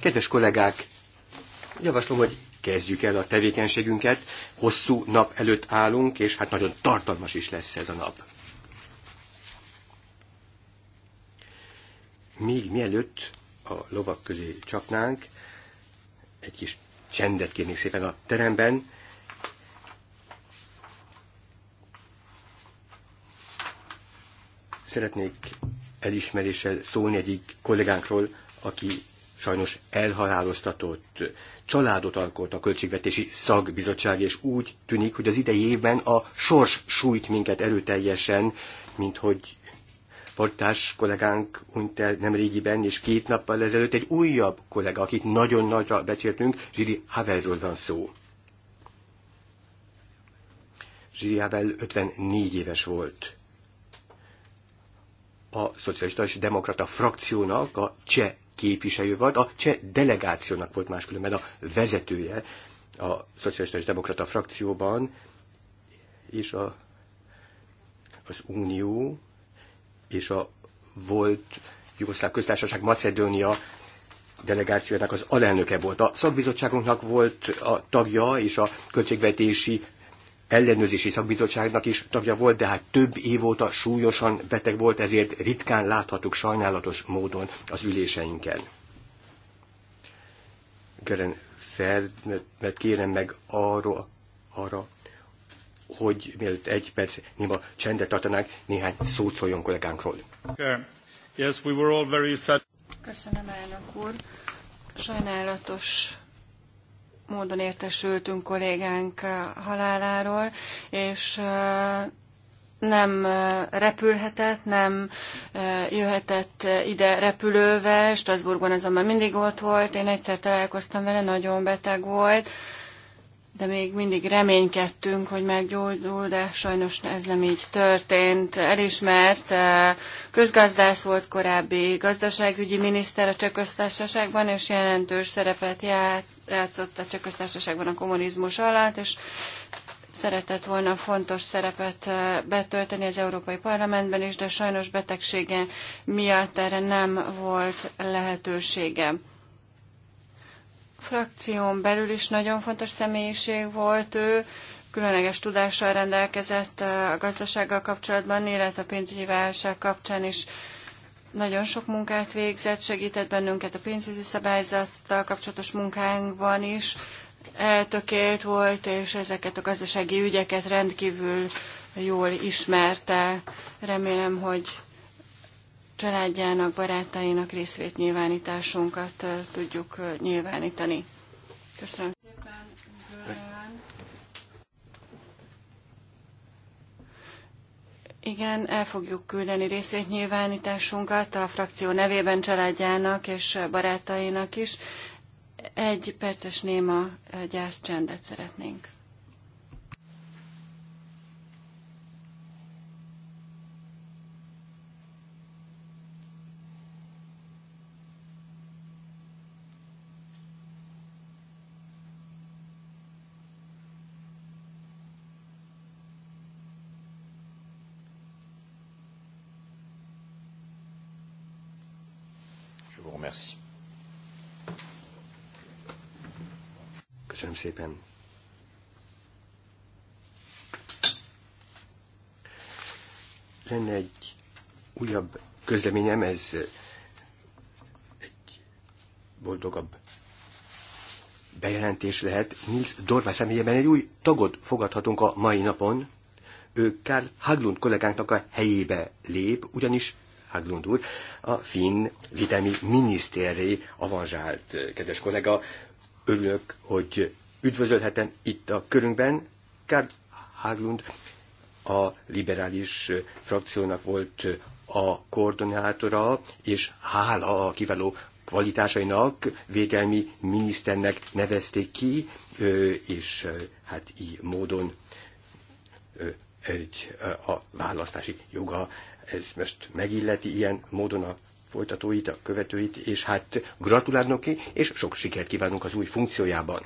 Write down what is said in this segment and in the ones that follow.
Kedves kollégák, javaslom, hogy kezdjük el a tevékenységünket. Hosszú nap előtt állunk, és hát nagyon tartalmas is lesz ez a nap. Még mielőtt a lovak közé csapnánk, egy kis csendet kérnék szépen a teremben, szeretnék elismeréssel szólni egyik kollégánkról, aki sajnos elhaláloztatott családot alkot a Költségvetési Szakbizottság, és úgy tűnik, hogy az idei évben a sors sújt minket erőteljesen, mint hogy portás kollégánk hunyt el nem régiben, és két nappal ezelőtt egy újabb kollega, akit nagyon nagyra becsértünk, Zsiri Havelről van szó. Zsiri Havel 54 éves volt a szocialista és demokrata frakciónak a cseh képviselő volt, a cseh delegációnak volt máskülönben a vezetője a szocialista és demokrata frakcióban, és a, az Unió és a volt Jugoszláv Köztársaság Macedónia delegációjának az alelnöke volt. A szakbizottságunknak volt a tagja és a költségvetési ellenőrzési szakbizottságnak is tagja volt, de hát több év óta súlyosan beteg volt, ezért ritkán láthatuk sajnálatos módon az üléseinken. Gören mert kérem meg arra, arra hogy mielőtt egy perc néma csendet tartanánk, néhány szót szóljon kollégánkról. Yes, we were all very sad. Köszönöm, elnök úr. Sajnálatos módon értesültünk kollégánk eh, haláláról, és eh, nem eh, repülhetett, nem jöhetett ide repülővel, Strasbourgban azonban mindig ott volt, én egyszer találkoztam vele, nagyon beteg volt, de még mindig reménykedtünk, hogy meggyógyul, de sajnos ez nem így történt. Elismert eh, közgazdász volt korábbi gazdaságügyi miniszter a Csehköztársaságban, és jelentős szerepet játszott a Csehköztársaságban a kommunizmus alatt, és szeretett volna fontos szerepet eh, betölteni az Európai Parlamentben is, de sajnos betegsége miatt erre nem volt lehetősége frakción belül is nagyon fontos személyiség volt ő, különleges tudással rendelkezett eh, a gazdasággal kapcsolatban, illetve a pénzügyi válság kapcsán is nagyon sok munkát végzett, segített bennünket a pénzügyi szabályzattal kapcsolatos munkánkban is, eltökélt volt, és ezeket a gazdasági ügyeket rendkívül jól ismerte. Remélem, hogy családjának, barátainak részvét nyilvánításunkat tudjuk nyilvánítani. Köszönöm szépen. Igen, el fogjuk küldeni részvétnyilvánításunkat a frakció nevében családjának és barátainak is. Egy perces néma gyászcsendet szeretnénk. Merci. Köszönöm szépen. Lenne egy újabb közleményem, ez egy boldogabb bejelentés lehet. Nils Dorvá személyében egy új tagot fogadhatunk a mai napon. Ő Karl Haglund kollégánknak a helyébe lép, ugyanis Haglund úr, a finn vitemi minisztéri avanzsált, kedves kollega. Örülök, hogy üdvözölhetem itt a körünkben. Karl Haglund a liberális frakciónak volt a koordinátora, és hála a kiváló kvalitásainak védelmi miniszternek nevezték ki, és hát így módon egy, a választási joga ez most megilleti ilyen módon a folytatóit, a követőit, és hát gratulálnok ki, és sok sikert kívánunk az új funkciójában.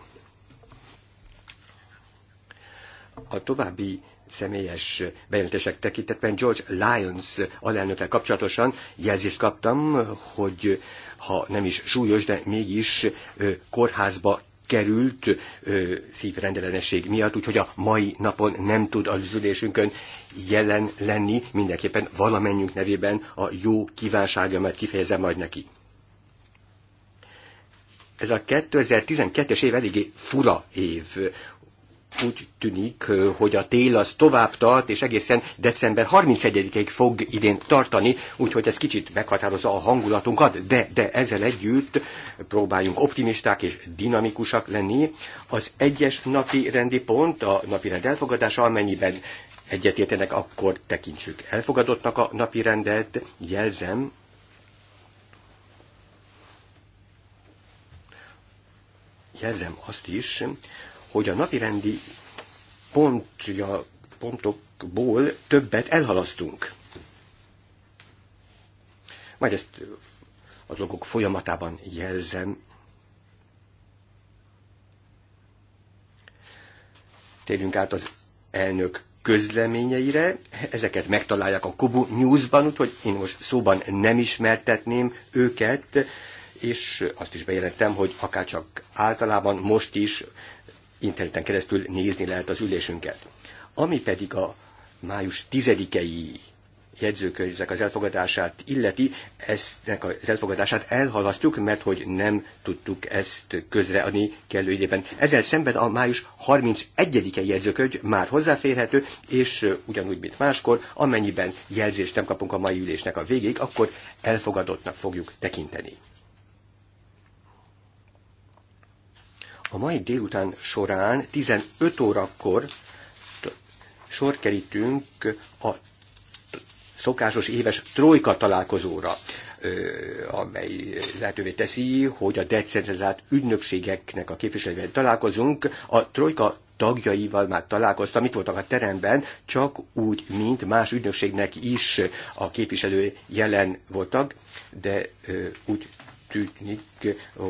A további személyes bejelentések tekintetben George Lyons alelnökkel kapcsolatosan jelzést kaptam, hogy ha nem is súlyos, de mégis kórházba került ö, szívrendellenesség miatt, úgyhogy a mai napon nem tud a üzülésünkön jelen lenni, mindenképpen valamennyünk nevében a jó mert kifejezem majd neki. Ez a 2012-es év eléggé fura év, úgy tűnik, hogy a tél az tovább tart, és egészen december 31-ig fog idén tartani, úgyhogy ez kicsit meghatározza a hangulatunkat, de, de ezzel együtt próbáljunk optimisták és dinamikusak lenni. Az egyes napi rendi pont, a napi rend elfogadása, amennyiben egyetértenek, akkor tekintsük elfogadottnak a napi rendet, jelzem, jelzem azt is, hogy a napirendi pontja, pontokból többet elhalasztunk. Majd ezt a dolgok folyamatában jelzem. Térjünk át az elnök közleményeire. Ezeket megtalálják a Kubu Newsban, úgyhogy én most szóban nem ismertetném őket, és azt is bejelentem, hogy akárcsak általában most is interneten keresztül nézni lehet az ülésünket. Ami pedig a május 10-i jegyzőkönyvek az elfogadását illeti, eztnek az elfogadását elhalasztjuk, mert hogy nem tudtuk ezt közreadni kellő időben. Ezzel szemben a május 31-e jegyzőkönyv már hozzáférhető, és ugyanúgy, mint máskor, amennyiben jelzést nem kapunk a mai ülésnek a végéig, akkor elfogadottnak fogjuk tekinteni. A mai délután során 15 órakor sor kerítünk a szokásos éves trojka találkozóra, amely lehetővé teszi, hogy a decentralizált ügynökségeknek a képviselővel találkozunk. A trojka tagjaival már találkoztam, itt voltak a teremben, csak úgy, mint más ügynökségnek is a képviselő jelen voltak, de úgy tűnik,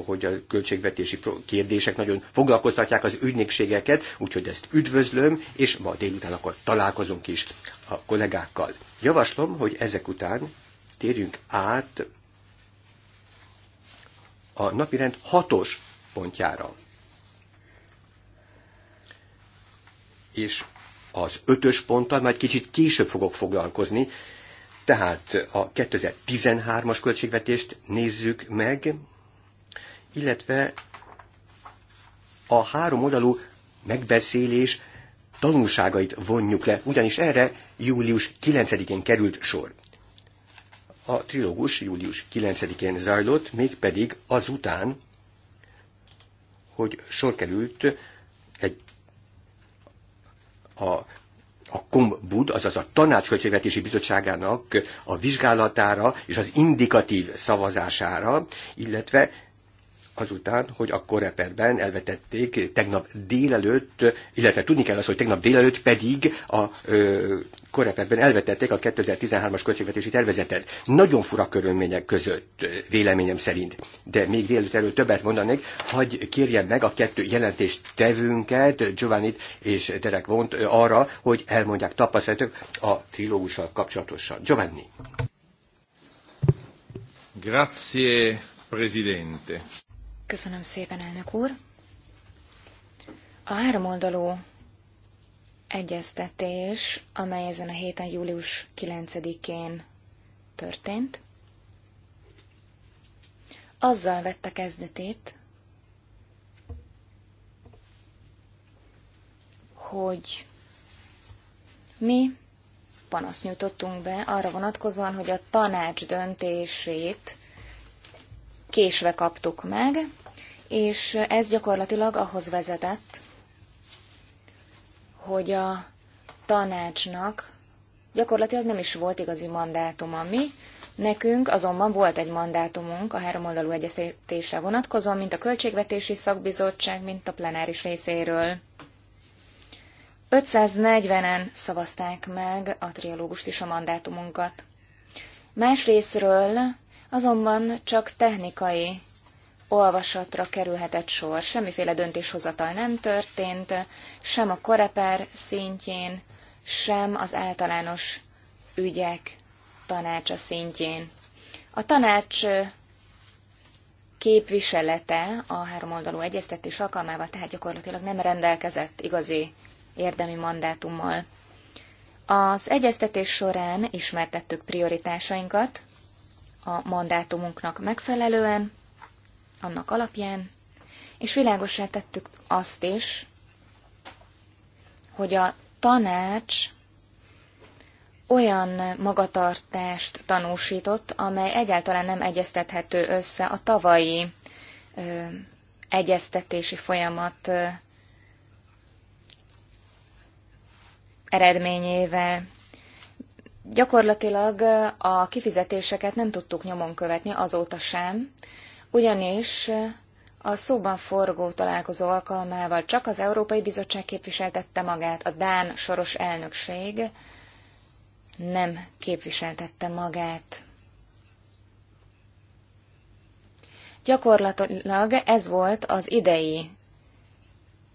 hogy a költségvetési kérdések nagyon foglalkoztatják az ügynökségeket, úgyhogy ezt üdvözlöm, és ma délután akkor találkozunk is a kollégákkal. Javaslom, hogy ezek után térjünk át a napirend hatos pontjára. És az ötös ponttal majd kicsit később fogok foglalkozni, tehát a 2013-as költségvetést nézzük meg, illetve a három oldalú megbeszélés tanulságait vonjuk le, ugyanis erre július 9-én került sor. A trilógus július 9-én zajlott, mégpedig azután, hogy sor került egy a a Kombud, azaz a Tanácsköltségvetési Bizottságának a vizsgálatára és az indikatív szavazására, illetve azután, hogy a koreperben elvetették tegnap délelőtt, illetve tudni kell azt, hogy tegnap délelőtt pedig a ö, koreperben elvetették a 2013-as költségvetési tervezetet. Nagyon fura körülmények között, véleményem szerint. De még délelőtt erről többet mondanék, hogy kérjem meg a kettő jelentést tevünket, Giovanni és Derek Vont arra, hogy elmondják tapasztalatok a trilógussal kapcsolatosan. Giovanni. Grazie, Presidente. Köszönöm szépen, elnök úr. A háromoldalú egyeztetés, amely ezen a héten július 9-én történt, azzal vette kezdetét, hogy mi panaszt nyújtottunk be arra vonatkozóan, hogy a tanács döntését késve kaptuk meg, és ez gyakorlatilag ahhoz vezetett, hogy a tanácsnak gyakorlatilag nem is volt igazi mandátuma mi, nekünk azonban volt egy mandátumunk a háromoldalú egyeztetésre vonatkozóan, mint a Költségvetési Szakbizottság, mint a plenáris részéről. 540-en szavazták meg a triológust is a mandátumunkat. Más részről azonban csak technikai olvasatra kerülhetett sor. Semmiféle döntéshozatal nem történt, sem a koreper szintjén, sem az általános ügyek tanácsa szintjén. A tanács képviselete a háromoldalú egyeztetés alkalmával tehát gyakorlatilag nem rendelkezett igazi érdemi mandátummal. Az egyeztetés során ismertettük prioritásainkat a mandátumunknak megfelelően, annak alapján, és világosra tettük azt is, hogy a tanács olyan magatartást tanúsított, amely egyáltalán nem egyeztethető össze a tavalyi ö, egyeztetési folyamat ö, eredményével. Gyakorlatilag a kifizetéseket nem tudtuk nyomon követni azóta sem, ugyanis a szóban forgó találkozó alkalmával csak az Európai Bizottság képviseltette magát, a Dán soros elnökség nem képviseltette magát. Gyakorlatilag ez volt az idei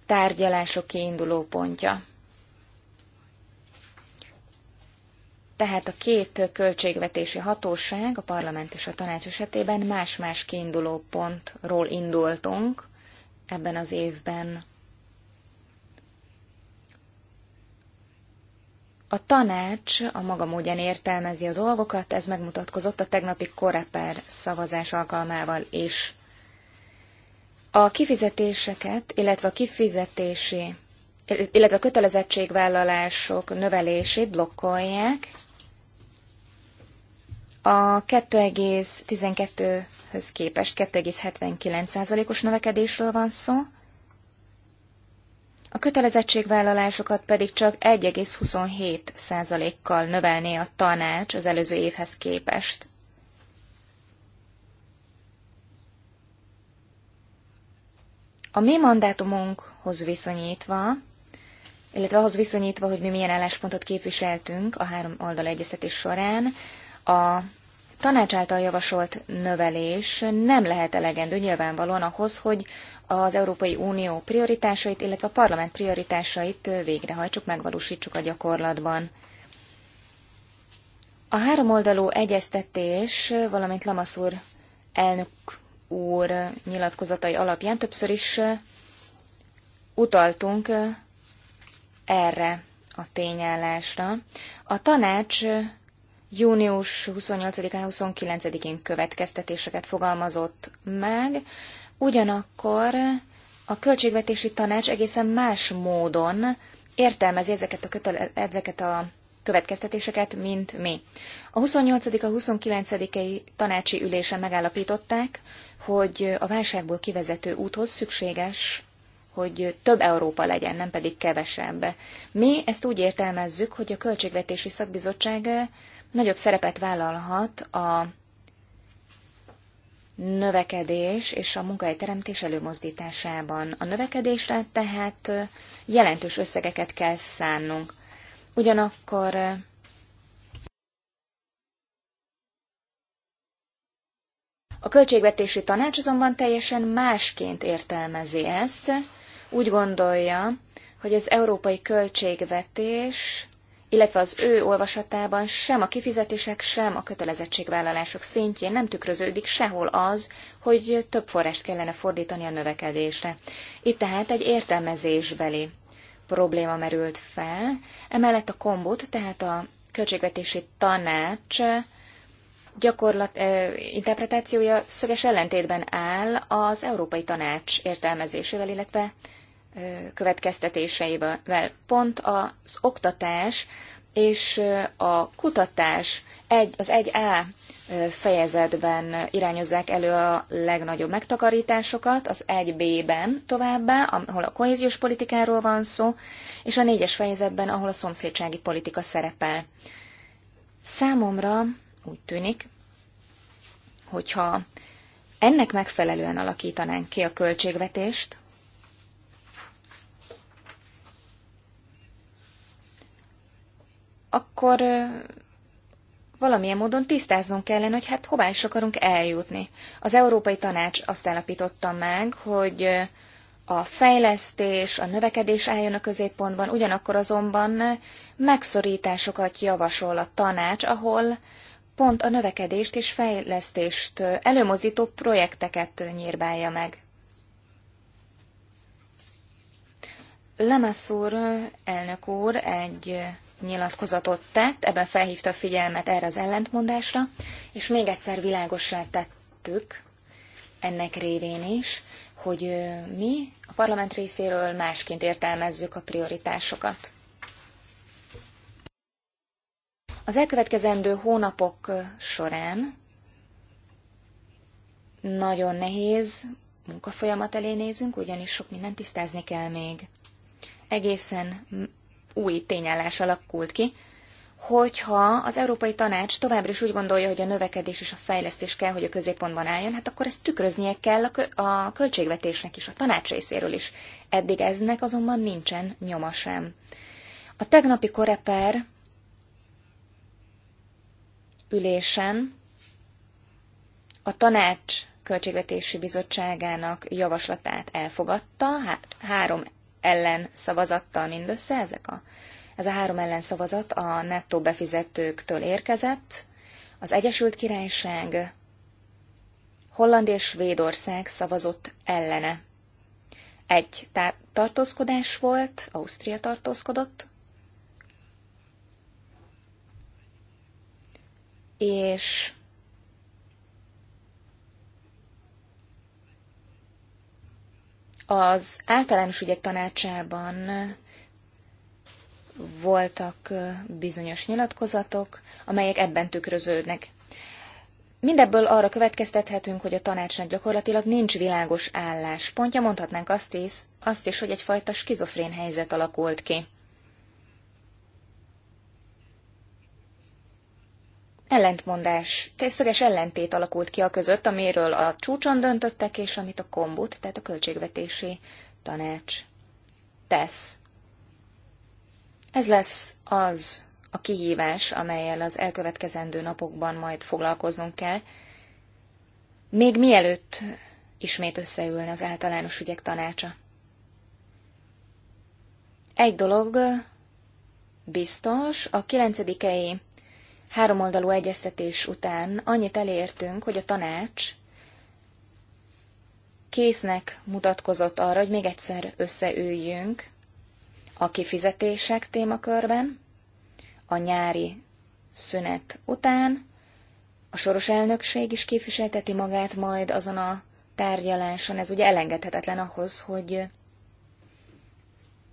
tárgyalások kiinduló pontja. Tehát a két költségvetési hatóság, a parlament és a tanács esetében más-más kiinduló pontról indultunk ebben az évben. A tanács a maga módján értelmezi a dolgokat, ez megmutatkozott a tegnapi koreper szavazás alkalmával is. A kifizetéseket, illetve a kifizetési, illetve a kötelezettségvállalások növelését blokkolják, a 2,12-höz képest 2,79%-os növekedésről van szó, a kötelezettségvállalásokat pedig csak 1,27%-kal növelné a tanács az előző évhez képest. A mi mandátumunkhoz viszonyítva, illetve ahhoz viszonyítva, hogy mi milyen álláspontot képviseltünk a három oldal egyeztetés során, a tanács által javasolt növelés nem lehet elegendő nyilvánvalóan ahhoz, hogy az Európai Unió prioritásait, illetve a parlament prioritásait végrehajtsuk, megvalósítsuk a gyakorlatban. A háromoldalú egyeztetés, valamint Lamaszúr elnök úr nyilatkozatai alapján többször is utaltunk erre a tényállásra. A tanács június 28-án, 29-én következtetéseket fogalmazott meg, ugyanakkor a költségvetési tanács egészen más módon értelmezi ezeket a, kötele, ezeket a következtetéseket, mint mi. A 28 a 29 i tanácsi ülésen megállapították, hogy a válságból kivezető úthoz szükséges, hogy több Európa legyen, nem pedig kevesebb. Mi ezt úgy értelmezzük, hogy a Költségvetési Szakbizottság nagyobb szerepet vállalhat a növekedés és a teremtés előmozdításában. A növekedésre tehát jelentős összegeket kell szánnunk. Ugyanakkor a költségvetési tanács azonban teljesen másként értelmezi ezt. Úgy gondolja, hogy az európai költségvetés illetve az ő olvasatában sem a kifizetések, sem a kötelezettségvállalások szintjén nem tükröződik sehol az, hogy több forrást kellene fordítani a növekedésre. Itt tehát egy értelmezésbeli probléma merült fel, emellett a kombut, tehát a költségvetési tanács gyakorlat eh, interpretációja szöges ellentétben áll az Európai Tanács értelmezésével, illetve következtetéseivel. Pont az oktatás és a kutatás egy, az 1A fejezetben irányozzák elő a legnagyobb megtakarításokat, az 1B-ben továbbá, ahol a kohéziós politikáról van szó, és a 4-es fejezetben, ahol a szomszédsági politika szerepel. Számomra úgy tűnik, hogyha ennek megfelelően alakítanánk ki a költségvetést, akkor valamilyen módon tisztáznunk kellene, hogy hát hová is akarunk eljutni. Az Európai Tanács azt állapította meg, hogy a fejlesztés, a növekedés álljon a középpontban, ugyanakkor azonban megszorításokat javasol a tanács, ahol pont a növekedést és fejlesztést előmozdító projekteket nyírbálja meg. Lemassur elnök úr egy nyilatkozatot tett, ebben felhívta a figyelmet erre az ellentmondásra, és még egyszer világossá tettük ennek révén is, hogy mi a parlament részéről másként értelmezzük a prioritásokat. Az elkövetkezendő hónapok során nagyon nehéz munkafolyamat elé nézünk, ugyanis sok mindent tisztázni kell még. Egészen új tényállás alakult ki, hogyha az Európai Tanács továbbra is úgy gondolja, hogy a növekedés és a fejlesztés kell, hogy a középpontban álljon, hát akkor ezt tükröznie kell a, költségvetésnek is, a tanács részéről is. Eddig eznek azonban nincsen nyoma sem. A tegnapi koreper ülésen a tanács költségvetési bizottságának javaslatát elfogadta, hát három ellen szavazattal mindössze ezek a ez a három ellen szavazat a nettó befizetőktől érkezett, az Egyesült Királyság, Holland és Svédország szavazott ellene. Egy tartózkodás volt, Ausztria tartózkodott, és Az általános ügyek tanácsában voltak bizonyos nyilatkozatok, amelyek ebben tükröződnek. Mindebből arra következtethetünk, hogy a tanácsnak gyakorlatilag nincs világos álláspontja, mondhatnánk azt is, azt is, hogy egyfajta skizofrén helyzet alakult ki. ellentmondás, szöges ellentét alakult ki a között, amiről a csúcson döntöttek, és amit a kombut, tehát a költségvetési tanács tesz. Ez lesz az a kihívás, amelyel az elkövetkezendő napokban majd foglalkoznunk kell, még mielőtt ismét összeülne az általános ügyek tanácsa. Egy dolog biztos, a kilencedikei háromoldalú egyeztetés után annyit elértünk, hogy a tanács késznek mutatkozott arra, hogy még egyszer összeüljünk a kifizetések témakörben, a nyári szünet után, a soros elnökség is képviselteti magát majd azon a tárgyaláson, ez ugye elengedhetetlen ahhoz, hogy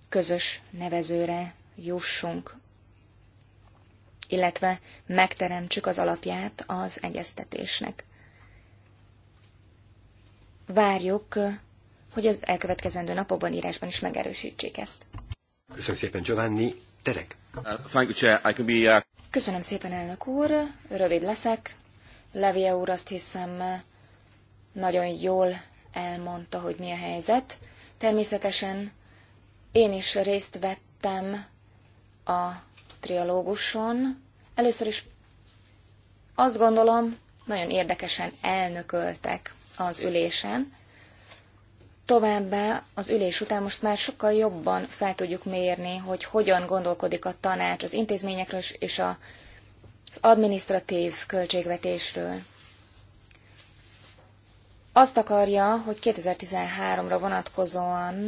közös nevezőre jussunk illetve megteremtsük az alapját az egyeztetésnek. Várjuk, hogy az elkövetkezendő napokban írásban is megerősítsék ezt. Köszönöm szépen, Giovanni. Terek. Uh, uh, Köszönöm szépen, elnök úr. Rövid leszek. Levia úr azt hiszem nagyon jól elmondta, hogy mi a helyzet. Természetesen én is részt vettem a trialóguson. Először is azt gondolom, nagyon érdekesen elnököltek az ülésen. Továbbá az ülés után most már sokkal jobban fel tudjuk mérni, hogy hogyan gondolkodik a tanács az intézményekről és a, az administratív költségvetésről. Azt akarja, hogy 2013-ra vonatkozóan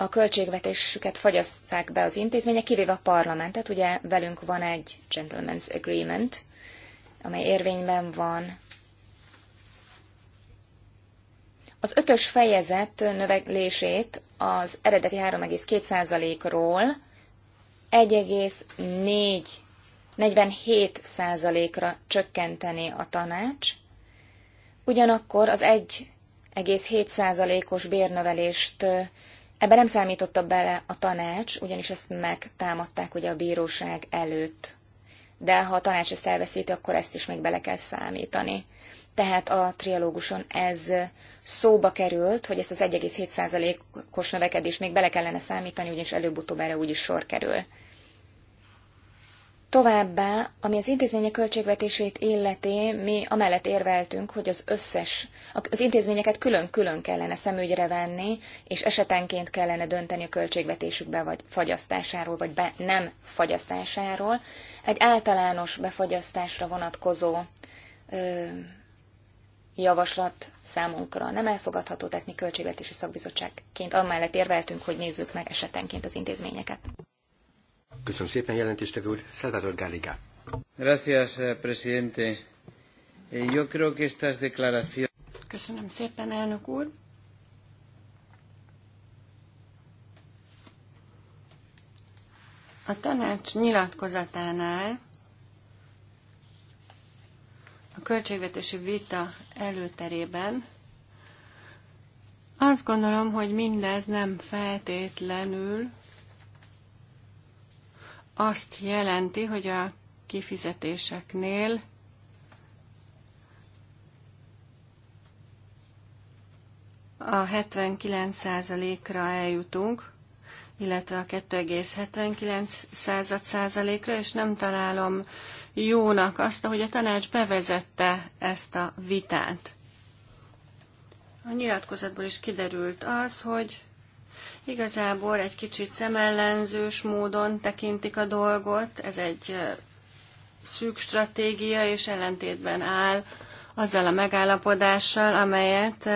a költségvetésüket fagyasszák be az intézmények, kivéve a parlamentet. Ugye velünk van egy gentleman's agreement, amely érvényben van. Az ötös fejezet növelését az eredeti 3,2%-ról 1,47%-ra csökkenteni a tanács, ugyanakkor az 1,7%-os bérnövelést Ebben nem számította bele a tanács, ugyanis ezt megtámadták ugye a bíróság előtt. De ha a tanács ezt elveszíti, akkor ezt is még bele kell számítani. Tehát a trialóguson ez szóba került, hogy ezt az 1,7%-os növekedést még bele kellene számítani, ugyanis előbb-utóbb erre úgyis sor kerül. Továbbá, ami az intézmények költségvetését illeti, mi amellett érveltünk, hogy az összes, az intézményeket külön-külön kellene szemügyre venni, és esetenként kellene dönteni a költségvetésükbe vagy fagyasztásáról, vagy be nem fagyasztásáról. Egy általános befagyasztásra vonatkozó ö, javaslat számunkra nem elfogadható, tehát mi költségvetési szakbizottságként amellett érveltünk, hogy nézzük meg esetenként az intézményeket. Köszönöm szépen, jelentéstevő úr. Salvador Gáliga. Gracias, eh, presidente. Eh, yo creo que estas declaraciones... Köszönöm szépen, elnök úr. A tanács nyilatkozatánál a költségvetési vita előterében azt gondolom, hogy mindez nem feltétlenül azt jelenti, hogy a kifizetéseknél a 79%-ra eljutunk, illetve a 2,79 százalékra, és nem találom jónak azt, hogy a tanács bevezette ezt a vitát. A nyilatkozatból is kiderült az, hogy Igazából egy kicsit szemellenzős módon tekintik a dolgot, ez egy szűk stratégia, és ellentétben áll azzal a megállapodással, amelyet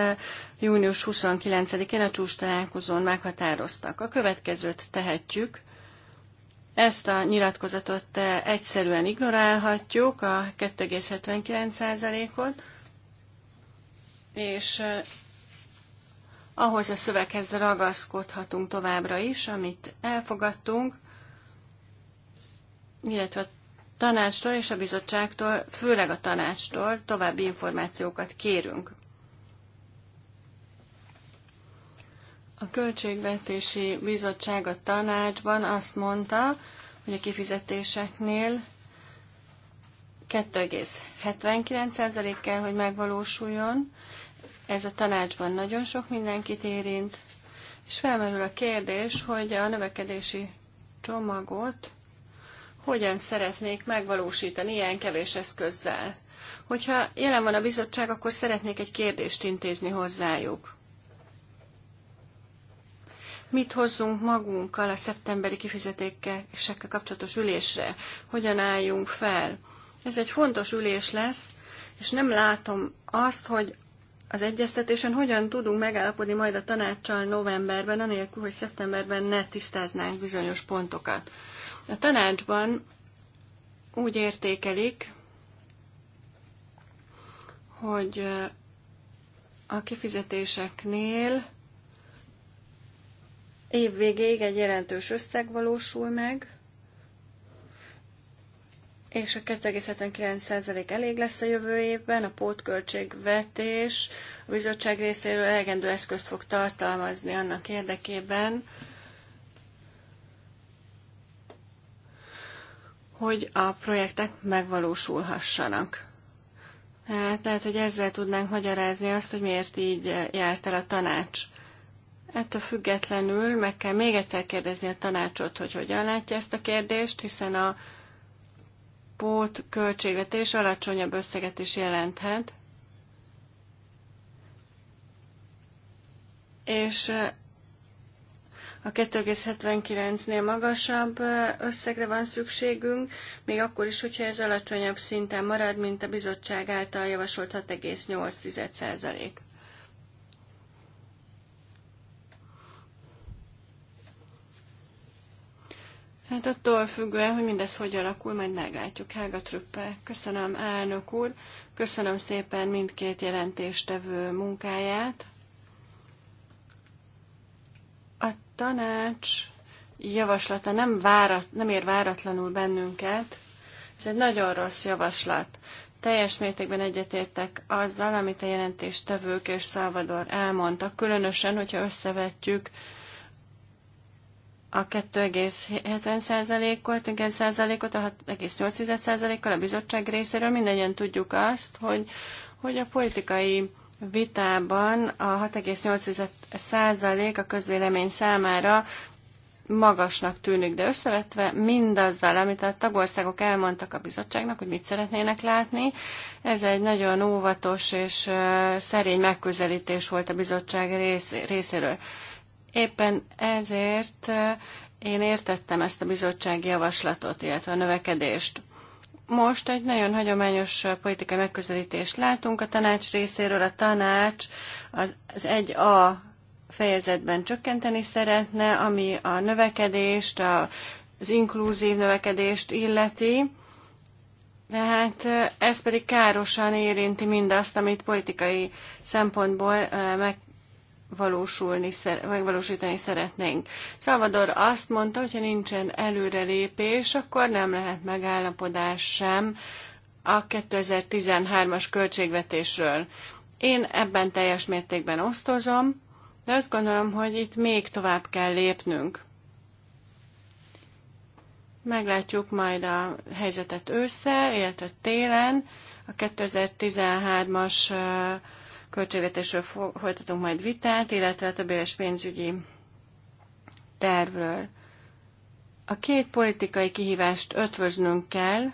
június 29-én a csúcs találkozón meghatároztak. A következőt tehetjük. Ezt a nyilatkozatot egyszerűen ignorálhatjuk, a 2,79%-ot, és ahhoz a szöveghez ragaszkodhatunk továbbra is, amit elfogadtunk, illetve a tanácstól és a bizottságtól, főleg a tanácstól további információkat kérünk. A Költségvetési Bizottság a tanácsban azt mondta, hogy a kifizetéseknél 2,79% kell, hogy megvalósuljon, ez a tanácsban nagyon sok mindenkit érint, és felmerül a kérdés, hogy a növekedési csomagot hogyan szeretnék megvalósítani ilyen kevés eszközzel. Hogyha jelen van a bizottság, akkor szeretnék egy kérdést intézni hozzájuk. Mit hozzunk magunkkal a szeptemberi és ekkel kapcsolatos ülésre? Hogyan álljunk fel? Ez egy fontos ülés lesz, és nem látom azt, hogy az egyeztetésen hogyan tudunk megállapodni majd a tanácssal novemberben, anélkül, hogy szeptemberben ne tisztáznánk bizonyos pontokat. A tanácsban úgy értékelik, hogy a kifizetéseknél évvégéig egy jelentős összeg valósul meg, és a 2,79% elég lesz a jövő évben, a pótköltségvetés a bizottság részéről elegendő eszközt fog tartalmazni annak érdekében, hogy a projektek megvalósulhassanak. Hát, tehát, hogy ezzel tudnánk magyarázni azt, hogy miért így járt el a tanács. Ettől függetlenül meg kell még egyszer kérdezni a tanácsot, hogy hogyan látja ezt a kérdést, hiszen a pót költségvetés alacsonyabb összeget is jelenthet. És a 2,79-nél magasabb összegre van szükségünk, még akkor is, hogyha ez alacsonyabb szinten marad, mint a bizottság által javasolt 6,8%. Hát attól függően, hogy mindez hogy alakul, majd meglátjuk. Helga Trüppe, Köszönöm, elnök úr. Köszönöm szépen mindkét jelentéstevő munkáját. A tanács javaslata nem, várat, nem ér váratlanul bennünket. Ez egy nagyon rossz javaslat. Teljes mértékben egyetértek azzal, amit a jelentéstevők és Salvador elmondtak, különösen, hogyha összevetjük a 2,7%-ot, 1%-ot, a 6,8%-kal a bizottság részéről. Mindegyen tudjuk azt, hogy, hogy a politikai vitában a 6,8% a közvélemény számára magasnak tűnik, de összevetve mindazzal, amit a tagországok elmondtak a bizottságnak, hogy mit szeretnének látni, ez egy nagyon óvatos és szerény megközelítés volt a bizottság rész, részéről. Éppen ezért eh, én értettem ezt a bizottsági javaslatot, illetve a növekedést. Most egy nagyon hagyományos eh, politikai megközelítést látunk a tanács részéről. A tanács az, egy 1A fejezetben csökkenteni szeretne, ami a növekedést, a, az inkluzív növekedést illeti. De hát eh, ez pedig károsan érinti mindazt, amit politikai szempontból meg valósulni, megvalósítani szeretnénk. Szalvador azt mondta, hogy ha nincsen előrelépés, akkor nem lehet megállapodás sem a 2013-as költségvetésről. Én ebben teljes mértékben osztozom, de azt gondolom, hogy itt még tovább kell lépnünk. Meglátjuk majd a helyzetet ősszel, illetve télen. A 2013-as költségvetésről folytatunk majd vitát, illetve a több éves pénzügyi tervről. A két politikai kihívást ötvöznünk kell,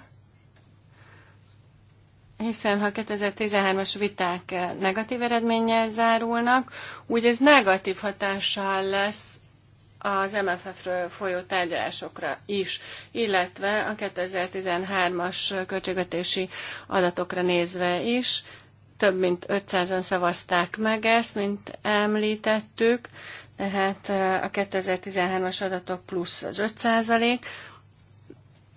hiszen ha 2013-as viták negatív eredménnyel zárulnak, úgy ez negatív hatással lesz az MFF-ről folyó tárgyalásokra is, illetve a 2013-as költségvetési adatokra nézve is, több mint 500-an szavazták meg ezt, mint említettük, tehát a 2013-as adatok plusz az 5 százalék.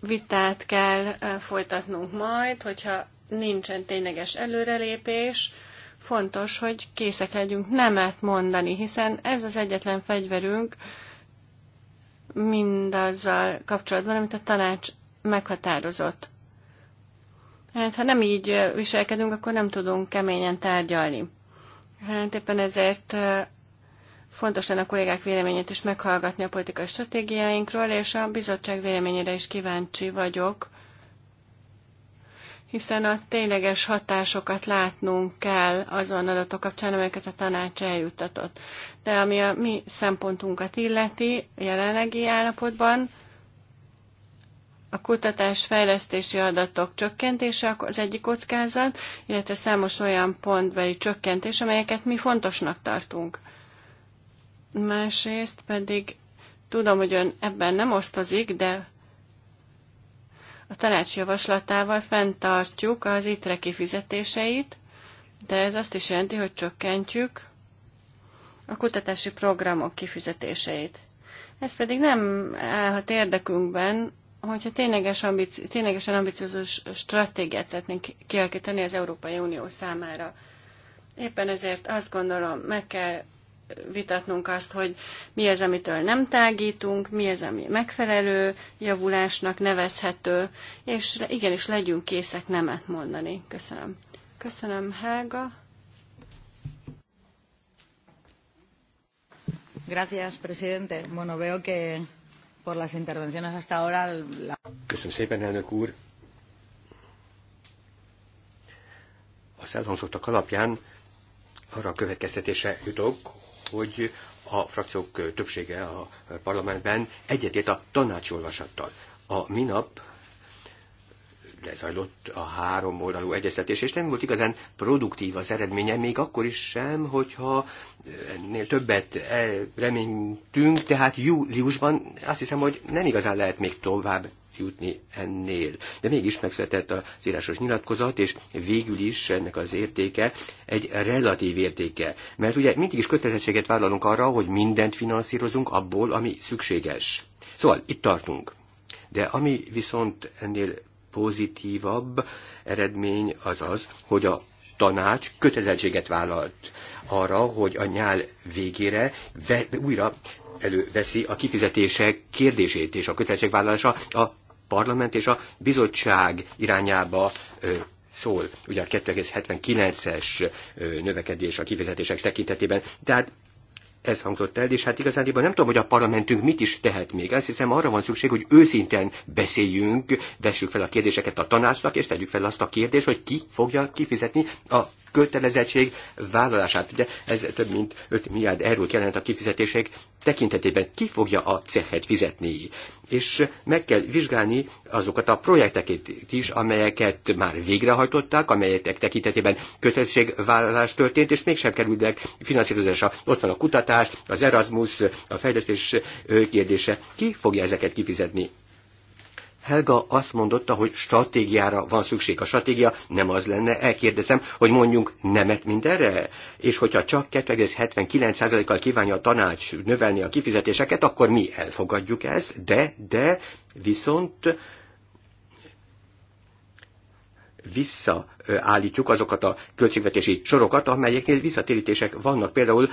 Vitát kell folytatnunk majd, hogyha nincsen tényleges előrelépés, fontos, hogy készek legyünk nemet mondani, hiszen ez az egyetlen fegyverünk mindazzal kapcsolatban, amit a tanács meghatározott. Hát, ha nem így viselkedünk, akkor nem tudunk keményen tárgyalni. Hát éppen ezért fontos lenne a kollégák véleményét is meghallgatni a politikai stratégiáinkról, és a bizottság véleményére is kíváncsi vagyok, hiszen a tényleges hatásokat látnunk kell azon adatok kapcsán, amelyeket a tanács eljuttatott. De ami a mi szempontunkat illeti jelenlegi állapotban, a kutatás fejlesztési adatok csökkentése az egyik kockázat, illetve számos olyan pontbeli csökkentés, amelyeket mi fontosnak tartunk. Másrészt pedig tudom, hogy ön ebben nem osztozik, de a tanács javaslatával fenntartjuk az ITRE kifizetéseit, de ez azt is jelenti, hogy csökkentjük a kutatási programok kifizetéseit. Ez pedig nem állhat érdekünkben, hogyha tényleges ambici- ténylegesen ambiciózus stratégiát szeretnénk kialakítani az Európai Unió számára. Éppen ezért azt gondolom, meg kell vitatnunk azt, hogy mi az, amitől nem tágítunk, mi az, ami megfelelő, javulásnak nevezhető, és igenis legyünk készek nemet mondani. Köszönöm. Köszönöm, Helga. Gracias, presidente. Bueno, veo que por las intervenciones hasta ahora. La... Köszönöm szépen, elnök úr. Az elhangzottak alapján arra a következtetése jutok, hogy a frakciók többsége a parlamentben egyetért a tanácsolvasattal. A minap lezajlott a három oldalú egyeztetés, és nem volt igazán produktív az eredménye, még akkor is sem, hogyha ennél többet e, reménytünk, tehát júliusban azt hiszem, hogy nem igazán lehet még tovább jutni ennél. De mégis megszületett az írásos nyilatkozat, és végül is ennek az értéke egy relatív értéke. Mert ugye mindig is kötelezettséget vállalunk arra, hogy mindent finanszírozunk abból, ami szükséges. Szóval itt tartunk. De ami viszont ennél legpozitívabb eredmény az az, hogy a tanács kötelezettséget vállalt arra, hogy a nyál végére ve, újra előveszi a kifizetések kérdését és a kötelezettségvállalása a parlament és a bizottság irányába ö, szól. Ugye a 2,79-es növekedés a kifizetések tekintetében. Tehát ez hangzott el, és hát igazándiból nem tudom, hogy a parlamentünk mit is tehet még. Azt hiszem arra van szükség, hogy őszinten beszéljünk, vessük fel a kérdéseket a tanácsnak, és tegyük fel azt a kérdést, hogy ki fogja kifizetni a kötelezettség vállalását. Ugye ez több mint 5 milliárd eurót jelent a kifizetések tekintetében. Ki fogja a cehet fizetni? És meg kell vizsgálni azokat a projekteket is, amelyeket már végrehajtották, amelyek tekintetében kötelezettségvállalás történt, és mégsem kerültek finanszírozásra. Ott van a kutatás, az Erasmus, a fejlesztés kérdése. Ki fogja ezeket kifizetni? Helga azt mondotta, hogy stratégiára van szükség. A stratégia nem az lenne, elkérdezem, hogy mondjunk nemet mindenre? És hogyha csak 2,79%-kal kívánja a tanács növelni a kifizetéseket, akkor mi elfogadjuk ezt, de, de viszont vissza állítjuk azokat a költségvetési sorokat, amelyeknél visszatérítések vannak, például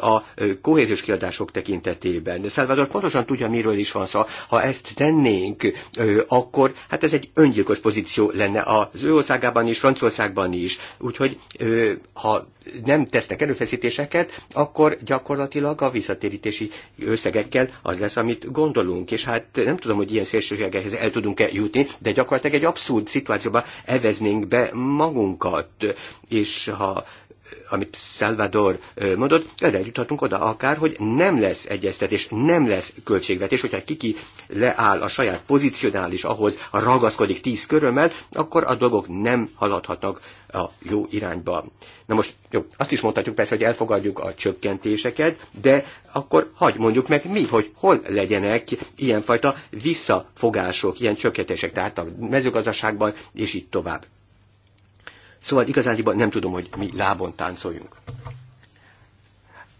a kohéziós kiadások tekintetében. De Salvador pontosan tudja, miről is van szó. Ha ezt tennénk, akkor hát ez egy öngyilkos pozíció lenne az ő országában is, Franciaországban is. Úgyhogy ha nem tesznek erőfeszítéseket, akkor gyakorlatilag a visszatérítési összegekkel az lesz, amit gondolunk. És hát nem tudom, hogy ilyen szélsőségekhez el tudunk-e jutni, de gyakorlatilag egy abszurd szituációba eveznénk be magunkat, és ha amit Salvador mondott, erre juthatunk oda akár, hogy nem lesz egyeztetés, nem lesz költségvetés, hogyha kiki leáll a saját pozicionális ahhoz, ragaszkodik tíz körömmel, akkor a dolgok nem haladhatnak a jó irányba. Na most jó, azt is mondhatjuk persze, hogy elfogadjuk a csökkentéseket, de akkor hagyd mondjuk meg mi, hogy hol legyenek ilyenfajta visszafogások, ilyen csökkentések, tehát a mezőgazdaságban, és így tovább. Szóval igazándiban nem tudom, hogy mi lábon táncoljunk.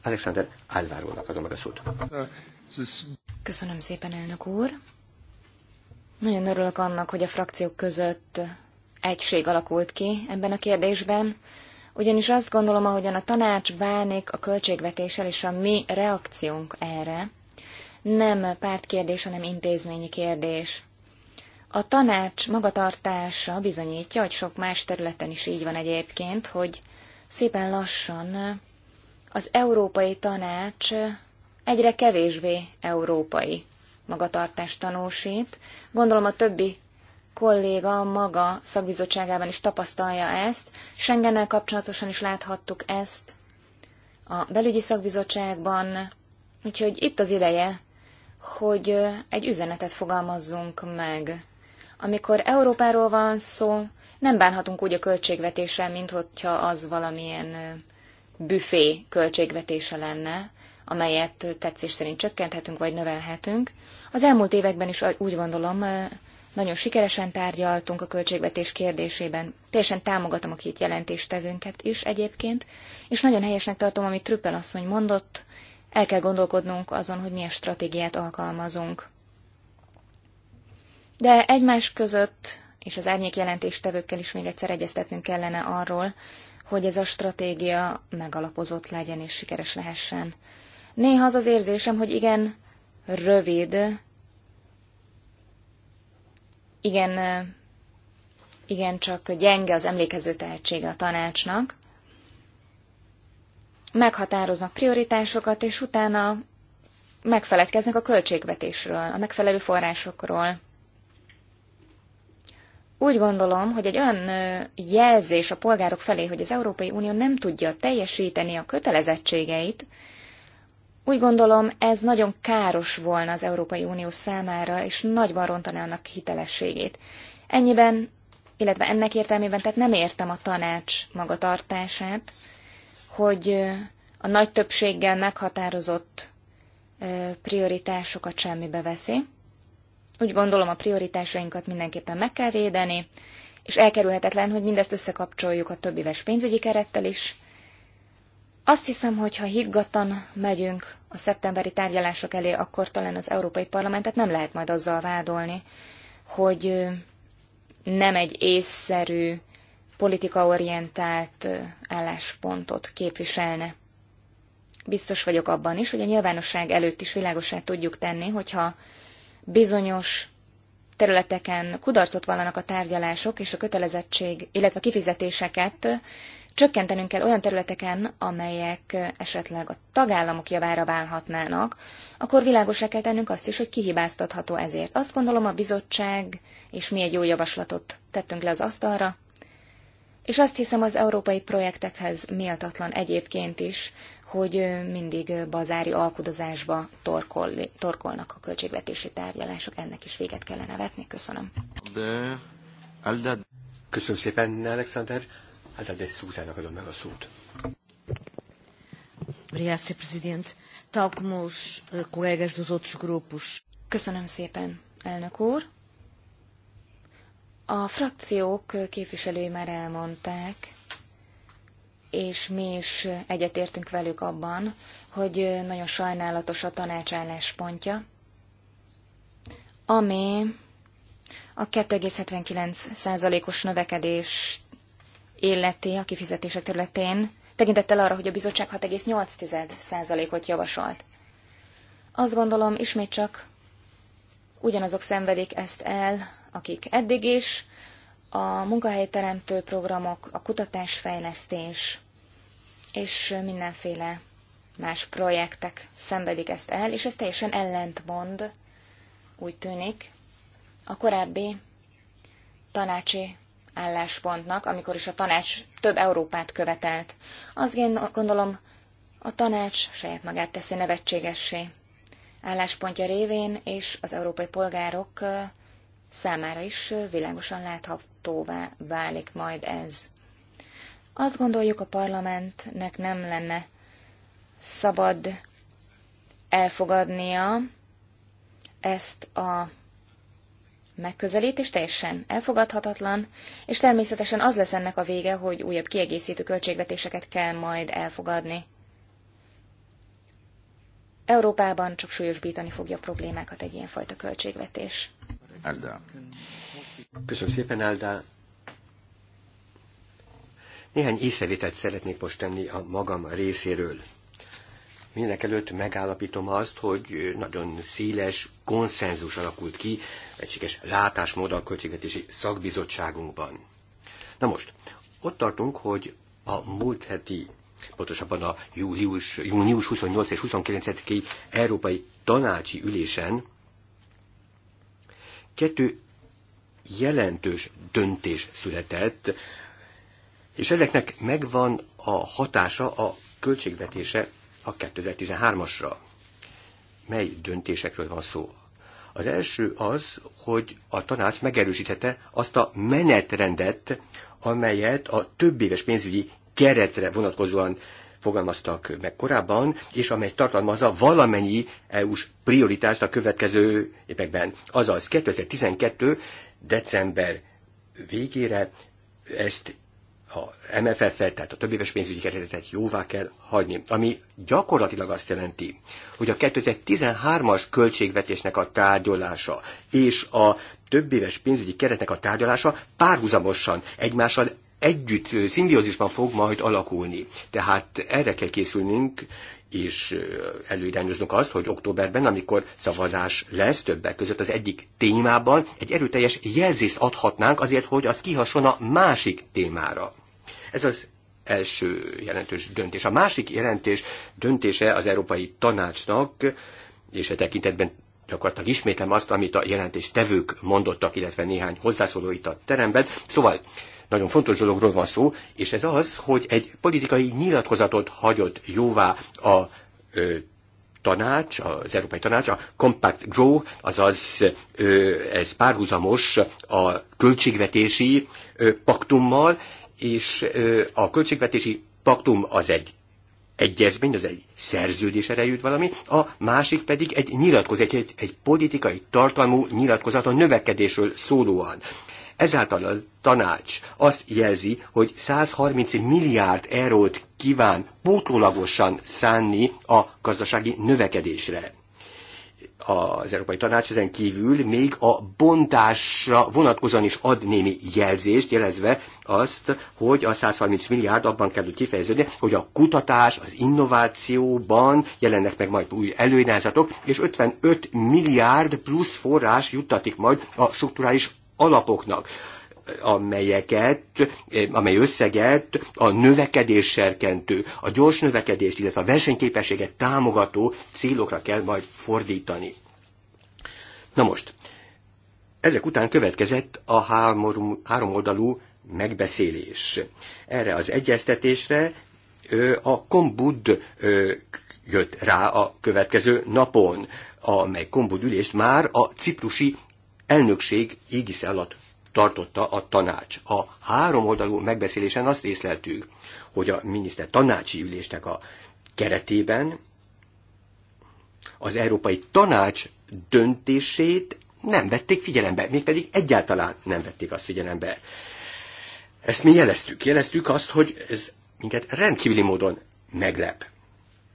Alexander Álvárónak adom meg a szót. Köszönöm szépen, elnök úr. Nagyon örülök annak, hogy a frakciók között egység alakult ki ebben a kérdésben, ugyanis azt gondolom, ahogyan a tanács bánik a költségvetéssel és a mi reakciónk erre, nem pártkérdés, hanem intézményi kérdés. A tanács magatartása bizonyítja, hogy sok más területen is így van egyébként, hogy szépen lassan az Európai Tanács egyre kevésbé európai magatartást tanúsít. Gondolom a többi kolléga maga szakbizottságában is tapasztalja ezt. Schengennel kapcsolatosan is láthattuk ezt a belügyi szakbizottságban. Úgyhogy itt az ideje, hogy egy üzenetet fogalmazzunk meg amikor Európáról van szó, nem bánhatunk úgy a költségvetéssel, mint hogyha az valamilyen büfé költségvetése lenne, amelyet tetszés szerint csökkenthetünk vagy növelhetünk. Az elmúlt években is úgy gondolom, nagyon sikeresen tárgyaltunk a költségvetés kérdésében. Teljesen támogatom a két jelentéstevőnket is egyébként, és nagyon helyesnek tartom, amit Trüppel asszony mondott, el kell gondolkodnunk azon, hogy milyen stratégiát alkalmazunk de egymás között és az árnyék jelentéstevőkkel is még egyszer egyeztetnünk kellene arról, hogy ez a stratégia megalapozott legyen és sikeres lehessen. Néha az az érzésem, hogy igen, rövid, igen, igen, csak gyenge az emlékező tehetsége a tanácsnak. Meghatároznak prioritásokat, és utána megfeledkeznek a költségvetésről, a megfelelő forrásokról, úgy gondolom, hogy egy olyan jelzés a polgárok felé, hogy az Európai Unió nem tudja teljesíteni a kötelezettségeit, úgy gondolom, ez nagyon káros volna az Európai Unió számára, és nagyban rontaná annak hitelességét. Ennyiben, illetve ennek értelmében, tehát nem értem a tanács magatartását, hogy a nagy többséggel meghatározott prioritásokat semmibe veszi. Úgy gondolom, a prioritásainkat mindenképpen meg kell védeni, és elkerülhetetlen, hogy mindezt összekapcsoljuk a többéves pénzügyi kerettel is. Azt hiszem, hogy ha higgadtan megyünk a szeptemberi tárgyalások elé, akkor talán az Európai Parlamentet nem lehet majd azzal vádolni, hogy nem egy észszerű, politikaorientált álláspontot képviselne. Biztos vagyok abban is, hogy a nyilvánosság előtt is világosá tudjuk tenni, hogyha bizonyos területeken kudarcot vallanak a tárgyalások, és a kötelezettség, illetve a kifizetéseket csökkentenünk kell olyan területeken, amelyek esetleg a tagállamok javára válhatnának, akkor világosra kell tennünk azt is, hogy kihibáztatható ezért. Azt gondolom a bizottság, és mi egy jó javaslatot tettünk le az asztalra, és azt hiszem az európai projektekhez méltatlan egyébként is hogy mindig bazári alkudozásba torkol, torkolnak a költségvetési tárgyalások. Ennek is véget kellene vetni. Köszönöm. De, Aldad. Köszönöm szépen, Alexander. Hát de Szúzának adom meg a szót. Eh, Köszönöm szépen, elnök úr. A frakciók képviselői már elmondták, és mi is egyetértünk velük abban, hogy nagyon sajnálatos a tanács álláspontja, ami a 2,79%-os növekedés illeti a kifizetések területén, tekintettel arra, hogy a bizottság 6,8%-ot javasolt. Azt gondolom, ismét csak ugyanazok szenvedik ezt el, akik eddig is, a munkahelyteremtő programok, a kutatásfejlesztés, és mindenféle más projektek szenvedik ezt el, és ez teljesen ellentmond, úgy tűnik, a korábbi tanácsi álláspontnak, amikor is a tanács több Európát követelt. Azt gondolom, a tanács saját magát teszi nevetségessé álláspontja révén, és az európai polgárok számára is világosan láthatóvá válik majd ez. Azt gondoljuk, a parlamentnek nem lenne szabad elfogadnia ezt a megközelítést teljesen elfogadhatatlan, és természetesen az lesz ennek a vége, hogy újabb kiegészítő költségvetéseket kell majd elfogadni. Európában csak súlyosbítani fogja a problémákat egy ilyenfajta költségvetés. Elda. Köszönöm szépen, Elda néhány észrevételt szeretnék most tenni a magam részéről. Mindenek előtt megállapítom azt, hogy nagyon széles konszenzus alakult ki egységes látásmód a költségvetési szakbizottságunkban. Na most, ott tartunk, hogy a múlt heti, pontosabban a július, június 28 és 29-i Európai Tanácsi Ülésen kettő jelentős döntés született és ezeknek megvan a hatása, a költségvetése a 2013-asra. Mely döntésekről van szó? Az első az, hogy a tanács megerősítette azt a menetrendet, amelyet a több éves pénzügyi keretre vonatkozóan fogalmaztak meg korábban, és amely tartalmazza valamennyi EU-s prioritást a következő években. Azaz 2012. december végére ezt a MFF-et, tehát a többéves pénzügyi keretet jóvá kell hagyni, ami gyakorlatilag azt jelenti, hogy a 2013-as költségvetésnek a tárgyalása és a többéves pénzügyi keretnek a tárgyalása párhuzamosan egymással együtt, szimbiózisban fog majd alakulni. Tehát erre kell készülnünk, és előirányoznunk azt, hogy októberben, amikor szavazás lesz többek között az egyik témában, egy erőteljes jelzést adhatnánk azért, hogy az kihasson a másik témára. Ez az első jelentős döntés. A másik jelentés döntése az Európai Tanácsnak, és e tekintetben gyakorlatilag ismétlem azt, amit a tevők mondottak, illetve néhány hozzászóló itt a teremben. Szóval nagyon fontos dologról van szó, és ez az, hogy egy politikai nyilatkozatot hagyott jóvá a ö, tanács, az Európai Tanács, a Compact Grow, azaz ö, ez párhuzamos a költségvetési ö, paktummal, és a költségvetési paktum az egy egyezmény, az egy szerződés erejűt valami, a másik pedig egy nyilatkozat, egy, egy politikai tartalmú nyilatkozat a növekedésről szólóan. Ezáltal a tanács azt jelzi, hogy 130 milliárd eurót kíván pótlólagosan szánni a gazdasági növekedésre az Európai Tanács ezen kívül még a bontásra vonatkozóan is ad némi jelzést, jelezve azt, hogy a 130 milliárd abban kell, hogy kifejeződni, hogy a kutatás, az innovációban jelennek meg majd új előnyázatok, és 55 milliárd plusz forrás juttatik majd a strukturális alapoknak amelyeket, amely összeget a növekedés serkentő, a gyors növekedést, illetve a versenyképességet támogató célokra kell majd fordítani. Na most, ezek után következett a három, oldalú megbeszélés. Erre az egyeztetésre a kombud jött rá a következő napon, amely kombud ülést már a ciprusi elnökség égisze alatt tartotta a tanács. A három oldalú megbeszélésen azt észleltük, hogy a miniszter tanácsi ülésnek a keretében az Európai Tanács döntését nem vették figyelembe, mégpedig egyáltalán nem vették azt figyelembe. Ezt mi jeleztük. Jeleztük azt, hogy ez minket rendkívüli módon meglep.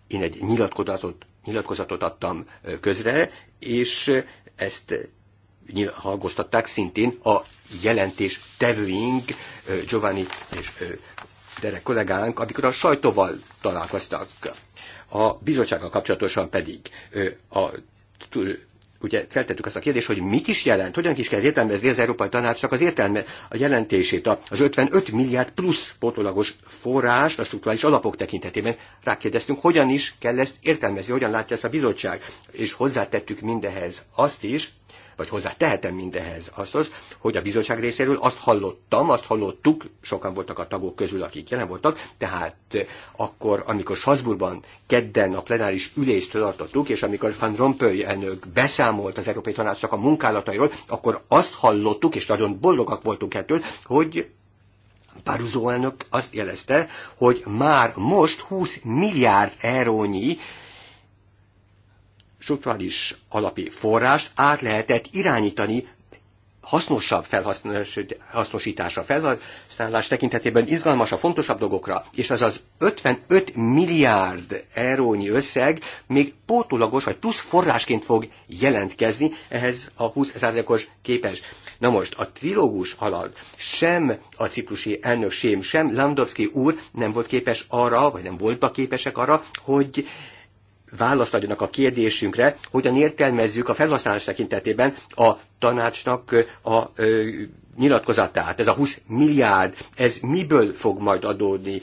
Én egy nyilatkozatot, nyilatkozatot adtam közre, és ezt hangoztatták szintén a jelentés tevőink, Giovanni és Derek kollégánk, amikor a sajtóval találkoztak. A bizottsággal kapcsolatosan pedig a ugye feltettük azt a kérdést, hogy mit is jelent, hogyan is kell értelmezni az Európai Tanácsnak az értelme, a jelentését, az 55 milliárd plusz pótolagos forrás a struktúrális alapok tekintetében. Rákérdeztünk, hogyan is kell ezt értelmezni, hogyan látja ezt a bizottság. És hozzátettük mindehez azt is, vagy hozzá tehetem mindehez azt, az, hogy a bizottság részéről azt hallottam, azt hallottuk, sokan voltak a tagok közül, akik jelen voltak, tehát eh, akkor, amikor Salzburgban kedden a plenáris ülést tartottuk, és amikor Van Rompuy elnök beszámolt az Európai Tanácsnak a munkálatairól, akkor azt hallottuk, és nagyon boldogak voltunk ettől, hogy Baruzó elnök azt jelezte, hogy már most 20 milliárd eurónyi struktúrális alapi forrást át lehetett irányítani hasznosabb felhasznosításra, felhasználás tekintetében a fontosabb dolgokra, és az az 55 milliárd eurónyi összeg még pótolagos vagy plusz forrásként fog jelentkezni ehhez a 20 os képes. Na most, a trilógus alatt sem a ciprusi elnökség, sem Landowski úr nem volt képes arra, vagy nem voltak képesek arra, hogy választ adjanak a kérdésünkre, hogyan értelmezzük a felhasználás tekintetében a tanácsnak a nyilatkozatát, ez a 20 milliárd, ez miből fog majd adódni?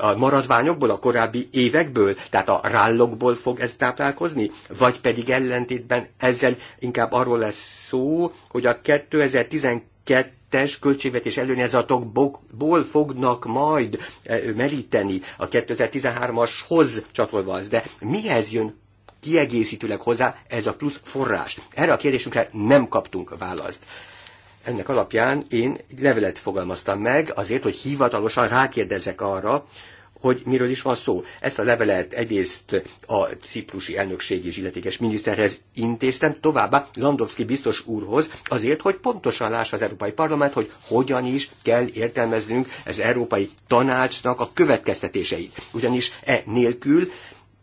A maradványokból, a korábbi évekből, tehát a rállokból fog ez táplálkozni? Vagy pedig ellentétben ezzel inkább arról lesz szó, hogy a 2012 2022-es költségvetés előnyezatokból fognak majd eh, meríteni a 2013-ashoz csatolva az. De mihez jön kiegészítőleg hozzá ez a plusz forrás? Erre a kérdésünkre nem kaptunk választ. Ennek alapján én egy levelet fogalmaztam meg azért, hogy hivatalosan rákérdezek arra, hogy miről is van szó. Ezt a levelet egyrészt a ciprusi elnökség és illetékes miniszterhez intéztem, továbbá Landowski biztos úrhoz, azért, hogy pontosan lássa az Európai Parlament, hogy hogyan is kell értelmeznünk az Európai Tanácsnak a következtetéseit. Ugyanis e nélkül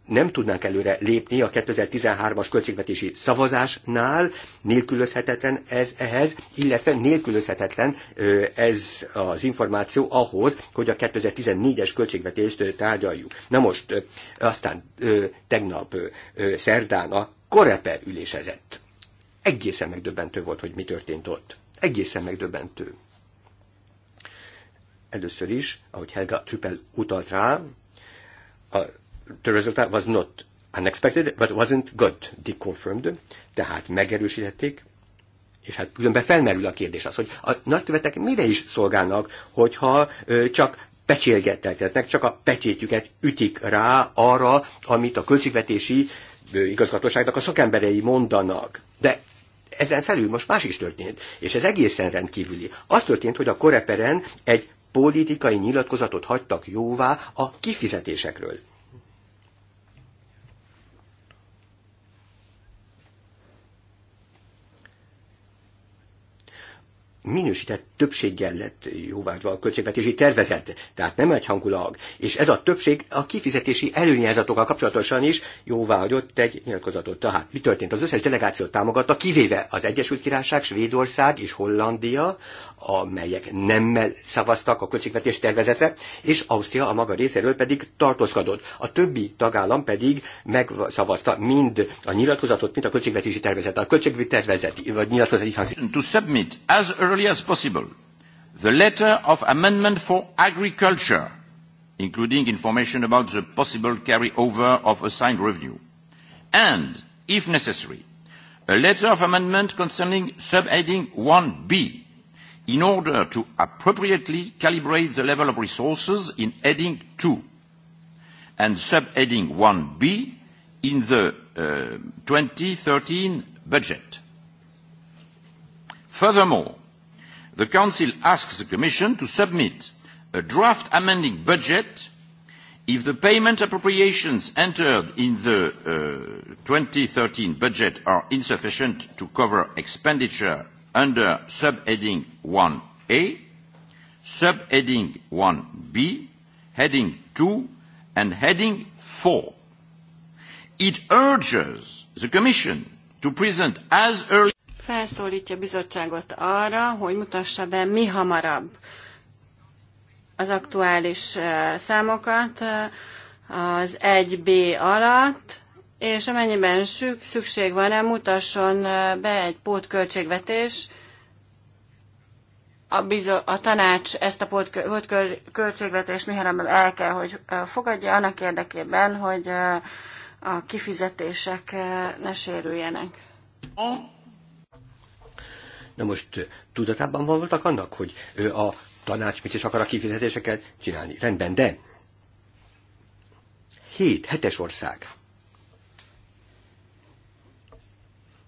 nem tudnánk előre lépni a 2013-as költségvetési szavazásnál, nélkülözhetetlen ez ehhez, illetve nélkülözhetetlen ez az információ ahhoz, hogy a 2014-es költségvetést tárgyaljuk. Na most, aztán tegnap szerdán a Koreper ülésezett. Egészen megdöbbentő volt, hogy mi történt ott. Egészen megdöbbentő. Először is, ahogy Helga Trüppel utalt rá, a the result was not unexpected, but wasn't good, deconfirmed, tehát megerősítették, és hát különben felmerül a kérdés az, hogy a nagykövetek mire is szolgálnak, hogyha ö, csak pecsélgetnek, csak a pecsétjüket ütik rá arra, amit a költségvetési ö, igazgatóságnak a szakemberei mondanak. De ezen felül most más is történt, és ez egészen rendkívüli. Az történt, hogy a koreperen egy politikai nyilatkozatot hagytak jóvá a kifizetésekről. minősített többséggel lett jóvágyva a költségvetési tervezet, tehát nem egyhangulag. És ez a többség a kifizetési előnyelzatokkal kapcsolatosan is jóváhagyott egy nyilatkozatot. Tehát mi történt? Az összes delegáció támogatta, kivéve az Egyesült Királyság, Svédország és Hollandia, amelyek nemmel szavaztak a költségvetés tervezetre, és Ausztria a maga részéről pedig tartózkodott. A többi tagállam pedig megszavazta mind a nyilatkozatot, mind a költségvetési tervezetet. A költségvetési tervezet, vagy nyilatkozat így hangzik. To submit as early as possible the letter of amendment for agriculture, including information about the possible carryover of assigned revenue, and, if necessary, a letter of amendment concerning subheading 1b in order to appropriately calibrate the level of resources in heading 2 and subheading 1b in the uh, 2013 budget. Furthermore, the Council asks the Commission to submit a draft amending budget if the payment appropriations entered in the uh, 2013 budget are insufficient to cover expenditure under subheading 1A, subheading 1B, heading 2 and heading 4. It urges the Commission to present as early Felszólítja a bizottságot arra, hogy mutassa be mi hamarabb az aktuális eh, számokat eh, az 1B alatt, és amennyiben szükség van -e, mutasson be egy pótköltségvetés. A, bizo- a tanács ezt a pótköltségvetést mihamarabb el kell, hogy fogadja, annak érdekében, hogy a kifizetések ne sérüljenek. Na most tudatában voltak annak, hogy a tanács mit is akar a kifizetéseket csinálni. Rendben, de 7 hetes ország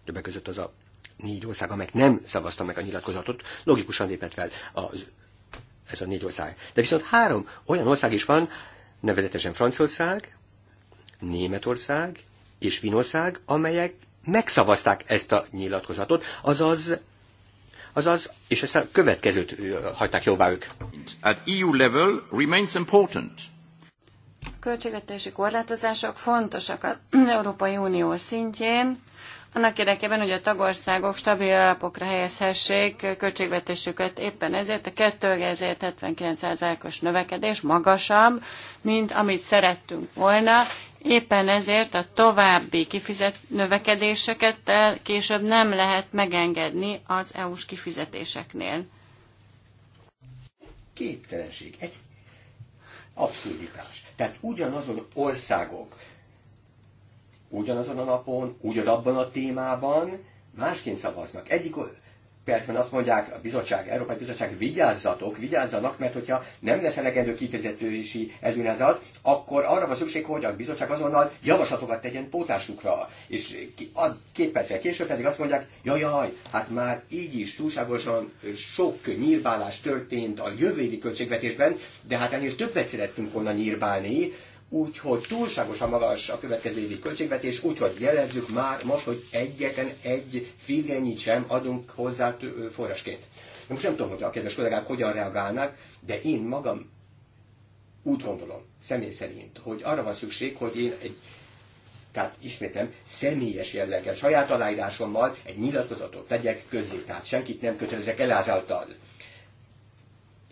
többek között az a négy ország, amelyek nem szavazta meg a nyilatkozatot, logikusan lépett fel az, ez a négy ország. De viszont három olyan ország is van, nevezetesen Franciaország, Németország és Finország, amelyek megszavazták ezt a nyilatkozatot, azaz, azaz és ezt a következőt hagyták jóvá ők. At EU level remains important. A költségvetési korlátozások fontosak az Európai Unió szintjén, annak érdekében, hogy a tagországok stabil alapokra helyezhessék költségvetésüket. Éppen ezért a 2,79%-os növekedés magasabb, mint amit szerettünk volna. Éppen ezért a további kifizet növekedéseket később nem lehet megengedni az EU-s kifizetéseknél. Képtelenség, egy abszurditás. Tehát ugyanazon országok ugyanazon a napon, ugyanabban a témában másként szavaznak. Egyik percben azt mondják a bizottság, Európai Bizottság, vigyázzatok, vigyázzanak, mert hogyha nem lesz elegendő kifizetősi előnyezat, akkor arra van szükség, hogy a bizottság azonnal javaslatokat tegyen pótásukra. És két perccel később pedig azt mondják, jaj, jaj, hát már így is túlságosan sok nyírbálás történt a jövői költségvetésben, de hát ennél többet szerettünk volna nyírbálni, úgyhogy túlságosan magas a következő évi költségvetés, úgyhogy jelezzük már most, hogy egyetlen egy figenyit sem adunk hozzá forrásként. Nem most nem tudom, hogy a kedves kollégák hogyan reagálnak, de én magam úgy gondolom, személy szerint, hogy arra van szükség, hogy én egy, tehát ismétem, személyes jelleggel, saját aláírásommal egy nyilatkozatot tegyek közzé, tehát senkit nem kötelezek el azáltal.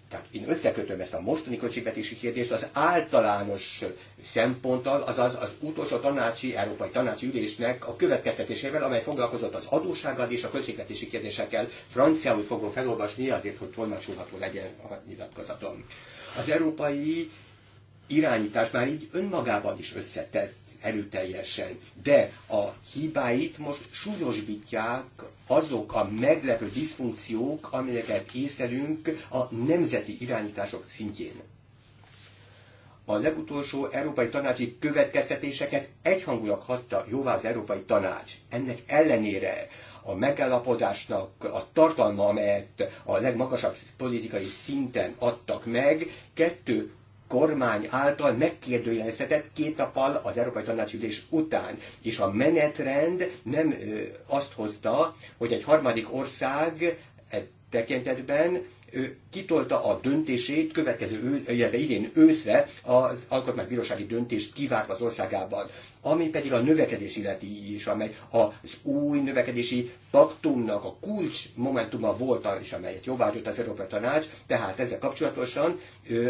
Tehát én összekötöm ezt a mostani költségvetési kérdést az általános szemponttal, azaz az utolsó tanácsi, európai tanácsi ülésnek a következtetésével, amely foglalkozott az adóssággal és a költségvetési kérdésekkel. Franciául fogom felolvasni azért, hogy tolmácsolható legyen a nyilatkozatom. Az európai irányítás már így önmagában is összetett erőteljesen, de a hibáit most súlyosbítják azok a meglepő diszfunkciók, amelyeket észlelünk a nemzeti irányítások szintjén. A legutolsó európai tanácsi következtetéseket egyhangulag hatta jóvá az európai tanács. Ennek ellenére a megállapodásnak a tartalma, amelyet a legmagasabb politikai szinten adtak meg, kettő kormány által megkérdőjelezhetett két nappal az Európai Tanácsülés után. És a menetrend nem azt hozta, hogy egy harmadik ország e tekintetben kitolta a döntését következő, illetve idén őszre az alkotmánybírósági döntést kivárva az országában. Ami pedig a növekedés illeti is, amely az új növekedési paktumnak a kulcs momentuma volt, és amelyet jóváhagyott az Európai Tanács, tehát ezzel kapcsolatosan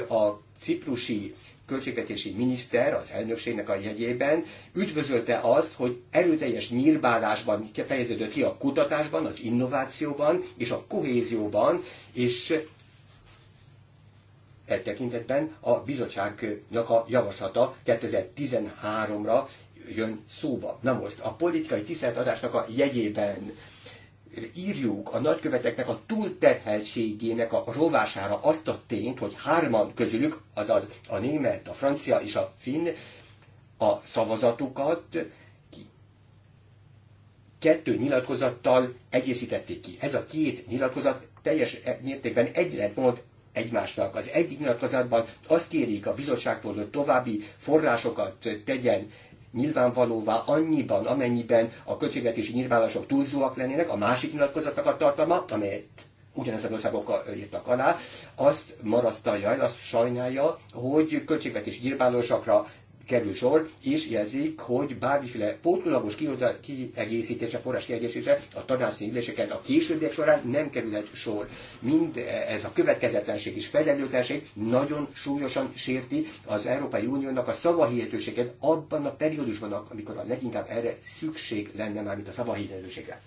a ciprusi költségvetési miniszter az elnökségnek a jegyében üdvözölte azt, hogy erőteljes nyírbálásban fejeződött ki a kutatásban, az innovációban és a kohézióban, és e tekintetben a bizottságnak a javaslata 2013-ra jön szóba. Na most, a politikai tiszteletadásnak a jegyében írjuk a nagyköveteknek a túlterheltségének a rovására azt a tényt, hogy hárman közülük, azaz a német, a francia és a finn a szavazatukat kettő nyilatkozattal egészítették ki. Ez a két nyilatkozat teljes mértékben egyre mond egymásnak. Az egyik nyilatkozatban azt kérik a bizottságtól, hogy további forrásokat tegyen nyilvánvalóvá annyiban, amennyiben a költségvetési nyilvánvalások túlzóak lennének, a másik nyilatkozatnak a tartalma, amelyet ugyanezen országok írtak alá, azt marasztalja el, azt sajnálja, hogy költségvetési nyilvánosakra kerül sor, és jelzik, hogy bármiféle pótlólagos kiegészítése, forrás kiegészítése a tanácsi üléseken a későbbiek során nem kerülhet sor. Mind ez a következetlenség és felelőtlenség nagyon súlyosan sérti az Európai Uniónak a szavahihetőséget abban a periódusban, amikor a leginkább erre szükség lenne már, mint a szavahihetőségre.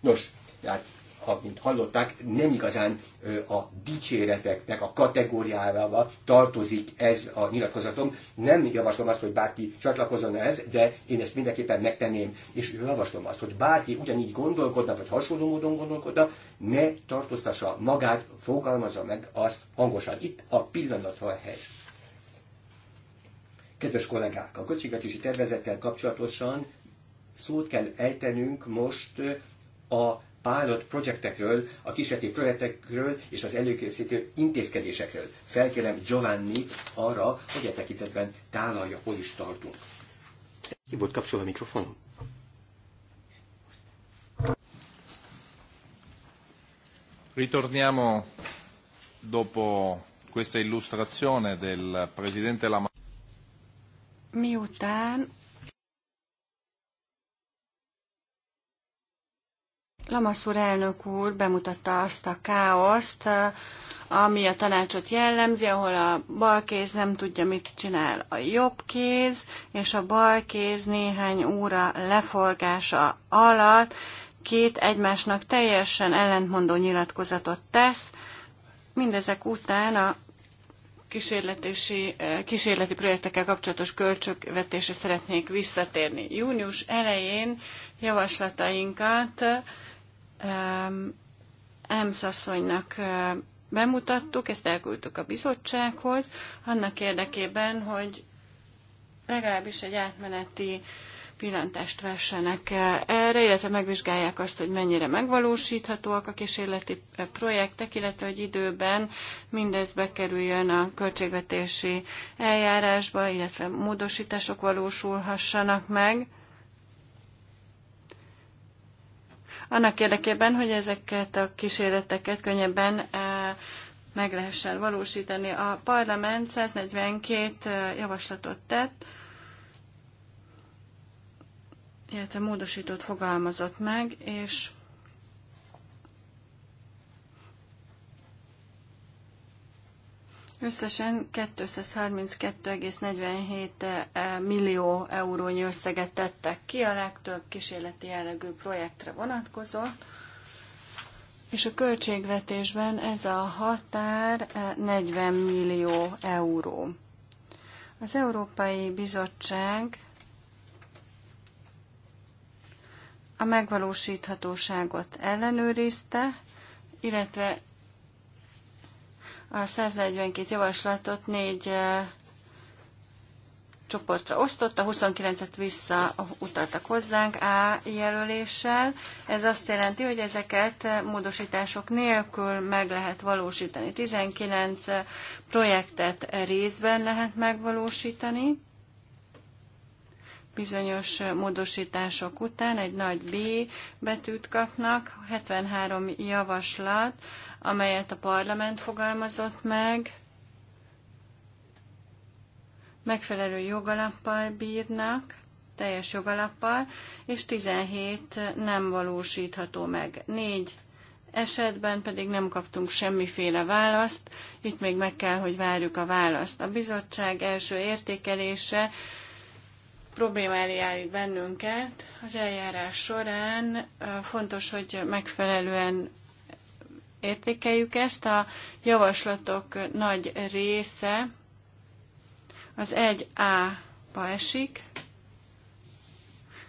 Nos, tehát amint hallották, nem igazán a dicséreteknek a kategóriájával tartozik ez a nyilatkozatom. Nem javaslom azt, hogy bárki csatlakozzon ez, de én ezt mindenképpen megtenném, és javaslom azt, hogy bárki ugyanígy gondolkodna, vagy hasonló módon gondolkodna, ne tartóztassa magát, fogalmazza meg azt hangosan. Itt a a hely. Kedves kollégák, a költségvetési tervezettel kapcsolatosan szót kell ejtenünk most a pilot projektekről, a kísérleti projektekről és az előkészítő intézkedésekről. Felkérem Giovanni arra, hogy e tekintetben tálalja, hol is tartunk. Ki volt kapcsolva a mikrofonom? Ritorniamo dopo questa illustrazione del Presidente Lamassoure. Miután Lamaszúr elnök úr bemutatta azt a káoszt, ami a tanácsot jellemzi, ahol a bal kéz nem tudja, mit csinál a jobb kéz, és a bal kéz néhány óra leforgása alatt két egymásnak teljesen ellentmondó nyilatkozatot tesz. Mindezek után a kísérletési, eh, kísérleti projektekkel kapcsolatos költségvetésre szeretnék visszatérni. Június elején javaslatainkat EMSZ asszonynak bemutattuk, ezt elküldtük a bizottsághoz, annak érdekében, hogy legalábbis egy átmeneti pillantást vessenek eh, erre, illetve megvizsgálják azt, hogy mennyire megvalósíthatóak a kísérleti eh, projektek, illetve hogy időben mindez bekerüljön a költségvetési eljárásba, illetve módosítások valósulhassanak meg. annak érdekében, hogy ezeket a kísérleteket könnyebben eh, meg lehessen valósítani. A parlament 142 eh, javaslatot tett, illetve módosítót fogalmazott meg, és Összesen 232,47 eh, millió eurónyi összeget tettek ki, a legtöbb kísérleti jellegű projektre vonatkozott, és a költségvetésben ez a határ 40 eh, millió euró. Az Európai Bizottság a megvalósíthatóságot ellenőrizte, illetve a 142 javaslatot négy csoportra osztotta, 29-et visszautaltak hozzánk A jelöléssel. Ez azt jelenti, hogy ezeket módosítások nélkül meg lehet valósítani. 19 projektet részben lehet megvalósítani bizonyos módosítások után egy nagy B betűt kapnak, 73 javaslat, amelyet a parlament fogalmazott meg, megfelelő jogalappal bírnak, teljes jogalappal, és 17 nem valósítható meg. Négy esetben pedig nem kaptunk semmiféle választ, itt még meg kell, hogy várjuk a választ. A bizottság első értékelése probléma elé állít bennünket. Az eljárás során fontos, hogy megfelelően értékeljük ezt. A javaslatok nagy része az 1A-ba esik,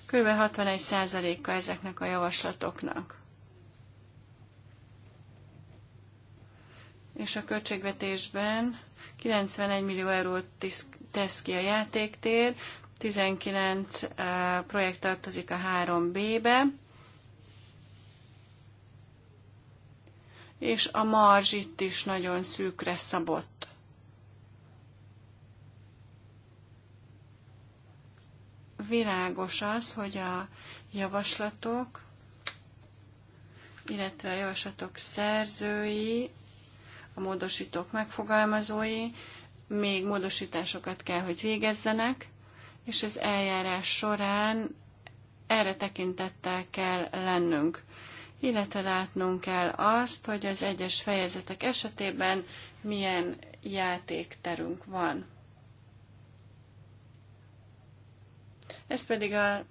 kb. 61%-a ezeknek a javaslatoknak. És a költségvetésben 91 millió eurót tesz ki a játéktér, 19 eh, projekt tartozik a 3B-be, és a marzs itt is nagyon szűkre szabott. Világos az, hogy a javaslatok, illetve a javaslatok szerzői, a módosítók megfogalmazói még módosításokat kell, hogy végezzenek, és az eljárás során erre tekintettel kell lennünk, illetve látnunk kell azt, hogy az egyes fejezetek esetében milyen játékterünk van. Ez pedig a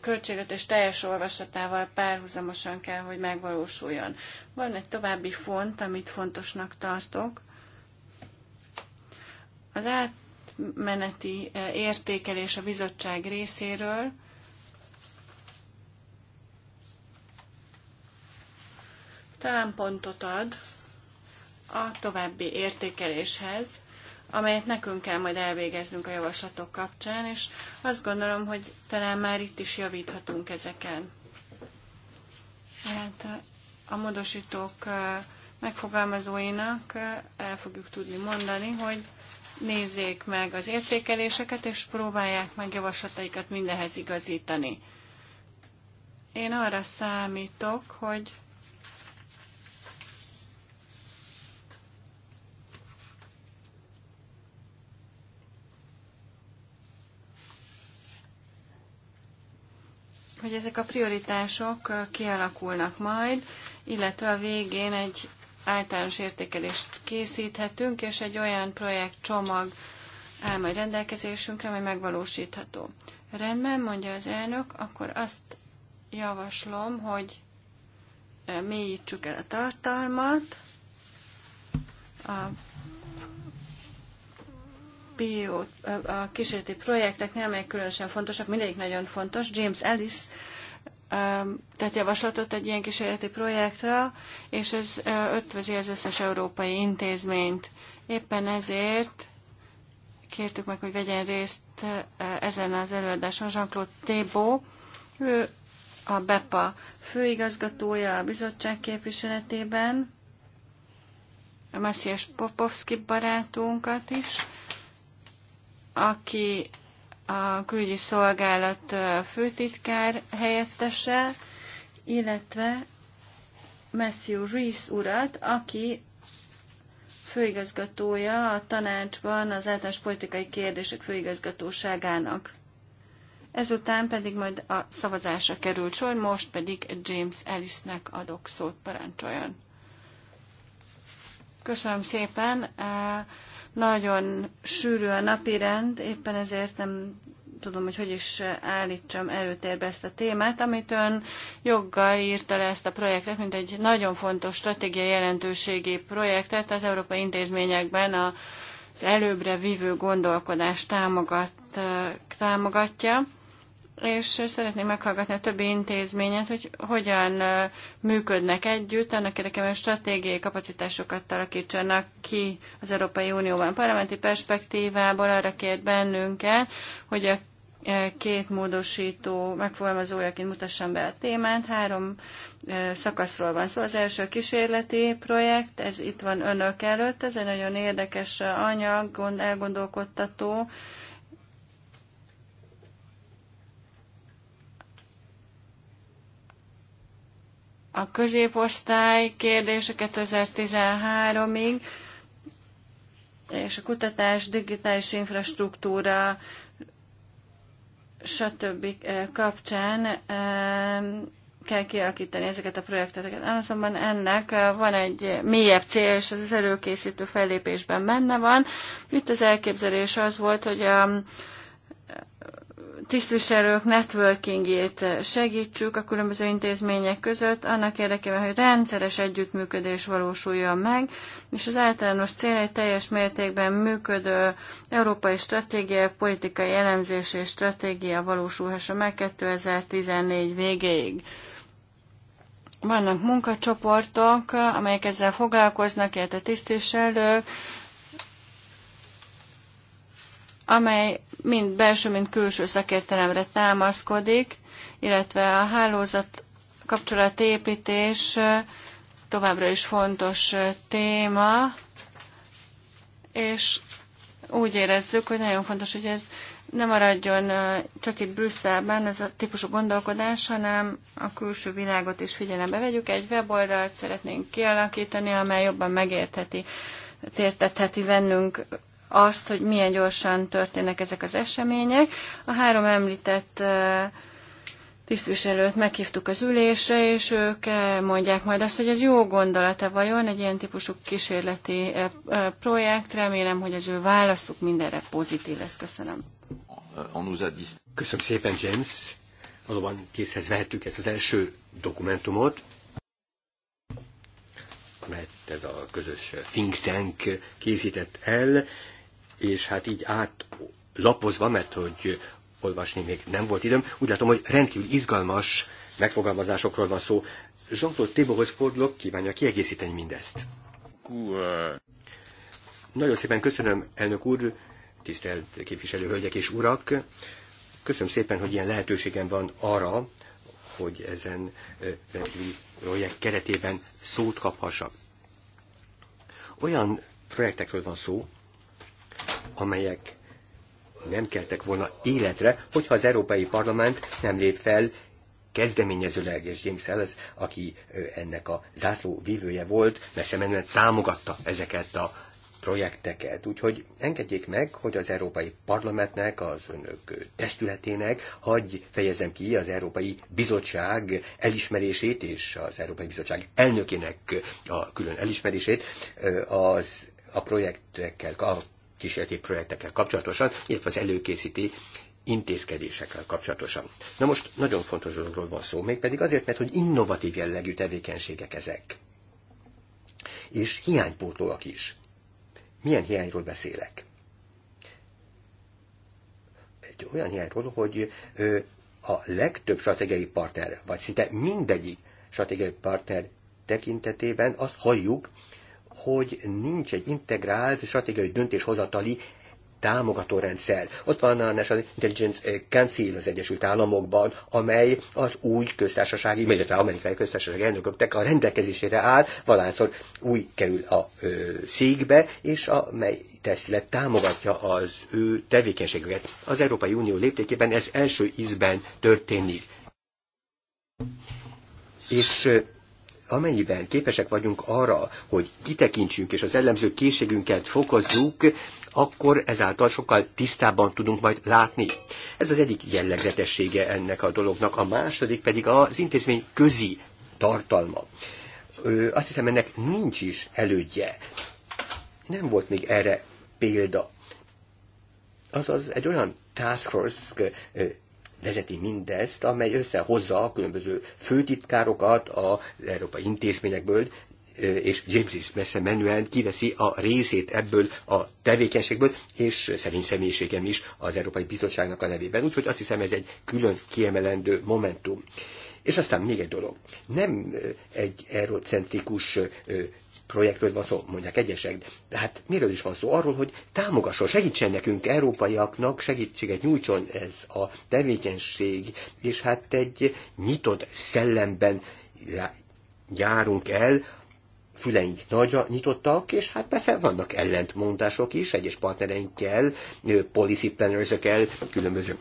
költségvetés teljes olvasatával párhuzamosan kell, hogy megvalósuljon. Van egy további font, amit fontosnak tartok. Az át meneti eh, értékelés a bizottság részéről. Talán pontot ad a további értékeléshez, amelyet nekünk kell majd elvégeznünk a javaslatok kapcsán, és azt gondolom, hogy talán már itt is javíthatunk ezeken. Hát eh, a módosítók eh, megfogalmazóinak el fogjuk tudni mondani, hogy nézzék meg az értékeléseket, és próbálják meg javaslataikat mindehez igazítani. Én arra számítok, hogy hogy ezek a prioritások kialakulnak majd, illetve a végén egy általános értékelést készíthetünk, és egy olyan projektcsomag áll majd rendelkezésünkre, amely megvalósítható. Rendben, mondja az elnök, akkor azt javaslom, hogy e, mélyítsük el a tartalmat. A bio, a kísérleti projekteknél, amelyek különösen fontosak, mindegyik nagyon fontos. James Ellis Um, tehát javaslatot egy ilyen kísérleti projektra, és ez ötvözi az összes európai intézményt. Éppen ezért kértük meg, hogy vegyen részt ezen az előadáson Jean-Claude Tébó, ő a BEPA főigazgatója a bizottság képviseletében, a Messias Popovski barátunkat is, aki a külügyi szolgálat főtitkár helyettese, illetve Matthew Rees urat, aki főigazgatója a tanácsban az általános politikai kérdések főigazgatóságának. Ezután pedig majd a szavazásra került sor, most pedig James Ellisnek adok szót, parancsoljon. Köszönöm szépen. Nagyon sűrű a napirend, éppen ezért nem tudom, hogy hogy is állítsam előtérbe ezt a témát, amit ön joggal írta le ezt a projektet, mint egy nagyon fontos stratégiai jelentőségi projektet az európai intézményekben az előbbre vívő gondolkodást támogat, támogatja és szeretném meghallgatni a többi intézményet, hogy hogyan működnek együtt, annak érdekében, stratégiai kapacitásokat alakítsanak ki az Európai Unióban. A parlamenti perspektívából arra kért bennünket, hogy a két módosító megfogalmazójaként mutassam be a témát. Három szakaszról van szó. Szóval az első kísérleti projekt, ez itt van önök előtt, ez egy nagyon érdekes anyag, elgondolkodtató, a középosztály kérdése 2013-ig, és a kutatás, digitális infrastruktúra, stb. kapcsán kell kialakítani ezeket a projekteket. Azonban ennek van egy mélyebb cél, és az előkészítő fellépésben benne van. Itt az elképzelés az volt, hogy a tisztviselők networkingét segítsük a különböző intézmények között, annak érdekében, hogy rendszeres együttműködés valósuljon meg, és az általános cél egy teljes mértékben működő európai stratégia, politikai elemzés és stratégia valósulhassa meg 2014 végéig. Vannak munkacsoportok, amelyek ezzel foglalkoznak, illetve tisztviselők, amely mind belső, mind külső szakértelemre támaszkodik, illetve a hálózat kapcsolatépítés továbbra is fontos téma, és úgy érezzük, hogy nagyon fontos, hogy ez nem maradjon csak itt Brüsszelben ez a típusú gondolkodás, hanem a külső világot is figyelembe vegyük. Egy weboldalt szeretnénk kialakítani, amely jobban megértheti, tértetheti bennünk, azt, hogy milyen gyorsan történnek ezek az események. A három említett tisztviselőt meghívtuk az ülésre, és ők mondják majd azt, hogy ez jó gondolata vajon egy ilyen típusú kísérleti projekt. Remélem, hogy az ő válaszuk mindenre pozitív lesz. Köszönöm. Köszönöm szépen, James. Valóban készhez vehettük ezt az első dokumentumot, amelyet ez a közös think tank készített el és hát így át lapozva, mert hogy olvasni még nem volt időm, úgy látom, hogy rendkívül izgalmas megfogalmazásokról van szó. Jean-Claude Thébaudhoz fordulok, kívánja kiegészíteni mindezt. Kúr. Nagyon szépen köszönöm, elnök úr, tisztelt képviselő hölgyek és urak. Köszönöm szépen, hogy ilyen lehetőségem van arra, hogy ezen rendkívüli projekt keretében szót kaphassak. Olyan projektekről van szó, amelyek nem keltek volna életre, hogyha az Európai Parlament nem lép fel kezdeményezőleg, és James Ellis, aki ennek a zászló vívője volt, messze menően támogatta ezeket a projekteket. Úgyhogy engedjék meg, hogy az Európai Parlamentnek, az önök testületének hagy fejezem ki az Európai Bizottság elismerését és az Európai Bizottság elnökének a külön elismerését az a projektekkel, a kísérleti projektekkel kapcsolatosan, illetve az előkészíti intézkedésekkel kapcsolatosan. Na most nagyon fontos dologról van szó, mégpedig azért, mert hogy innovatív jellegű tevékenységek ezek. És hiánypótlóak is. Milyen hiányról beszélek? Egy olyan hiányról, hogy a legtöbb stratégiai partner, vagy szinte mindegyik stratégiai partner tekintetében azt halljuk, hogy nincs egy integrált stratégiai döntéshozatali támogató rendszer. Ott van a National Intelligence eh, Council az Egyesült Államokban, amely az új köztársasági, illetve amerikai köztársasági elnököknek a rendelkezésére áll, valánszor új kerül a ö, székbe, és amely testület támogatja az ő tevékenységüket. Az Európai Unió léptékében ez első ízben történik. És amennyiben képesek vagyunk arra, hogy kitekintsünk és az ellenző készségünket fokozzuk, akkor ezáltal sokkal tisztábban tudunk majd látni. Ez az egyik jellegzetessége ennek a dolognak, a második pedig az intézmény közi tartalma. Ö, azt hiszem, ennek nincs is elődje. Nem volt még erre példa. Azaz egy olyan task force vezeti mindezt, amely összehozza a különböző főtitkárokat az európai intézményekből, és James is messze menően kiveszi a részét ebből a tevékenységből, és szerint személyiségem is az Európai Bizottságnak a nevében. Úgyhogy azt hiszem ez egy külön kiemelendő momentum. És aztán még egy dolog. Nem egy eurocentrikus projektről van szó, mondják egyesek, de hát miről is van szó? Arról, hogy támogasson, segítsen nekünk, európaiaknak segítséget nyújtson ez a tevékenység, és hát egy nyitott szellemben járunk el, füleink nagyra nyitottak, és hát persze vannak ellentmondások is, egyes partnereinkkel, policy planners különböző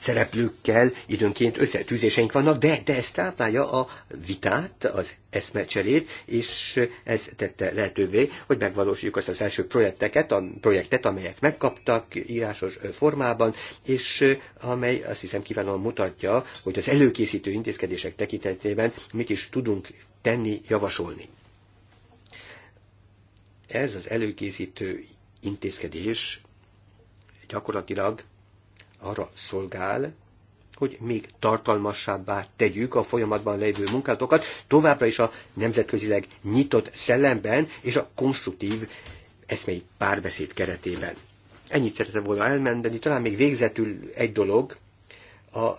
szereplőkkel időnként összetűzéseink vannak, de, de ez táplálja a vitát, az eszmecserét, és ez tette lehetővé, hogy megvalósítjuk azt az első projekteket, a projektet, amelyet megkaptak írásos formában, és amely azt hiszem kívánom mutatja, hogy az előkészítő intézkedések tekintetében mit is tudunk tenni, javasolni. Ez az előkészítő intézkedés gyakorlatilag arra szolgál, hogy még tartalmasabbá tegyük a folyamatban lévő munkátokat. továbbra is a nemzetközileg nyitott szellemben és a konstruktív eszmei párbeszéd keretében. Ennyit szeretem volna elmondani, talán még végzetül egy dolog, a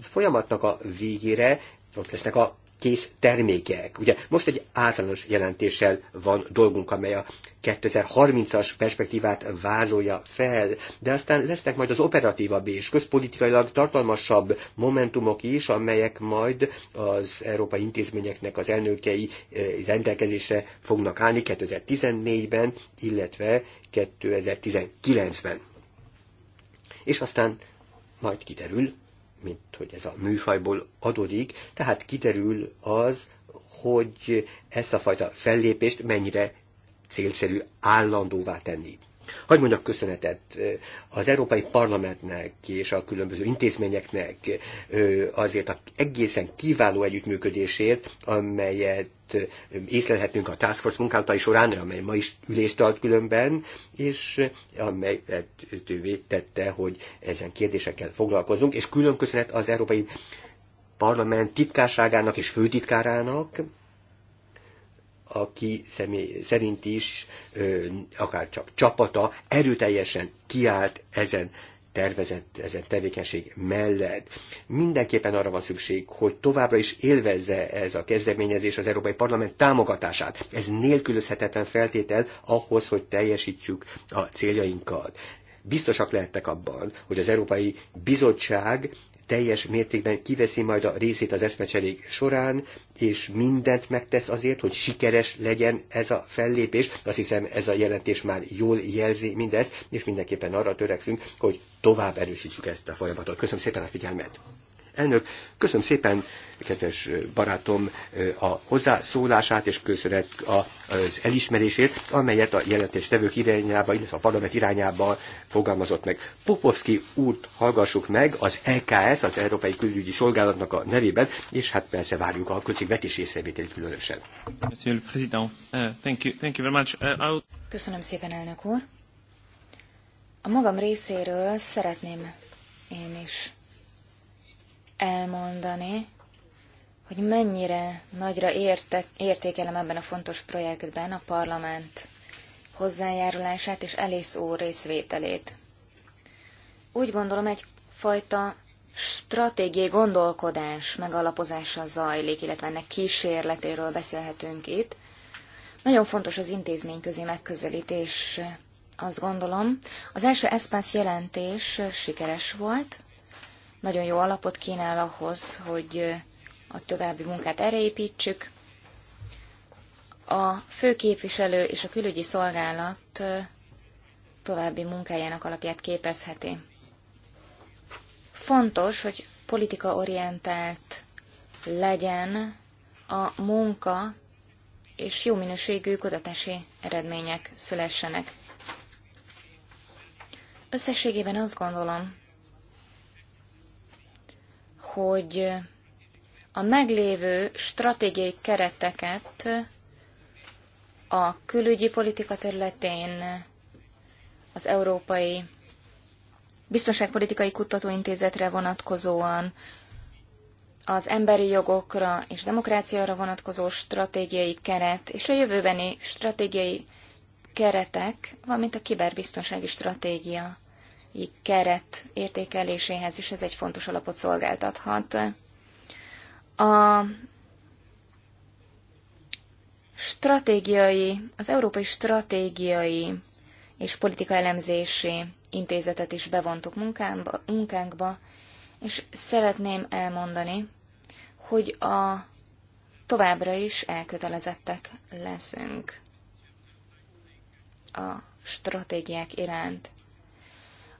folyamatnak a végére ott lesznek a kész termékek. Ugye most egy általános jelentéssel van dolgunk, amely a 2030-as perspektívát vázolja fel, de aztán lesznek majd az operatívabb és közpolitikailag tartalmasabb momentumok is, amelyek majd az európai intézményeknek az elnökei eh, rendelkezésre fognak állni 2014-ben, illetve 2019-ben. És aztán majd kiderül, mint hogy ez a műfajból adódik, tehát kiderül az, hogy ezt a fajta fellépést mennyire célszerű állandóvá tenni. Hogy mondjak köszönetet az Európai Parlamentnek és a különböző intézményeknek azért az egészen kiváló együttműködésért, amelyet észlelhetünk a Task Force munkáltai során, amely ma is ülést tart különben, és amely lehetővé tette, hogy ezen kérdésekkel foglalkozunk, és külön köszönet az Európai Parlament titkárságának és főtitkárának, aki személy szerint is, akár csak csapata erőteljesen kiállt ezen tervezett ezen tevékenység mellett. Mindenképpen arra van szükség, hogy továbbra is élvezze ez a kezdeményezés az Európai Parlament támogatását. Ez nélkülözhetetlen feltétel ahhoz, hogy teljesítsük a céljainkat biztosak lehettek abban, hogy az Európai Bizottság teljes mértékben kiveszi majd a részét az eszmecserék során, és mindent megtesz azért, hogy sikeres legyen ez a fellépés. Azt hiszem, ez a jelentés már jól jelzi mindezt, és mindenképpen arra törekszünk, hogy tovább erősítsük ezt a folyamatot. Köszönöm szépen a figyelmet! Elnök, köszönöm szépen, kedves barátom, a hozzászólását, és köszönet az elismerését, amelyet a jelentéstevők irányába, illetve a parlament irányába fogalmazott meg. Popovski úrt hallgassuk meg az EKS, az Európai Külügyi Szolgálatnak a nevében, és hát persze várjuk a költségvetés észrevételét különösen. Uh, uh, köszönöm szépen, elnök úr. A magam részéről szeretném én is elmondani, hogy mennyire nagyra érte, értékelem ebben a fontos projektben a parlament hozzájárulását és Elész úr részvételét. Úgy gondolom, egyfajta stratégiai gondolkodás megalapozása zajlik, illetve ennek kísérletéről beszélhetünk itt. Nagyon fontos az intézményközi megközelítés, azt gondolom. Az első ESPASZ jelentés sikeres volt, nagyon jó alapot kínál ahhoz, hogy a további munkát erre építsük. A főképviselő és a külügyi szolgálat további munkájának alapját képezheti. Fontos, hogy politikaorientált legyen a munka, és jó minőségű kutatási eredmények szülessenek. Összességében azt gondolom, hogy a meglévő stratégiai kereteket a külügyi politika területén az Európai Biztonságpolitikai Kutatóintézetre vonatkozóan, az emberi jogokra és demokráciára vonatkozó stratégiai keret és a jövőbeni stratégiai keretek, valamint a kiberbiztonsági stratégia keret értékeléséhez is ez egy fontos alapot szolgáltathat. A stratégiai, az Európai Stratégiai és Politika Elemzési Intézetet is bevontuk munkánkba, munkánkba, és szeretném elmondani, hogy a továbbra is elkötelezettek leszünk a stratégiák iránt.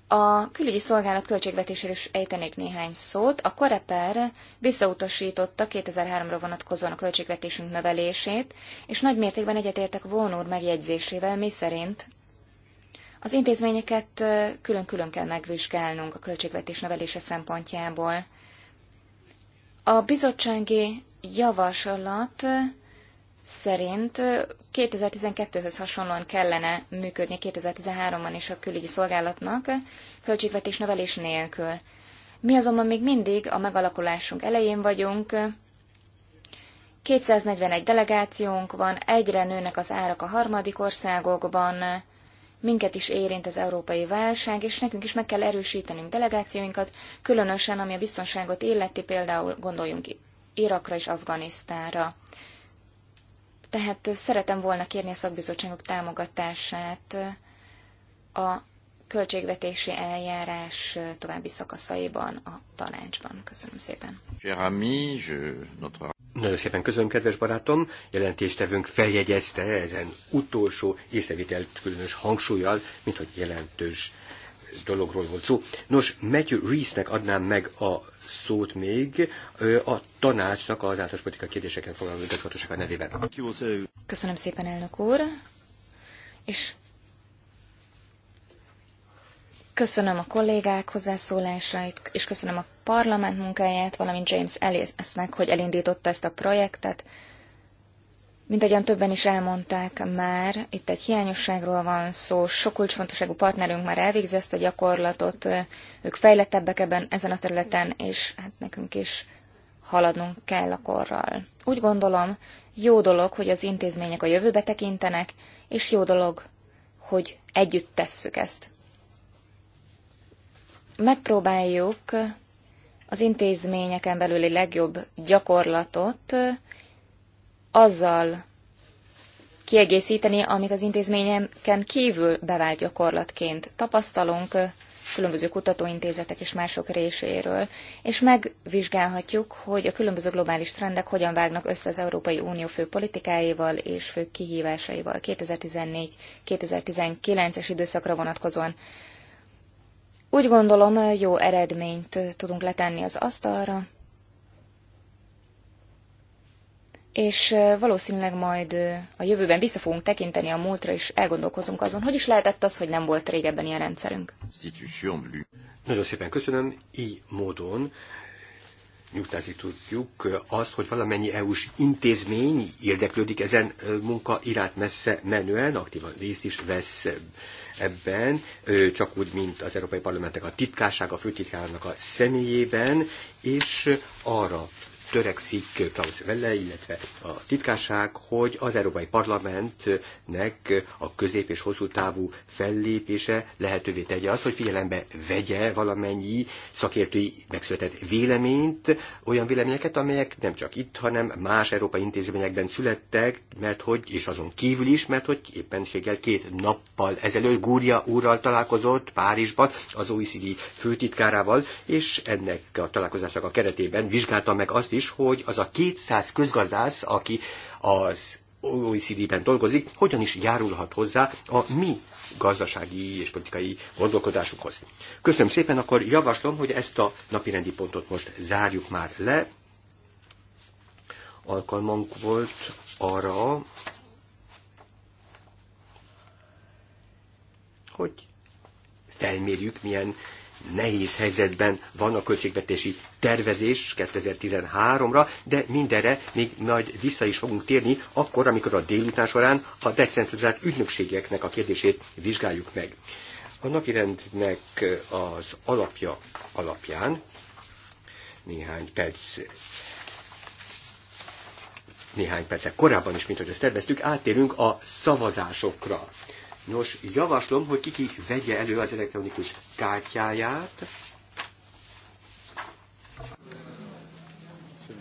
A külügyi szolgálat költségvetéséről is ejtenék néhány szót. A Koreper visszautasította 2003-ra vonatkozóan a költségvetésünk növelését, és nagy mértékben egyetértek Vón úr megjegyzésével, mi szerint az intézményeket külön-külön kell megvizsgálnunk a költségvetés növelése szempontjából. A bizottsági javaslat szerint 2012-höz hasonlóan kellene működni 2013-ban is a külügyi szolgálatnak, költségvetés növelés nélkül. Mi azonban még mindig a megalakulásunk elején vagyunk, 241 delegációnk van, egyre nőnek az árak a harmadik országokban, minket is érint az európai válság, és nekünk is meg kell erősítenünk delegációinkat, különösen ami a biztonságot illeti, például gondoljunk Irakra és Afganisztánra. Tehát szeretem volna kérni a szakbizottságok támogatását a költségvetési eljárás további szakaszaiban a tanácsban. Köszönöm szépen. Nagyon szépen köszönöm, kedves barátom. Jelentéstevünk feljegyezte ezen utolsó észrevételt különös hangsúlyjal, mint hogy jelentős dologról volt szó. Nos, Matthew Reese-nek adnám meg a szót még a tanácsnak az általános politikai kérdéseken foglalkozó igazgatóság nevében. Köszönöm szépen, elnök úr, és köszönöm a kollégák hozzászólásait, és köszönöm a parlament munkáját, valamint James Ellis-nek, hogy elindította ezt a projektet, mint ahogyan többen is elmondták már, itt egy hiányosságról van szó, sok kulcsfontosságú partnerünk már elvégzi ezt a gyakorlatot, ők fejlettebbek ebben ezen a területen, és hát nekünk is haladnunk kell a korral. Úgy gondolom, jó dolog, hogy az intézmények a jövőbe tekintenek, és jó dolog, hogy együtt tesszük ezt. Megpróbáljuk az intézményeken belüli legjobb gyakorlatot azzal kiegészíteni, amit az intézményeken kívül bevált gyakorlatként tapasztalunk különböző kutatóintézetek és mások réséről, és megvizsgálhatjuk, hogy a különböző globális trendek hogyan vágnak össze az Európai Unió fő politikáival és fő kihívásaival 2014-2019-es időszakra vonatkozóan. Úgy gondolom, jó eredményt tudunk letenni az asztalra, és valószínűleg majd a jövőben vissza fogunk tekinteni a múltra, és elgondolkozunk azon, hogy is lehetett az, hogy nem volt régebben ilyen rendszerünk. Nagyon szépen köszönöm, így módon nyugtázni tudjuk azt, hogy valamennyi EU-s intézmény érdeklődik ezen munka iránt messze menően, aktívan részt is vesz ebben, csak úgy, mint az Európai Parlamentnek a titkásság a főtitkárnak a személyében, és arra törekszik Klaus Welle, illetve a titkárság, hogy az Európai Parlamentnek a közép- és hosszú távú fellépése lehetővé tegye azt, hogy figyelembe vegye valamennyi szakértői megszületett véleményt, olyan véleményeket, amelyek nem csak itt, hanem más európai intézményekben születtek, mert hogy, és azon kívül is, mert hogy éppenséggel két nappal ezelőtt Gúria úrral találkozott Párizsban az OECD főtitkárával, és ennek a találkozásnak a keretében vizsgálta meg azt is, hogy az a 200 közgazdász, aki az OECD-ben dolgozik, hogyan is járulhat hozzá a mi gazdasági és politikai gondolkodásukhoz. Köszönöm szépen, akkor javaslom, hogy ezt a napirendi pontot most zárjuk már le. Alkalmunk volt arra, hogy felmérjük, milyen nehéz helyzetben van a költségvetési tervezés 2013-ra, de mindenre még majd vissza is fogunk térni, akkor, amikor a délután során a decentralizált ügynökségeknek a kérdését vizsgáljuk meg. A napirendnek az alapja alapján néhány perc néhány percek korábban is, mint hogy ezt terveztük, áttérünk a szavazásokra. Nos, javaslom, hogy kiki vegye elő az elektronikus kártyáját.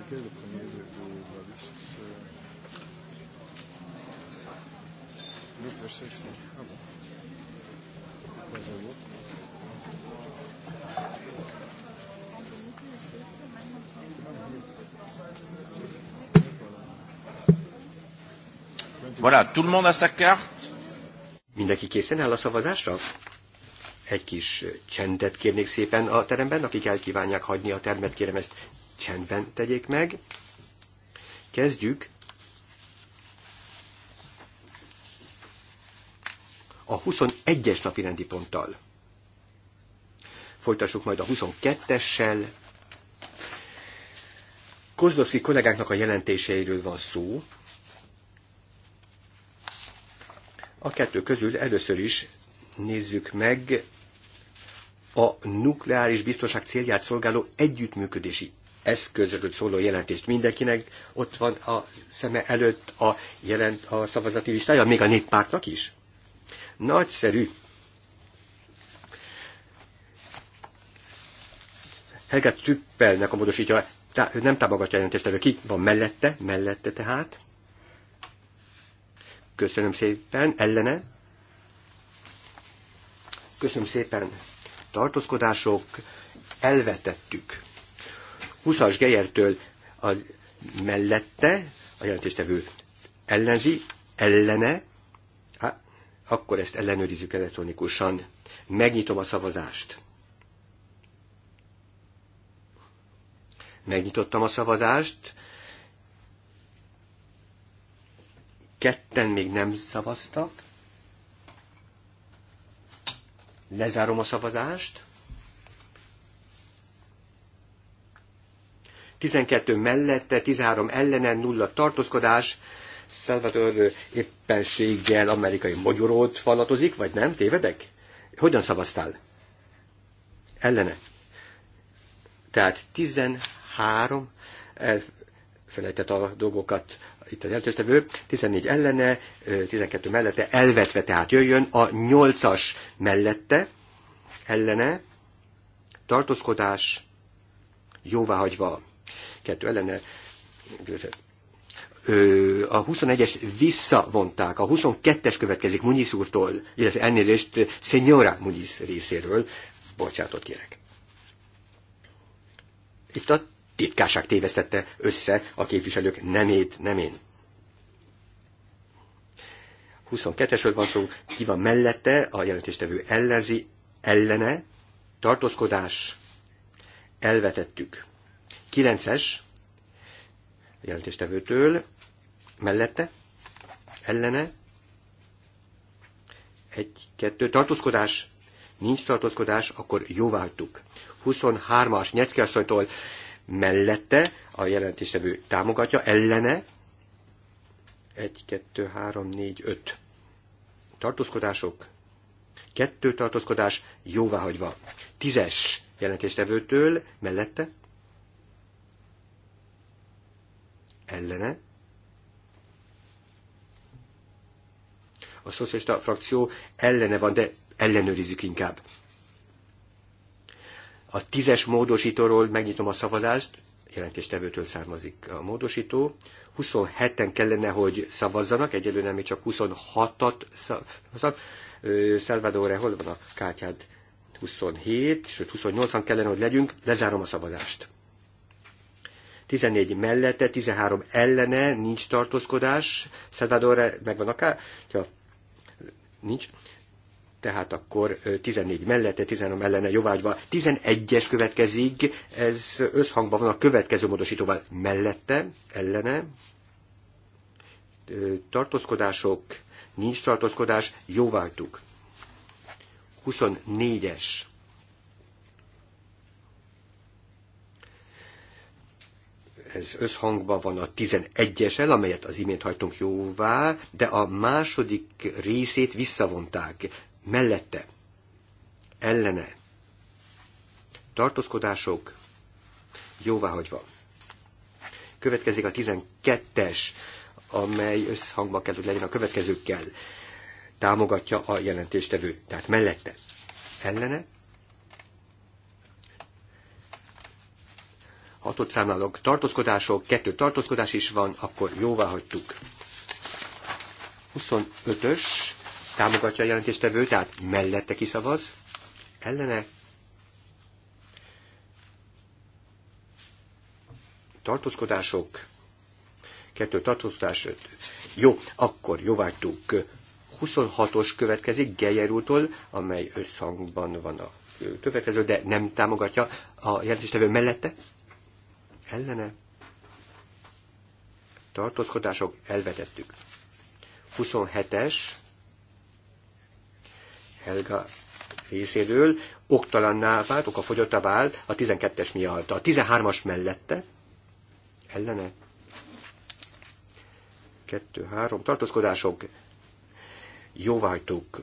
c'était le premier de, de la liste Voilà, tout le monde a sa carte. Mindenki készen áll a szavazásra? Egy kis csendet kérnék szépen a teremben, akik elkívánják hagyni a termet, kérem ezt csendben tegyék meg. Kezdjük a 21-es napi rendi ponttal. Folytassuk majd a 22-essel. Kozlovszki kollégáknak a jelentéseiről van szó. A kettő közül először is nézzük meg a nukleáris biztonság célját szolgáló együttműködési eszközről szóló jelentést mindenkinek. Ott van a szeme előtt a, jelent, a szavazati listája, még a néppártnak is. Nagyszerű. Helga Tüppelnek a módosítja, ő nem támogatja a jelentést, Ki van mellette? Mellette tehát. Köszönöm szépen. Ellene? Köszönöm szépen. Tartózkodások. Elvetettük. 20-as Geyertől a mellette, a jelentéstevő ellenzi, ellene, hát, akkor ezt ellenőrizzük elektronikusan. Megnyitom a szavazást. Megnyitottam a szavazást. Ketten még nem szavaztak. Lezárom a szavazást. 12 mellette, 13 ellenen, nulla tartózkodás. Salvador éppenséggel amerikai magyarót falatozik, vagy nem? Tévedek? Hogyan szavaztál? Ellene. Tehát 13 elfelejtett a dolgokat itt az eltöztevő, 14 ellene, 12 mellette, elvetve, tehát jöjjön a 8-as mellette, ellene, tartózkodás, jóváhagyva kettő ellene. A 21-es visszavonták, a 22-es következik Munyisz úrtól, illetve elnézést Senyora Munyisz részéről. Bocsátot kérek. Itt a titkásság tévesztette össze a képviselők nemét, nem én. 22-esről van szó, ki van mellette, a jelentéstevő ellenzi, ellene, tartózkodás, elvetettük. 9-es jelentéstevőtől mellette, ellene, egy, kettő, tartózkodás, nincs tartózkodás, akkor jóváhagytuk. 23-as Nyecki asszonytól mellette a jelentéstevő támogatja, ellene, 1, 2, 3, 4, 5 tartózkodások, kettő tartózkodás jóváhagyva. Tízes jelentéstevőtől mellette, ellene. A szocialista frakció ellene van, de ellenőrizzük inkább. A tízes módosítóról megnyitom a szavazást, jelentéstevőtől származik a módosító. 27-en kellene, hogy szavazzanak, egyelőre még csak 26-at szavazzanak. Salvador, hol van a kártyád? 27, sőt 28-an kellene, hogy legyünk, lezárom a szavazást. 14 mellette, 13 ellene, nincs tartózkodás. Salvador megvan akár? Ja, nincs. Tehát akkor 14 mellette, 13 ellene jóvágyva. 11-es következik, ez összhangban van a következő módosítóval. Mellette, ellene, tartózkodások, nincs tartózkodás, jóvágytuk. 24-es ez összhangban van a 11-esel, amelyet az imént hajtunk jóvá, de a második részét visszavonták. Mellette, ellene, tartózkodások, jóváhagyva. Következik a 12-es, amely összhangban kell, hogy legyen a következőkkel. Támogatja a jelentéstevő, tehát mellette, ellene, hatott számlálók tartózkodások, kettő tartózkodás is van, akkor jóvá hagytuk. 25-ös támogatja a jelentéstevő, tehát mellette kiszavaz, ellene tartózkodások, kettő tartózkodás, öt. Jó, akkor jóvágytuk. 26-os következik Geyer úrtól, amely összhangban van a következő, de nem támogatja a jelentéstevő mellette ellene tartózkodások elvetettük. 27-es Helga részéről oktalanná vált, fogyotta vált a 12-es miatt. A 13-as mellette ellene 2-3 tartózkodások jóváhagytuk.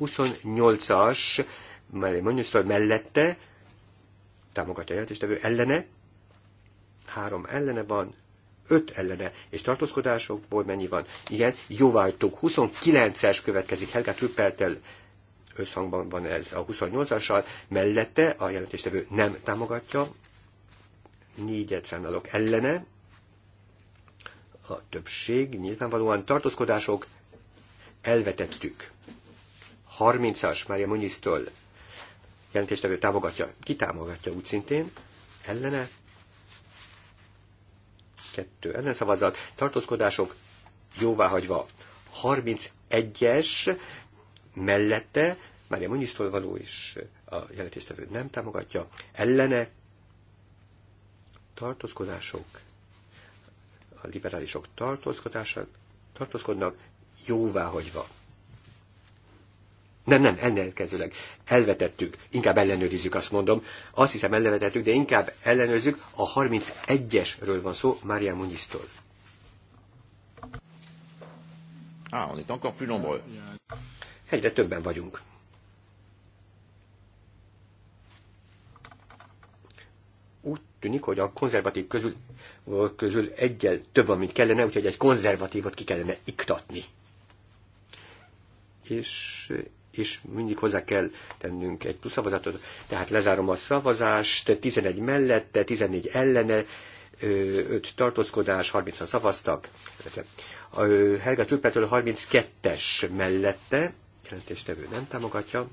28-as mellette támogatja a jelentéstevő ellene három ellene van, öt ellene, és tartózkodásokból mennyi van? Igen, jóváhagytuk. 29-es következik Helga Trüppeltel, összhangban van ez a 28-assal, mellette a jelentéstevő nem támogatja, négyet számlálok ellene, a többség nyilvánvalóan tartózkodások elvetettük. 30-as Mária Munisztől jelentéstevő támogatja, ki támogatja úgy szintén, ellene kettő ellenszavazat, tartózkodások jóváhagyva 31-es mellette, Mária Munyisztól való is a jelentéstevő nem támogatja, ellene tartózkodások, a liberálisok tartózkodások, tartózkodnak jóváhagyva. Nem, nem, ellenkezőleg. Elvetettük, inkább ellenőrizzük, azt mondom. Azt hiszem elvetettük, de inkább ellenőrizzük. A 31-esről van szó, Mária Munisztól. Ah, on est encore plus nombreux. Egyre többen vagyunk. Úgy tűnik, hogy a konzervatív közül, közül egyel több van, mint kellene, úgyhogy egy konzervatívot ki kellene iktatni. És és mindig hozzá kell tennünk egy plusz szavazatot. Tehát lezárom a szavazást, 11 mellette, 14 ellene, 5 tartózkodás, 30-an szavaztak. A Helga Tülpertől 32-es mellette, jelentéstevő nem támogatja,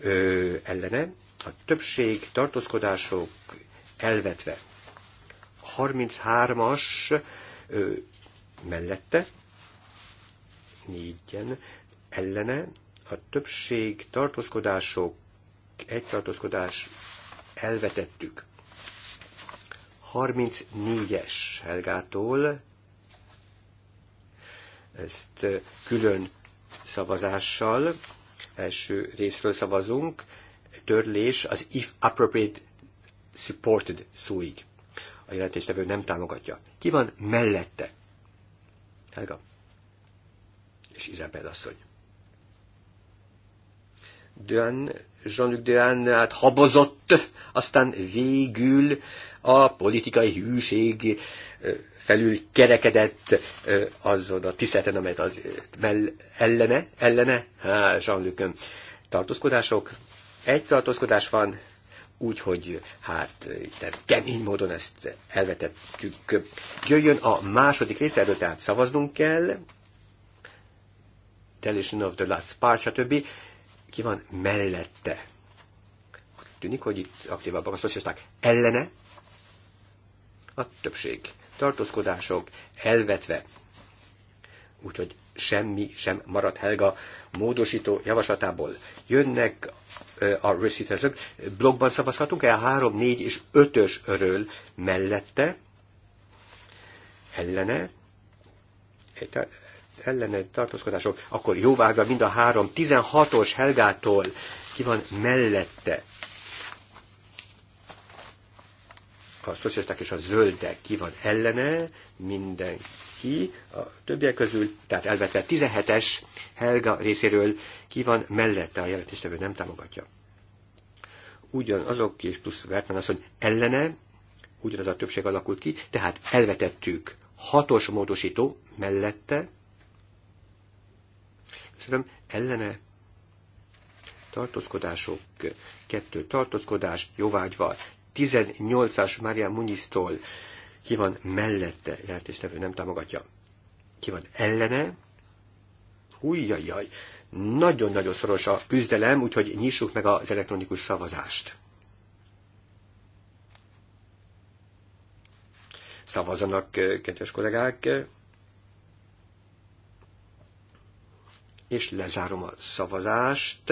5 ellene, a többség tartózkodások elvetve. 33-as mellette, 4-en, ellene, a többség tartózkodások, egy tartózkodás elvetettük. 34-es Helgától ezt külön szavazással, első részről szavazunk, törlés az if appropriate supported szóig. A jelentéstevő nem támogatja. Ki van mellette? Helga és Izabel asszony. Dehan, Jean-Luc Dehan hát habozott, aztán végül a politikai hűség felül kerekedett azon a tiszteleten, amelyet az ellene, ellene, Jean-Luc tartózkodások. Egy tartózkodás van, úgyhogy hát kemény módon ezt elvetettük. Jöjjön a második része, erről tehát szavaznunk kell. Television of the last part, stb. Ki van mellette? Tűnik, hogy itt aktívabbak a szocialisták. Ellene? A többség. Tartózkodások elvetve. Úgyhogy semmi sem maradt Helga módosító javaslatából. Jönnek a recitals Blogban szavazhatunk el 3, 4 és 5 ös öröl mellette, ellene, ellene tartózkodások, akkor jóvágva mind a három 16-os Helgától ki van mellette. A szocialisták és a zöldek ki van ellene, mindenki, a többiek közül, tehát elvetve 17-es Helga részéről ki van mellette, a jelentéstevő nem támogatja. Ugyanazok és plusz Vertman az, hogy ellene, ugyanaz a többség alakult ki, tehát elvetettük hatos módosító mellette, köszönöm, ellene tartózkodások, kettő tartózkodás, jóvágyva. 18-as Mária Munisztól ki van mellette, nevő nem támogatja, ki van ellene, hújjajjaj, nagyon-nagyon szoros a küzdelem, úgyhogy nyissuk meg az elektronikus szavazást. Szavazanak, kedves kollégák! és lezárom a szavazást.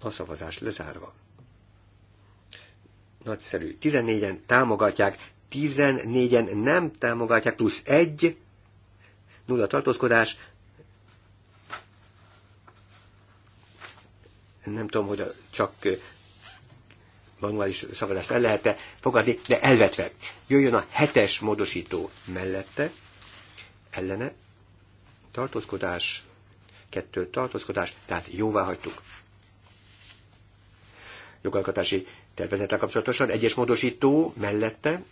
A szavazást lezárva. Nagyszerű. 14-en támogatják, 14-en nem támogatják, plusz egy, nulla tartózkodás. Nem tudom, hogy csak manuális szavazást el lehet-e fogadni, de elvetve. Jöjjön a hetes módosító mellette, ellene, tartózkodás, kettő tartózkodás, tehát jóvá hagytuk. Jogalkotási tervezettel kapcsolatosan egyes módosító mellette,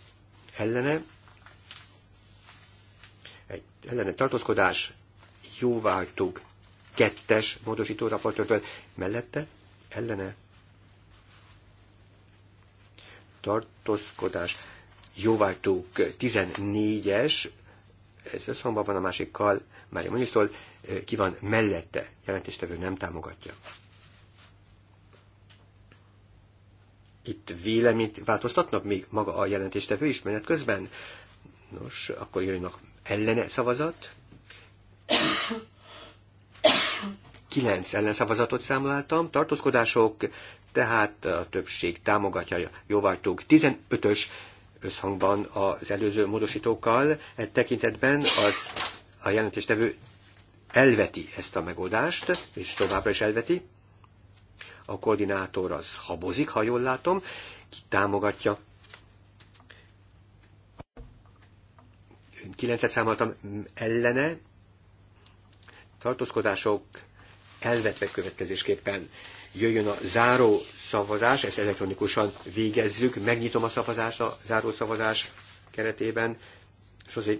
ellene, egy, ellene tartózkodás, jóvá hagytuk. Kettes módosító raportörtől mellette, ellene, tartózkodás, jóvá hagytuk. 14-es, ez összhangban van a másikkal, Mária Munistól, ki van mellette, jelentéstevő nem támogatja. Itt véleményt változtatnak még maga a jelentéstevő is menet közben? Nos, akkor jönnek ellene szavazat. Kilenc ellenszavazatot számláltam, tartózkodások, tehát a többség támogatja, jóvajtók 15-ös összhangban az előző módosítókkal. Egy tekintetben az a jelentéstevő elveti ezt a megoldást, és továbbra is elveti. A koordinátor az habozik, ha jól látom, ki támogatja. 9-et számoltam ellene, tartózkodások elvetve következésképpen jöjjön a záró szavazás, ezt elektronikusan végezzük, megnyitom a szavazást a záró szavazás keretében, és azért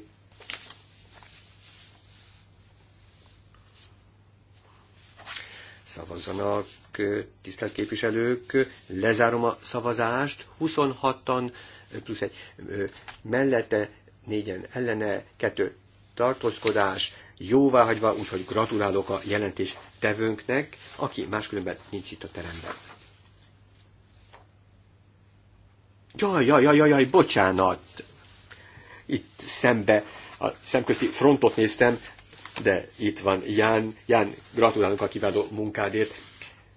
szavazzanak, tisztelt képviselők, lezárom a szavazást, 26-an plusz egy mellette, négyen ellene, kettő tartózkodás, jóváhagyva, úgyhogy gratulálok a jelentés tevőnknek, aki máskülönben nincs itt a teremben. Jaj, jaj, jaj, jaj, bocsánat! Itt szembe, a szemközti frontot néztem, de itt van Ján. Ján, gratulálunk a kiváló munkádért.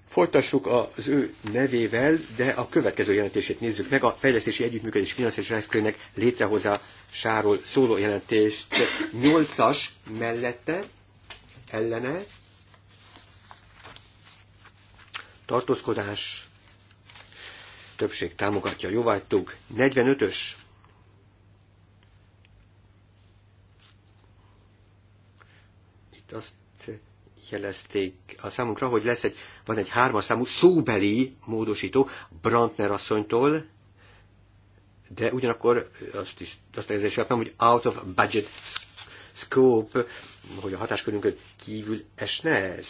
Folytassuk az ő nevével, de a következő jelentését nézzük meg, a Fejlesztési Együttműködés Finanszíros Eszköznek létrehozásáról szóló jelentést Nyolcas mellette, ellene, tartózkodás, többség támogatja, jóvágytuk, 45-ös itt azt jelezték a számunkra, hogy lesz egy, van egy hármas számú szóbeli módosító Brantner asszonytól, de ugyanakkor azt is azt érzés kaptam, hogy out of budget scope, hogy a hatáskörünkön kívül esne ez.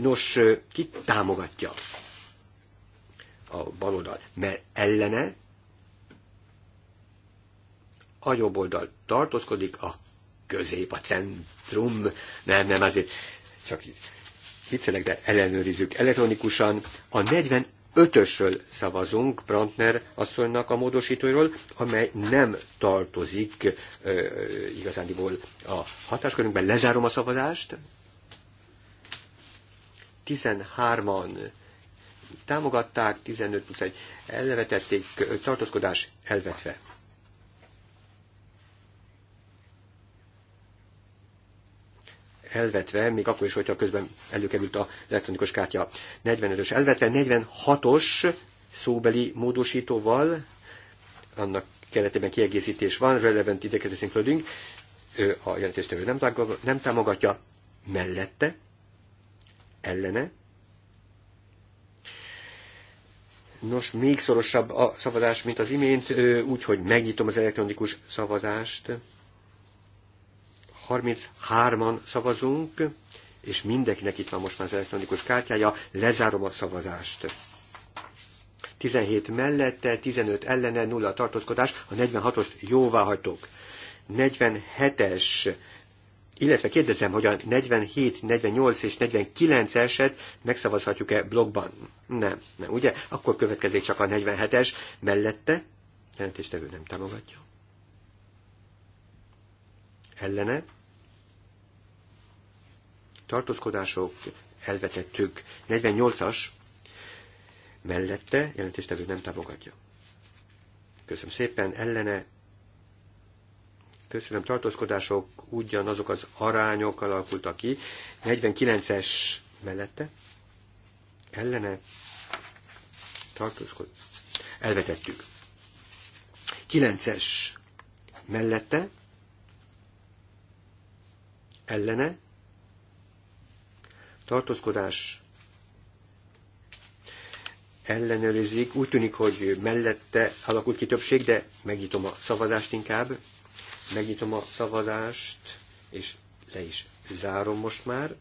Nos, ki támogatja a baloldal? Mert ellene a jobb oldal tartózkodik, a közép, a centrum, nem, nem, azért csak így viccelek, de ellenőrizzük elektronikusan. A 45-ösről szavazunk Brandner asszonynak a módosítóiról, amely nem tartozik ö, igazándiból a hatáskörünkben. Lezárom a szavazást. 13-an támogatták, 15 plusz 1 elvetették, tartózkodás elvetve. elvetve, még akkor is, hogyha közben előkerült a elektronikus kártya 45-ös elvetve, 46-os szóbeli módosítóval, annak keretében kiegészítés van, relevant idekezés including, ő a jelentéstevő nem, nem támogatja, mellette, ellene. Nos, még szorosabb a szavazás, mint az imént, úgyhogy megnyitom az elektronikus szavazást. 33-an szavazunk, és mindenkinek itt van most már az elektronikus kártyája, lezárom a szavazást. 17 mellette, 15 ellene, 0 tartózkodás, a 46 os jóvá hagytok. 47-es, illetve kérdezem, hogy a 47, 48 és 49 eset megszavazhatjuk-e blogban? Nem, nem, ugye? Akkor következik csak a 47-es mellette. Jelentéstevő nem támogatja. Ellene tartózkodások, elvetettük. 48-as mellette jelentéstevő nem támogatja. Köszönöm szépen, ellene köszönöm, tartózkodások ugyanazok az arányok alakultak ki. 49-es mellette ellene tartózkod. Elvetettük. 9-es mellette ellene tartózkodás ellenőrizik. Úgy tűnik, hogy mellette alakult ki többség, de megnyitom a szavazást inkább. Megnyitom a szavazást, és le is zárom most már.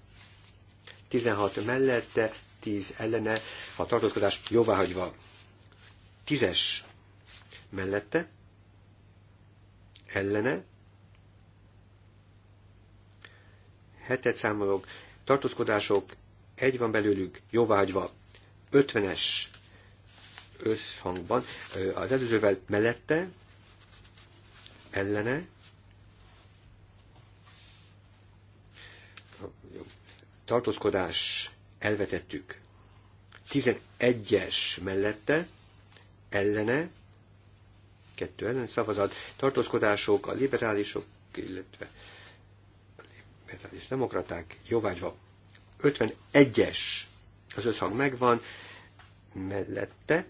16 mellette, 10 ellene, a tartózkodás jóváhagyva. 10-es mellette, ellene, hetet számolok, tartózkodások, egy van belőlük, jóvágyva, 50-es összhangban, az előzővel mellette, ellene, tartózkodás elvetettük. 11-es mellette, ellene, kettő ellen szavazat, tartózkodások a liberálisok, illetve és demokraták jóvágyva 51-es az összhang megvan, mellette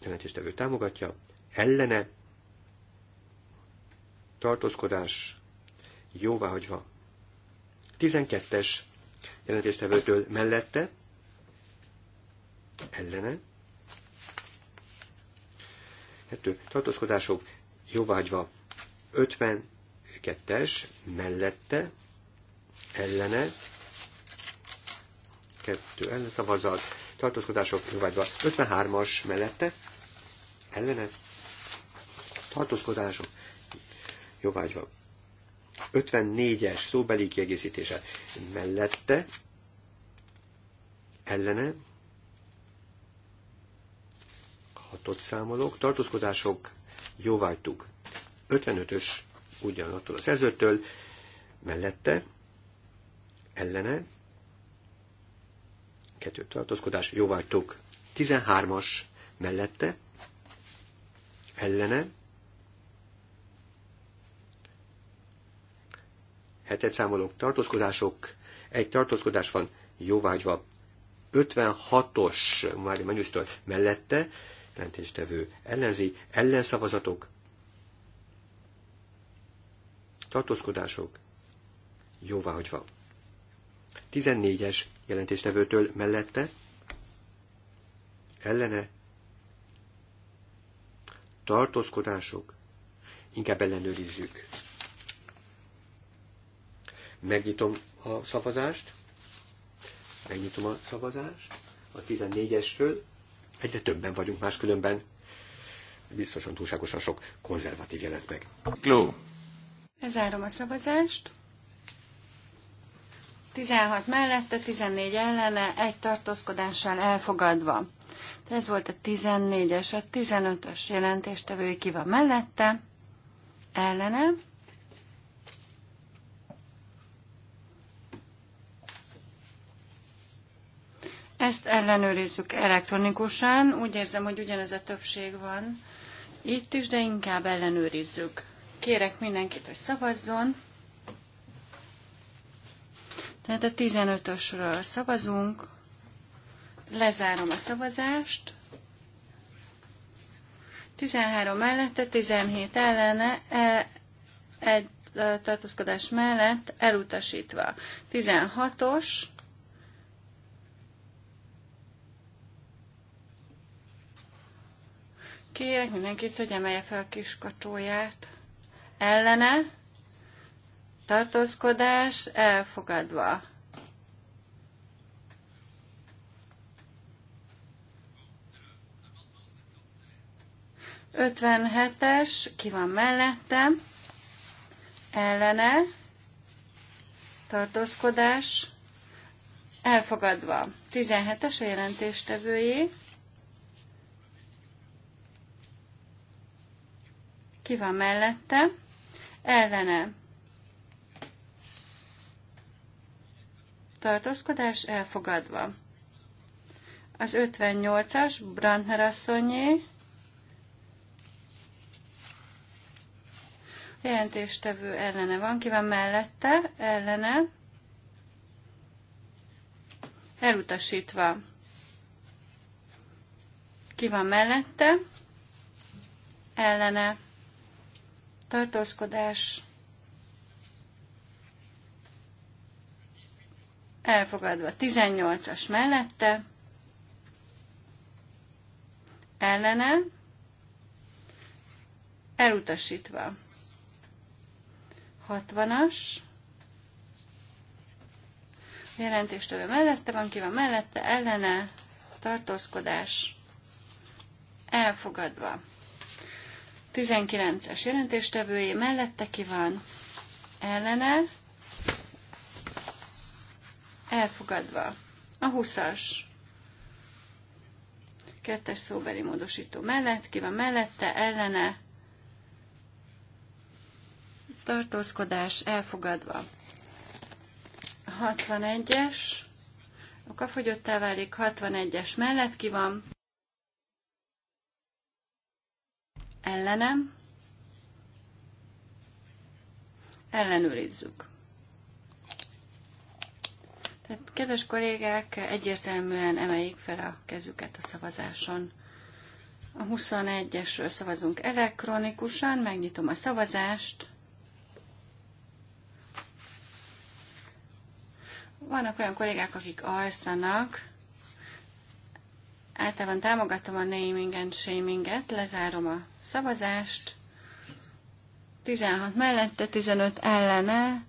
jelentéstevő támogatja, ellene tartózkodás jóváhagyva. 12-es jelentéstevőtől mellette ellene kettő tartózkodások jóváhagyva 52-es mellette ellene, kettő ellenszavazat, tartózkodások jóvágyva 53-as mellette, ellene, tartózkodások jóvágyva 54-es szóbeli kiegészítése mellette, ellene, hatot számolok, tartózkodások jóvágytuk 55-ös ugyanattól a szerzőtől, mellette, ellene, kettő tartózkodás, jóvágytuk. 13-as mellette, ellene, hetet számolók, tartózkodások, egy tartózkodás van jóvágyva, 56-os Mári Menyusztól mellette, jelentéstevő ellenzi, ellenszavazatok, tartózkodások, jóváhagyva. 14-es jelentéstevőtől mellette ellene tartózkodások, inkább ellenőrizzük. Megnyitom a szavazást, megnyitom a szavazást a 14-esről, egyre többen vagyunk máskülönben, biztosan túlságosan sok konzervatív jelent meg. Kló. Lezárom a szavazást. 16 mellette, 14 ellene, egy tartózkodással elfogadva. Ez volt a 14-es, a 15-ös jelentéstevői ki van mellette, ellene. Ezt ellenőrizzük elektronikusan. Úgy érzem, hogy ugyanez a többség van itt is, de inkább ellenőrizzük. Kérek mindenkit, hogy szavazzon. Tehát a 15-ösről szavazunk, lezárom a szavazást, 13 mellette, 17 ellene, e, egy tartózkodás mellett elutasítva. 16-os, Kérek mindenkit, hogy emelje fel a kis kacsóját. Ellene tartózkodás elfogadva. hetes, ki van mellettem, ellene, tartózkodás, elfogadva. 17-es a jelentéstevőjé. Ki van mellette? Ellene. tartózkodás elfogadva. Az 58-as Brandner asszonyé, jelentéstevő ellene van, ki van mellette, ellene, elutasítva. Ki van mellette, ellene, tartózkodás, elfogadva 18-as mellette, ellene, elutasítva 60-as, jelentéstől mellette van, ki van mellette, ellene, tartózkodás, elfogadva. 19-es jelentéstevője mellette ki van, ellene, elfogadva. A 20-as kettes szóbeli módosító mellett, ki van mellette, ellene, tartózkodás elfogadva. a 61-es, a kafogyottá válik, 61-es mellett ki van, ellenem, ellenőrizzük. Hát, kedves kollégák, egyértelműen emeljék fel a kezüket a szavazáson. A 21-esről szavazunk elektronikusan, megnyitom a szavazást. Vannak olyan kollégák, akik alszanak. Általában támogatom a naming and shaminget, lezárom a szavazást. 16 mellette, 15 ellene,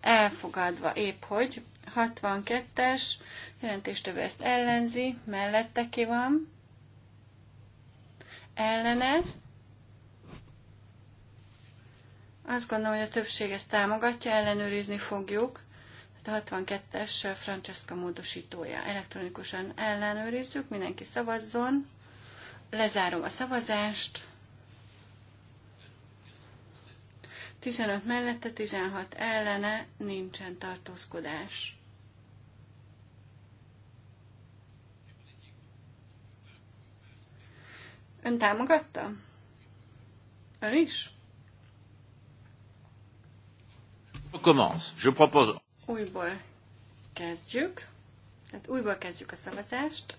elfogadva épp hogy, 62-es, jelentéstevő ezt ellenzi, mellette ki van, ellene. Azt gondolom, hogy a többség ezt támogatja, ellenőrizni fogjuk. Tehát a 62-es Francesca módosítója. Elektronikusan ellenőrizzük, mindenki szavazzon. Lezárom a szavazást. 15 mellette, 16 ellene, nincsen tartózkodás. Ön támogatta? Ön is? Commence. Je propose... Újból kezdjük. Tehát újból kezdjük a szavazást.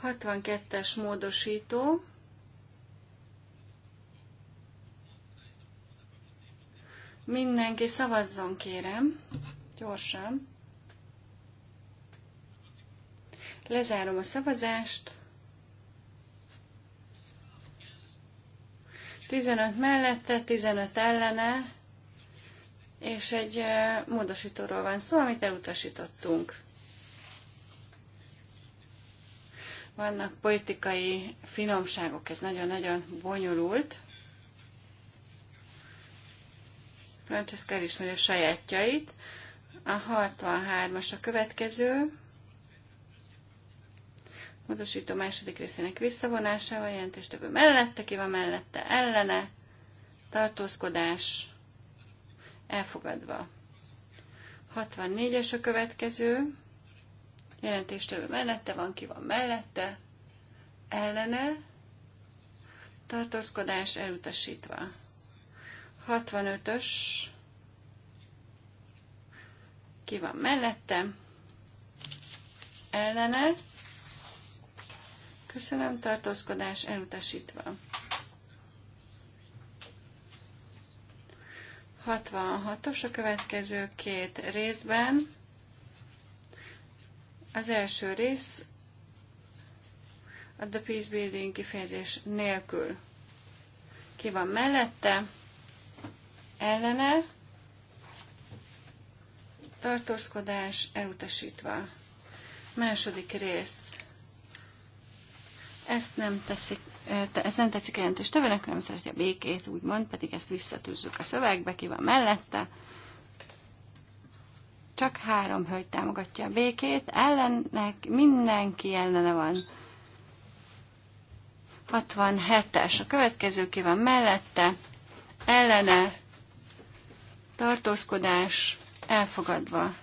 Hatvankettes módosító. Mindenki szavazzon, kérem. Gyorsan. Lezárom a szavazást. 15 mellette, 15 ellene, és egy módosítóról van szó, amit elutasítottunk. Vannak politikai finomságok, ez nagyon-nagyon bonyolult. Francesca elismeri a sajátjait. A 63-as a következő. Módosító második részének visszavonásával jelentéstevő mellette, ki van mellette, ellene, tartózkodás, elfogadva. 64-es a következő, jelentéstevő mellette van, ki van mellette, ellene, tartózkodás elutasítva. 65-ös ki van mellettem, ellene, köszönöm, tartózkodás elutasítva. 66-os a következő két részben. Az első rész a The Peace Building kifejezés nélkül. Ki van mellette? ellene, tartózkodás elutasítva. Második rész. Ezt nem teszik, eh, ezt nem tetszik többenek nem szeretje a békét, úgymond, pedig ezt visszatűzzük a szövegbe, ki van mellette. Csak három hölgy támogatja a békét, ellennek mindenki ellene van. 67-es, a következő ki van mellette, ellene tartózkodás elfogadva.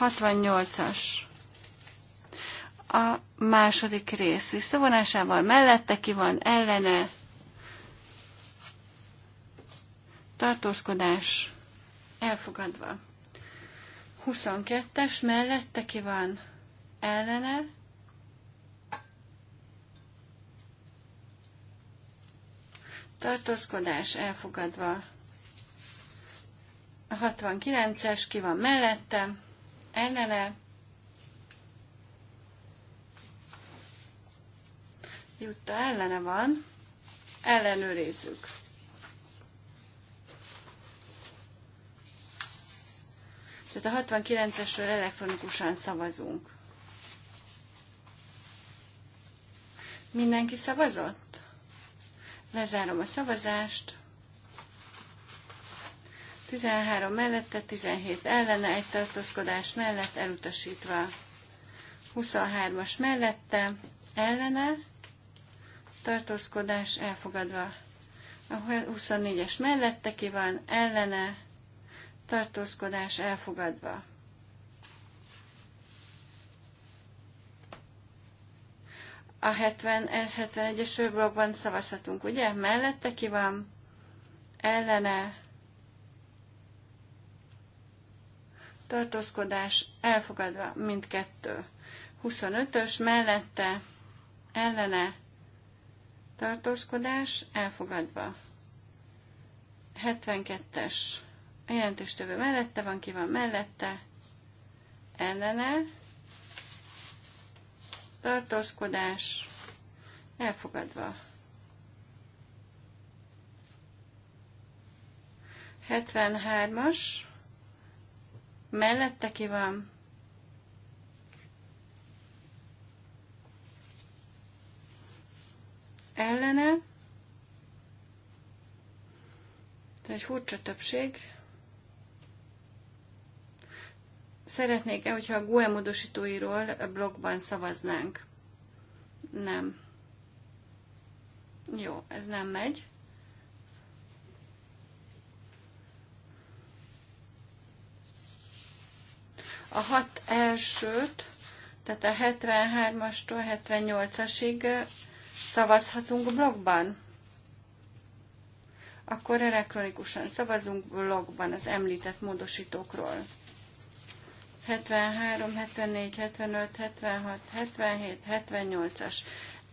68-as a második rész visszavonásával mellette ki van ellene tartózkodás elfogadva. 22-es mellette ki van ellene tartózkodás elfogadva. A 69-es ki van mellette, ellene. Jutta ellene van, ellenőrizzük. Tehát a 69-esről elektronikusan szavazunk. Mindenki szavazott? Lezárom a szavazást. 13 mellette, 17 ellene, egy tartózkodás mellett elutasítva. 23-as mellette, ellene, tartózkodás elfogadva. A 24-es mellette ki van, ellene, tartózkodás elfogadva. A 70-71-es eh, blogban szavazhatunk, ugye? Mellette ki van, ellene, tartózkodás elfogadva mindkettő. 25-ös mellette ellene tartózkodás elfogadva. 72-es a jelentéstövő mellette van, ki van mellette, ellene, tartózkodás, elfogadva. 73-as, mellette ki van, ellene, ez egy furcsa többség, Szeretnék-e, hogyha a GUE módosítóiról blogban szavaznánk? Nem. Jó, ez nem megy. A hat elsőt, tehát a 73-astól 78-asig szavazhatunk blogban. Akkor elektronikusan szavazunk blogban az említett módosítókról. 73, 74, 75, 76, 77, 78-as.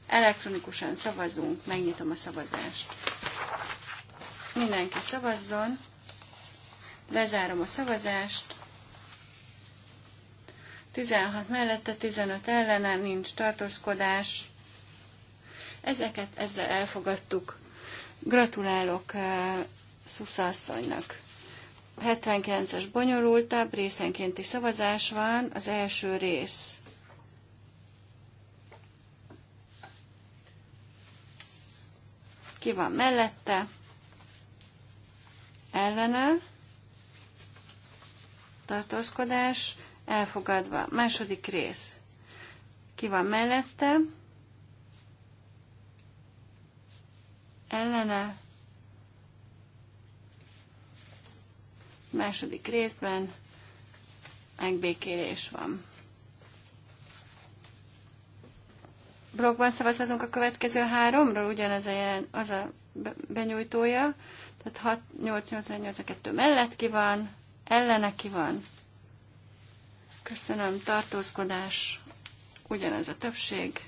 Elektronikusan szavazunk, megnyitom a szavazást. Mindenki szavazzon, lezárom a szavazást, 16 mellette, 15 ellene, nincs tartózkodás. Ezeket ezzel elfogadtuk. Gratulálok uh, Szusza asszonynak. 79-es bonyolultabb, részenkénti szavazás van, az első rész. Ki van mellette? Ellene. Tartózkodás elfogadva. Második rész. Ki van mellette? Ellene. Második részben megbékélés van. Blogban szavazhatunk a következő háromról, ugyanaz a, jelen, az a benyújtója. Tehát 6, 8, 8, 8, 2 mellett ki van, ellene ki van, Köszönöm, tartózkodás, ugyanaz a többség,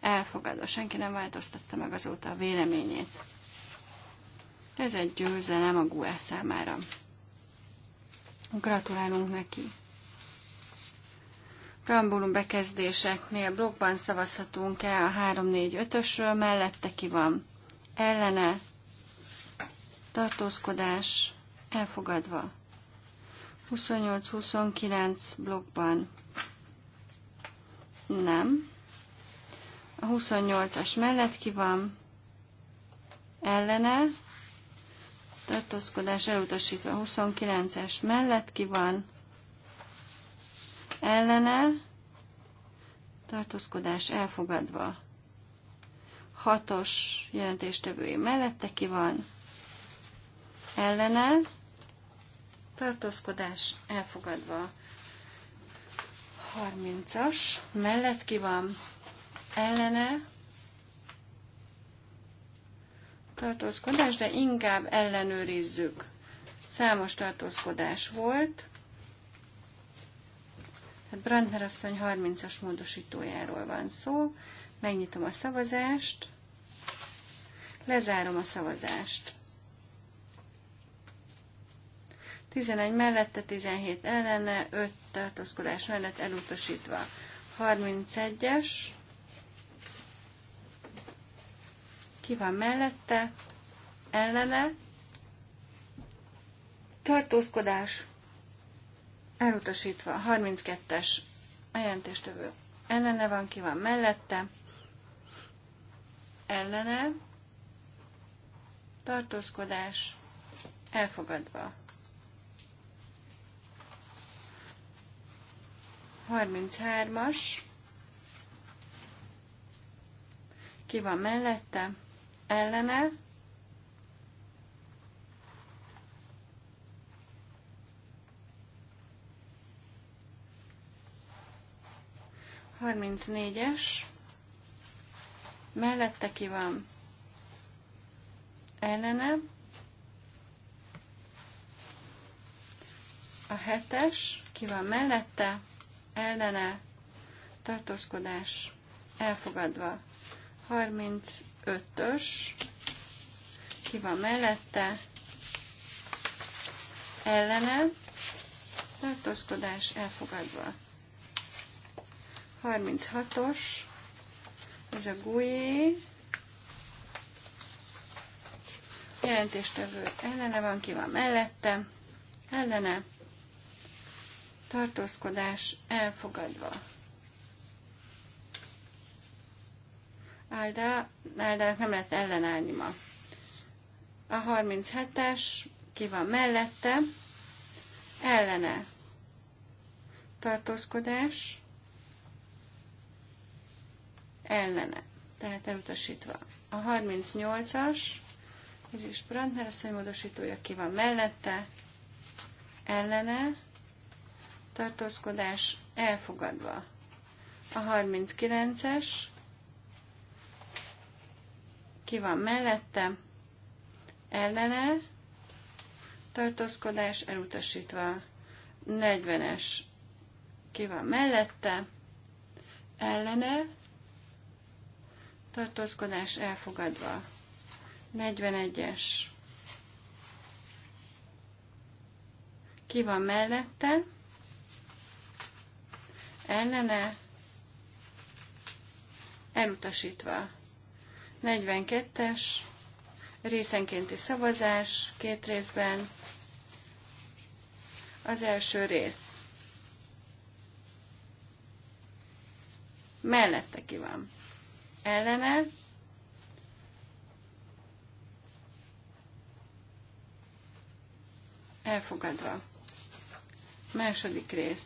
elfogadva, senki nem változtatta meg azóta a véleményét. Ez egy győzelem a GUE számára. Gratulálunk neki. Rambulum bekezdéseknél blokkban szavazhatunk el a 3-4-5-ösről, mellette ki van ellene, tartózkodás, elfogadva. 28-29 blokkban nem. A 28-as mellett ki van ellene, tartózkodás elutasítva. A 29-es mellett ki van ellene, tartózkodás elfogadva. 6-os jelentéstevője mellette ki van ellene, tartózkodás elfogadva. 30-as, mellett ki van ellene tartózkodás, de inkább ellenőrizzük. Számos tartózkodás volt. Tehát Brandner asszony 30-as módosítójáról van szó. Megnyitom a szavazást. Lezárom a szavazást. 11 mellette, 17 ellene, 5 tartózkodás mellett elutasítva. 31-es. Ki van mellette? Ellene. Tartózkodás elutasítva. 32-es a jelentéstövő ellene van, ki van mellette. Ellene. Tartózkodás elfogadva. 33-as. Ki van mellette? Ellene. Harminc négyes. Mellette ki van? Ellene. A hetes. Ki van mellette? ellene, tartózkodás elfogadva. 35-ös, ki van mellette, ellene, tartózkodás elfogadva. 36-os, ez a gulyé, jelentéstevő ellene van, ki van mellette, ellene, tartózkodás elfogadva. Áldá, Áldá nem lehet ellenállni ma. A 37-es ki van mellette, ellene tartózkodás, ellene, tehát elutasítva. A 38-as, ez is Brandner a szemmódosítója ki van mellette, ellene, tartózkodás elfogadva. A 39-es, ki van mellette, ellene, tartózkodás elutasítva. 40-es, ki van mellette, ellene, tartózkodás elfogadva. 41-es. Ki van mellette? ellene elutasítva. 42-es részenkénti szavazás két részben. Az első rész. Mellette ki van. Ellene. Elfogadva. Második rész.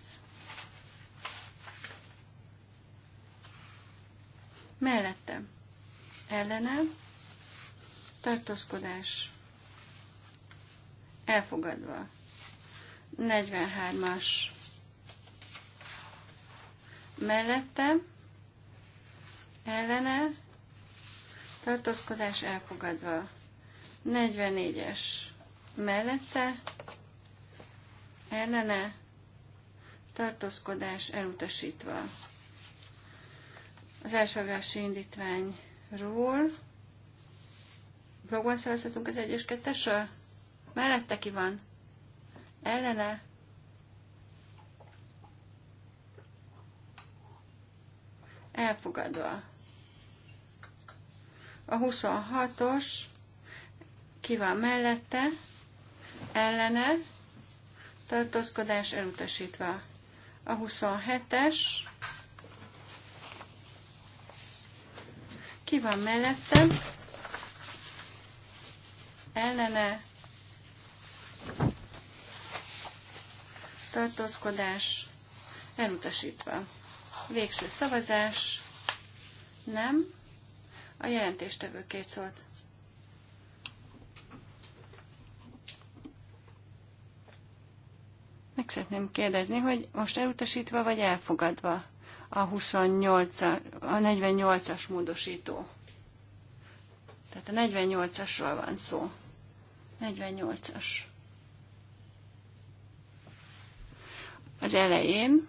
mellette Ellenem tartózkodás elfogadva. 43-as mellette ellene tartózkodás elfogadva. 44-es mellette ellene tartózkodás elutasítva az elsőgási indítványról. Blogon szavazhatunk az 1 és 2 Mellette ki van? Ellene? Elfogadva. A 26-os ki van mellette? Ellene? Tartózkodás elutasítva. A 27-es Ki van mellettem? Ellene. Tartózkodás. Elutasítva. Végső szavazás. Nem. A jelentéstevő két szólt. Meg szeretném kérdezni, hogy most elutasítva vagy elfogadva? a, 28 a 48-as módosító. Tehát a 48-asról van szó. 48-as. Az elején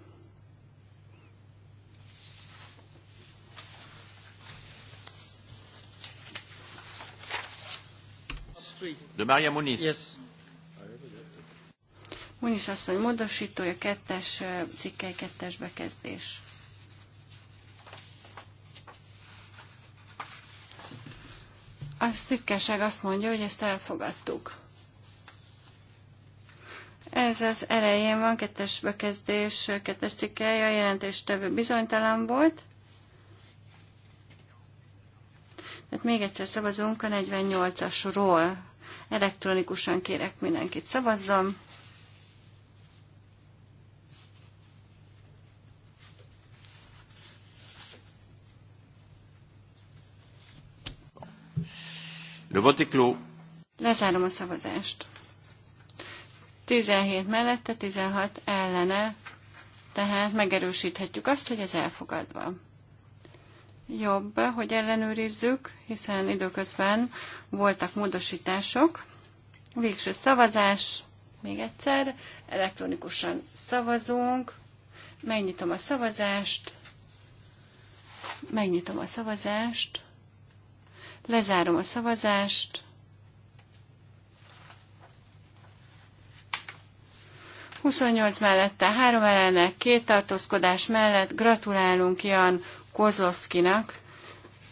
De Maria Muniz. Yes. Muniz asszony módosítója, kettes cikkely, kettes bekezdés. A titkárság azt mondja, hogy ezt elfogadtuk. Ez az elején van, kettes bekezdés, kettes cikkelje, a jelentéstevő bizonytalan volt. Tehát még egyszer szavazunk a 48-asról. Elektronikusan kérek mindenkit szavazzon. Le vote est clos. Lezárom a szavazást. 17 mellette, 16 ellene, tehát megerősíthetjük azt, hogy ez elfogadva. Jobb, hogy ellenőrizzük, hiszen időközben voltak módosítások. Végső szavazás, még egyszer, elektronikusan szavazunk. Megnyitom a szavazást. Megnyitom a szavazást. Lezárom a szavazást. 28 mellette, három ellenek, két tartózkodás mellett gratulálunk Jan Kozlovszkinak.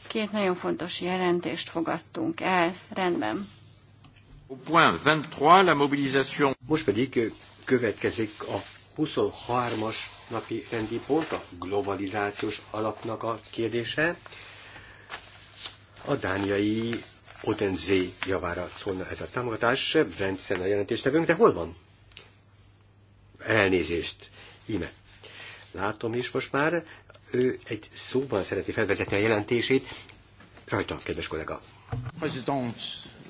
Két nagyon fontos jelentést fogadtunk el. Rendben. Most pedig következik a 23-as napi rendi pont, a globalizációs alapnak a kérdése a dániai Otenzé javára szólna ez a támogatás. Brendsen a jelentéstevőnk, de hol van? Elnézést. Íme. Látom is most már, ő egy szóban szereti felvezetni a jelentését. Rajta, kedves kollega. President,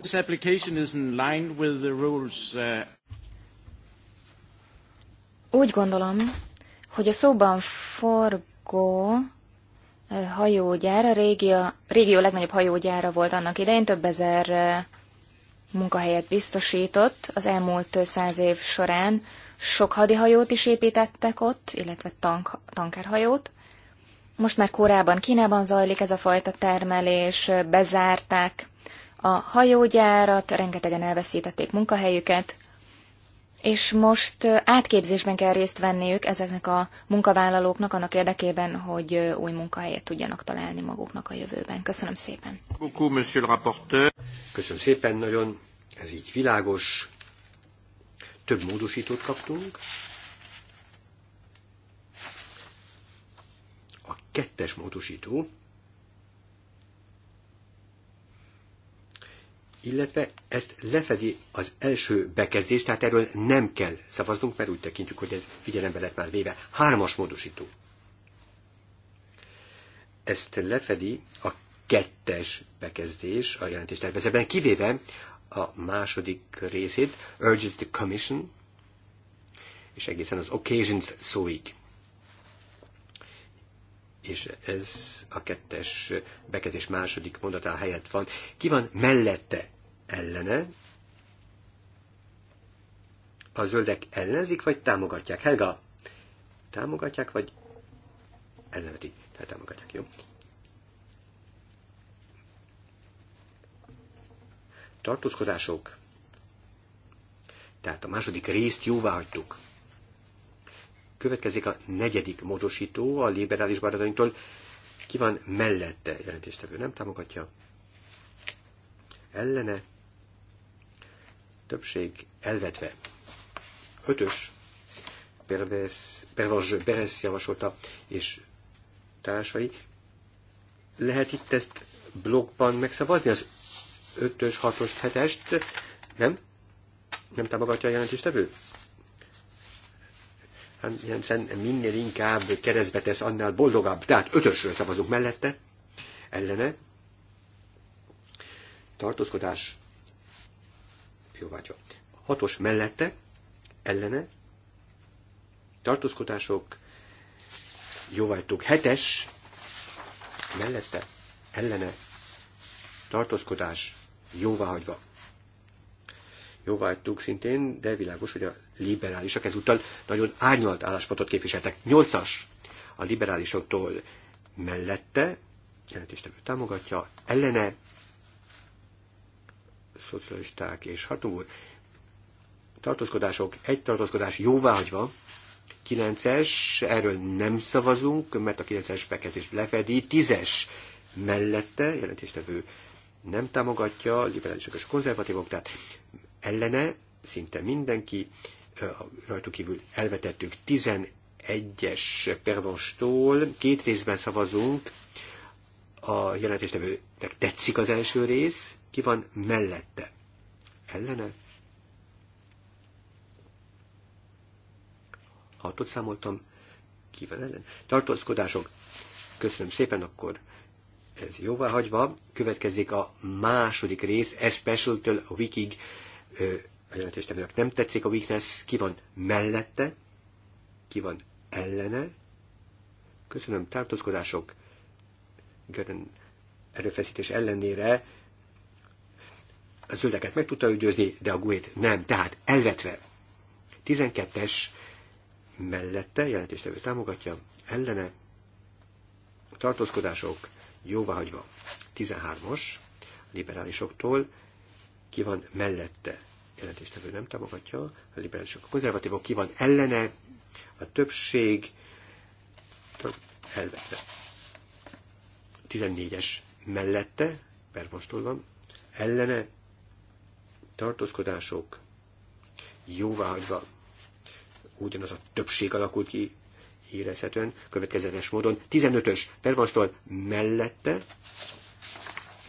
this application is in line with the rules. Uh, Úgy gondolom, hogy a szóban forgó hajógyár, a régia, régió legnagyobb hajógyára volt annak idején, több ezer munkahelyet biztosított az elmúlt száz év során. Sok hadihajót is építettek ott, illetve tank, tankerhajót. Most már korábban Kínában zajlik ez a fajta termelés, bezárták a hajógyárat, rengetegen elveszítették munkahelyüket, és most átképzésben kell részt venniük ezeknek a munkavállalóknak annak érdekében, hogy új munkahelyet tudjanak találni maguknak a jövőben. Köszönöm szépen. Köszönöm szépen, nagyon ez így világos. Több módosítót kaptunk. A kettes módosító illetve ezt lefedi az első bekezdés, tehát erről nem kell szavaznunk, mert úgy tekintjük, hogy ez figyelembe lett már véve. Hármas módosító. Ezt lefedi a kettes bekezdés a tervezetben, kivéve a második részét, urges the commission, és egészen az occasions szóig. És ez a kettes bekezdés második mondatá helyett van. Ki van mellette? ellene. A zöldek ellenzik, vagy támogatják? Helga, támogatják, vagy ellenvetik? Tehát támogatják, jó? Tartózkodások. Tehát a második részt jóvá hagytuk. Következik a negyedik módosító a liberális barátainktól. Ki van mellette jelentéstevő? Nem támogatja? Ellene? többség elvetve. Ötös Pervas Beresz javasolta, és társai. Lehet itt ezt blogban megszavazni, az ötös hatos, hetest Nem? Nem támogatja a jelentéstevő? Hát Jensen minél inkább keresztbe tesz, annál boldogabb. Tehát ötösről szavazunk mellette, ellene. Tartózkodás jóvágyja. Hatos mellette, ellene, tartózkodások, jóvágytuk. Hetes mellette, ellene, tartózkodás, jóváhagyva. Jóváhagytuk szintén, de világos, hogy a liberálisak ezúttal nagyon árnyalt álláspontot képviseltek. Nyolcas a liberálisoktól mellette, jelentéstevő támogatja, ellene szocialisták és ható úr. Tartózkodások, egy tartózkodás jóváhagyva, 9-es, erről nem szavazunk, mert a 9-es bekezdést lefedi, 10-es mellette, jelentéstevő nem támogatja, liberálisok és konzervatívok, tehát ellene szinte mindenki, rajtuk kívül elvetettük 11-es pervostól, két részben szavazunk, a jelentéstevő Önöknek tetszik az első rész, ki van mellette? Ellene? Hatot számoltam, ki van ellen? Tartózkodások. Köszönöm szépen, akkor ez jóvá hagyva. Következik a második rész, Especial-től a Wikig. A jelentéstevőnek nem tetszik a weakness, ki van mellette, ki van ellene. Köszönöm, tartózkodások. Gören erőfeszítés ellenére a zöldeket meg tudta ügyőzni, de a guét nem. Tehát elvetve 12-es mellette jelentéstevő támogatja, ellene tartózkodások jóváhagyva 13-os liberálisoktól ki van mellette jelentéstevő nem támogatja, a liberálisok a konzervatívok ki van ellene, a többség elvetve. 14-es mellette, pervostól van, ellene tartózkodások jóváhagyva ugyanaz a többség alakult ki érezhetően, következetes módon. 15-ös pervastól mellette,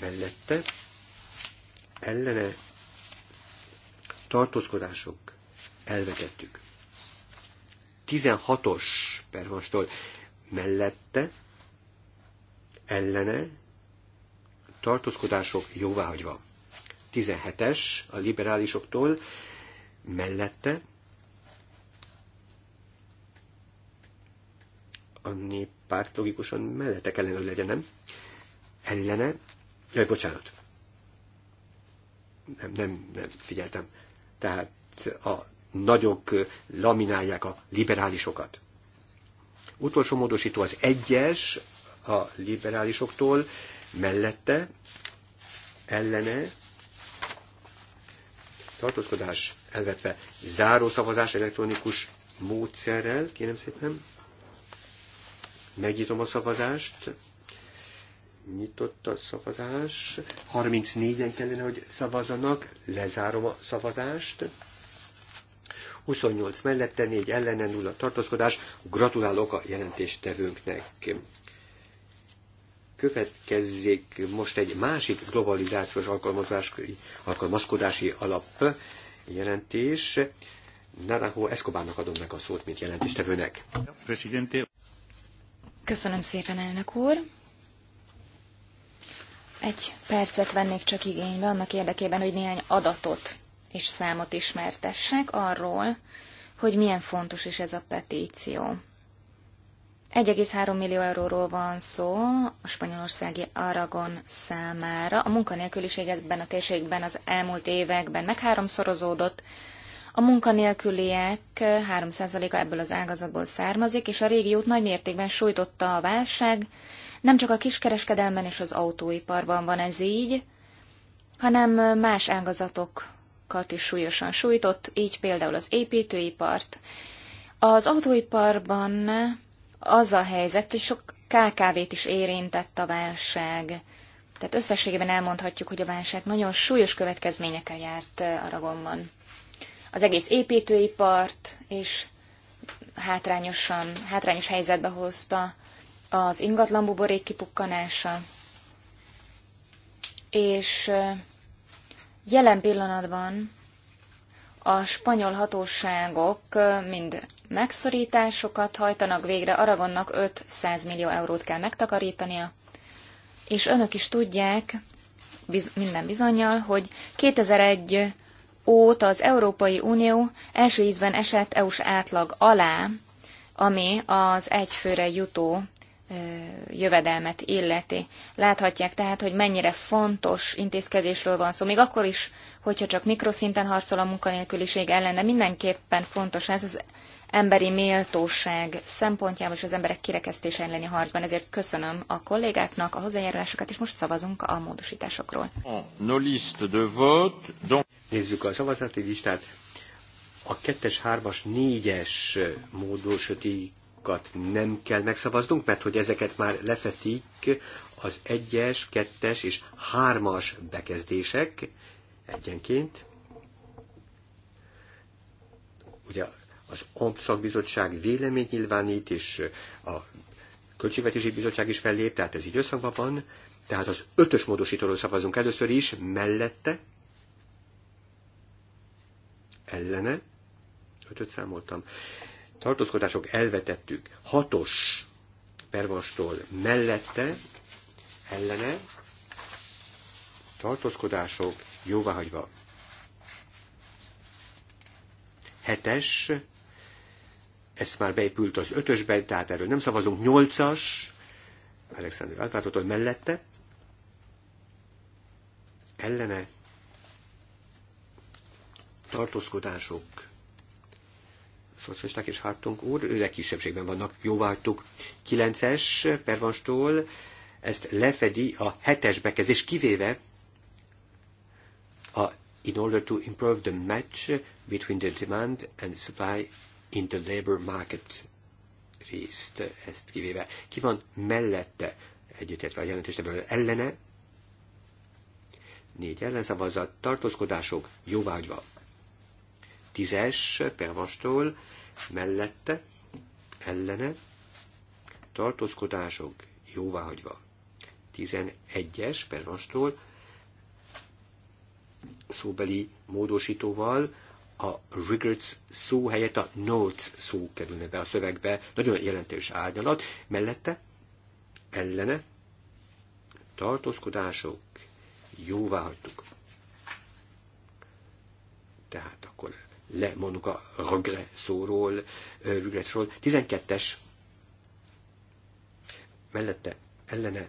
mellette, ellene tartózkodások elvetettük. 16-os pervastól mellette, ellene tartózkodások jóváhagyva. 17-es a liberálisoktól mellette a néppárt logikusan mellette kellene, hogy legyen, nem? Ellene, jaj, bocsánat, nem, nem, nem figyeltem. Tehát a nagyok laminálják a liberálisokat. Utolsó módosító az egyes a liberálisoktól, mellette, ellene, tartózkodás elvetve záró szavazás elektronikus módszerrel, kérem szépen, megnyitom a szavazást, nyitott a szavazás, 34-en kellene, hogy szavazanak, lezárom a szavazást, 28 mellette, 4 ellene, 0 tartózkodás. Gratulálok a jelentéstevőnknek következzék most egy másik globalizációs alkalmazkodási alap jelentés. Narajo Escobának adom meg a szót, mint jelentéstevőnek. Köszönöm szépen, elnök úr. Egy percet vennék csak igénybe annak érdekében, hogy néhány adatot és számot ismertessek arról, hogy milyen fontos is ez a petíció. 1,3 millió euróról van szó a spanyolországi Aragon számára. A munkanélküliség ebben a térségben az elmúlt években megháromszorozódott. A munkanélküliek 3%-a ebből az ágazatból származik, és a régiót nagy mértékben sújtotta a válság. Nem csak a kiskereskedelmen és az autóiparban van ez így, hanem más ágazatokat is súlyosan sújtott, így például az építőipart. Az autóiparban az a helyzet, hogy sok KKV-t is érintett a válság. Tehát összességében elmondhatjuk, hogy a válság nagyon súlyos következményekkel járt eh, Aragonban. Az egész építőipart és hátrányosan, hátrányos helyzetbe hozta az ingatlan buborék kipukkanása, és eh, jelen pillanatban a spanyol hatóságok eh, mind megszorításokat hajtanak végre, Aragonnak 500 millió eurót kell megtakarítania, és önök is tudják, biz, minden bizonyal, hogy 2001 óta az Európai Unió első ízben esett EU-s átlag alá, ami az egyfőre jutó jövedelmet illeti. Láthatják tehát, hogy mennyire fontos intézkedésről van szó, még akkor is, hogyha csak mikroszinten harcol a munkanélküliség ellen, de mindenképpen fontos ez az emberi méltóság szempontjából és az emberek kirekesztése elleni harcban. Ezért köszönöm a kollégáknak a hozzájárulásokat, és most szavazunk a módosításokról. No de vote, Nézzük a szavazati listát. A kettes, hármas, négyes módosítékat nem kell megszavaznunk, mert hogy ezeket már lefetik az egyes, kettes és hármas bekezdések egyenként. Ugye az OMP szakbizottság véleményt nyilvánít, és a Költségvetési Bizottság is fellép, tehát ez így összhangban van. Tehát az ötös módosítóról szavazunk először is, mellette, ellene, ötöt számoltam, tartózkodások elvetettük, hatos pervastól mellette, ellene, tartózkodások jóváhagyva. Hetes ez már beépült az ötösbe, tehát erről nem szavazunk. Nyolcas, Alexander Alpátotól mellette, ellene tartózkodások, szocialisták és hártunk úr, ők kisebbségben vannak, jóváltuk. 9-es Pervanstól ezt lefedi a hetes bekezés, kivéve a in order to improve the match between the demand and supply in the labor market részt, ezt kivéve. Ki van mellette együttetve a jelentéstevő ellene? Négy ellenszavazat, tartózkodások, jóvágyva. Tízes pervastól mellette, ellene, tartózkodások, jóváhagyva. tizenegyes es pervastól szóbeli módosítóval a regrets szó helyett a notes szó kerülne be a szövegbe, nagyon jelentős árnyalat, mellette ellene tartózkodások jóvá hagytuk. Tehát akkor lemondunk a regret szóról, regretsról. 12-es mellette ellene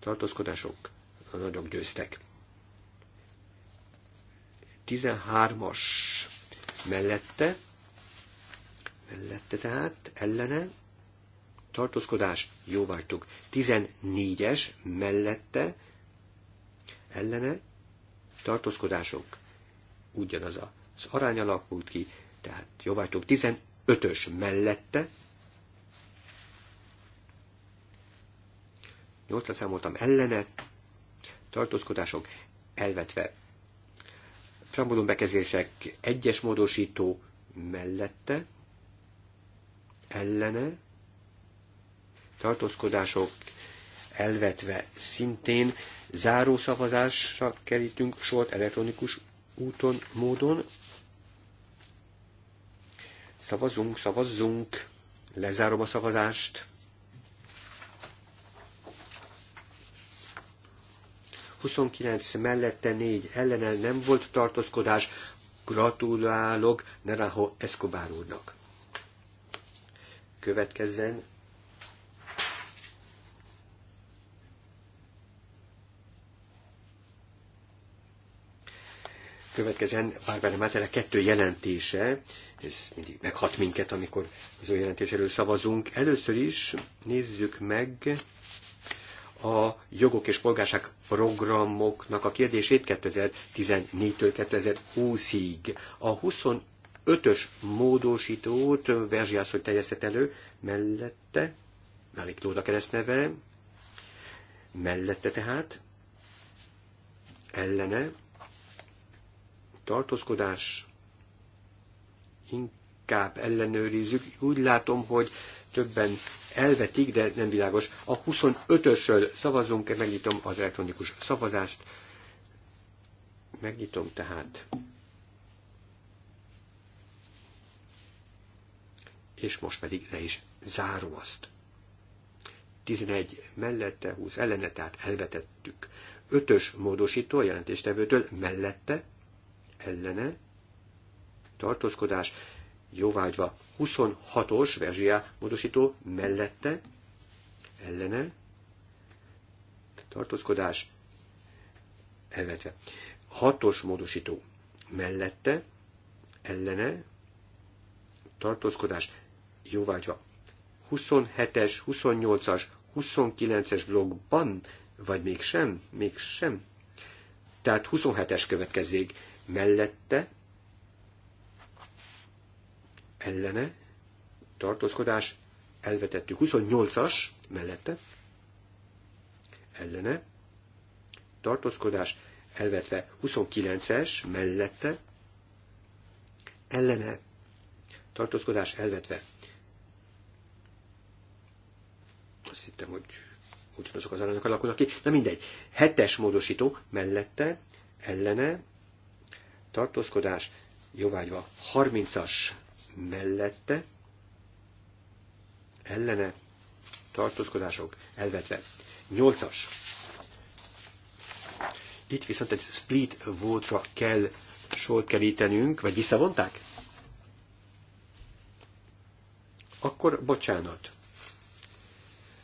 tartózkodások nagyok győztek. 13-as mellette, mellette tehát, ellene, tartózkodás, jó vagytok. 14-es mellette, ellene, tartózkodások, ugyanaz az arány alakult ki, tehát jó vagytok. 15-ös mellette, 8-ra számoltam ellene, tartózkodások elvetve Preambulum bekezések egyes módosító mellette, ellene, tartózkodások elvetve szintén záró szavazásra kerítünk sort elektronikus úton, módon. Szavazunk, szavazzunk, lezárom a szavazást. 29 mellette 4 ellenel nem volt tartózkodás. Gratulálok Neraho Escobar úrnak. Következzen következzen Bárbára Mátere kettő jelentése, ez mindig meghat minket, amikor az ő jelentéséről szavazunk. Először is nézzük meg a jogok és polgárság programoknak a kérdését 2014-től 2020-ig. A 25-ös módosítót Verzsiász, hogy terjesztett elő, mellette, Melik Lóda keresztneve, mellette tehát, ellene, tartózkodás, inkább ellenőrizzük. Úgy látom, hogy többen elvetik, de nem világos. A 25-ösről szavazunk, megnyitom az elektronikus szavazást. Megnyitom tehát. És most pedig le is zárom azt. 11 mellette, 20 ellene, tehát elvetettük. 5-ös módosító a jelentéstevőtől mellette, ellene, tartózkodás, jóvágyva. 26-os Verzsiá módosító mellette, ellene, tartózkodás, elvetve. 6-os módosító mellette, ellene, tartózkodás, jóvágyva. 27-es, 28-as, 29-es blogban, vagy mégsem, mégsem. Tehát 27-es következzék mellette, ellene, tartózkodás, elvetettük. 28-as mellette, ellene, tartózkodás, elvetve 29-es mellette, ellene, tartózkodás elvetve. Azt hittem, hogy azok az aranyok alakulnak ki. Na mindegy, hetes módosító mellette, ellene, tartózkodás jóvágyva. 30-as mellette ellene tartózkodások elvetve. Nyolcas. Itt viszont egy split vote kell sort kerítenünk, vagy visszavonták? Akkor bocsánat.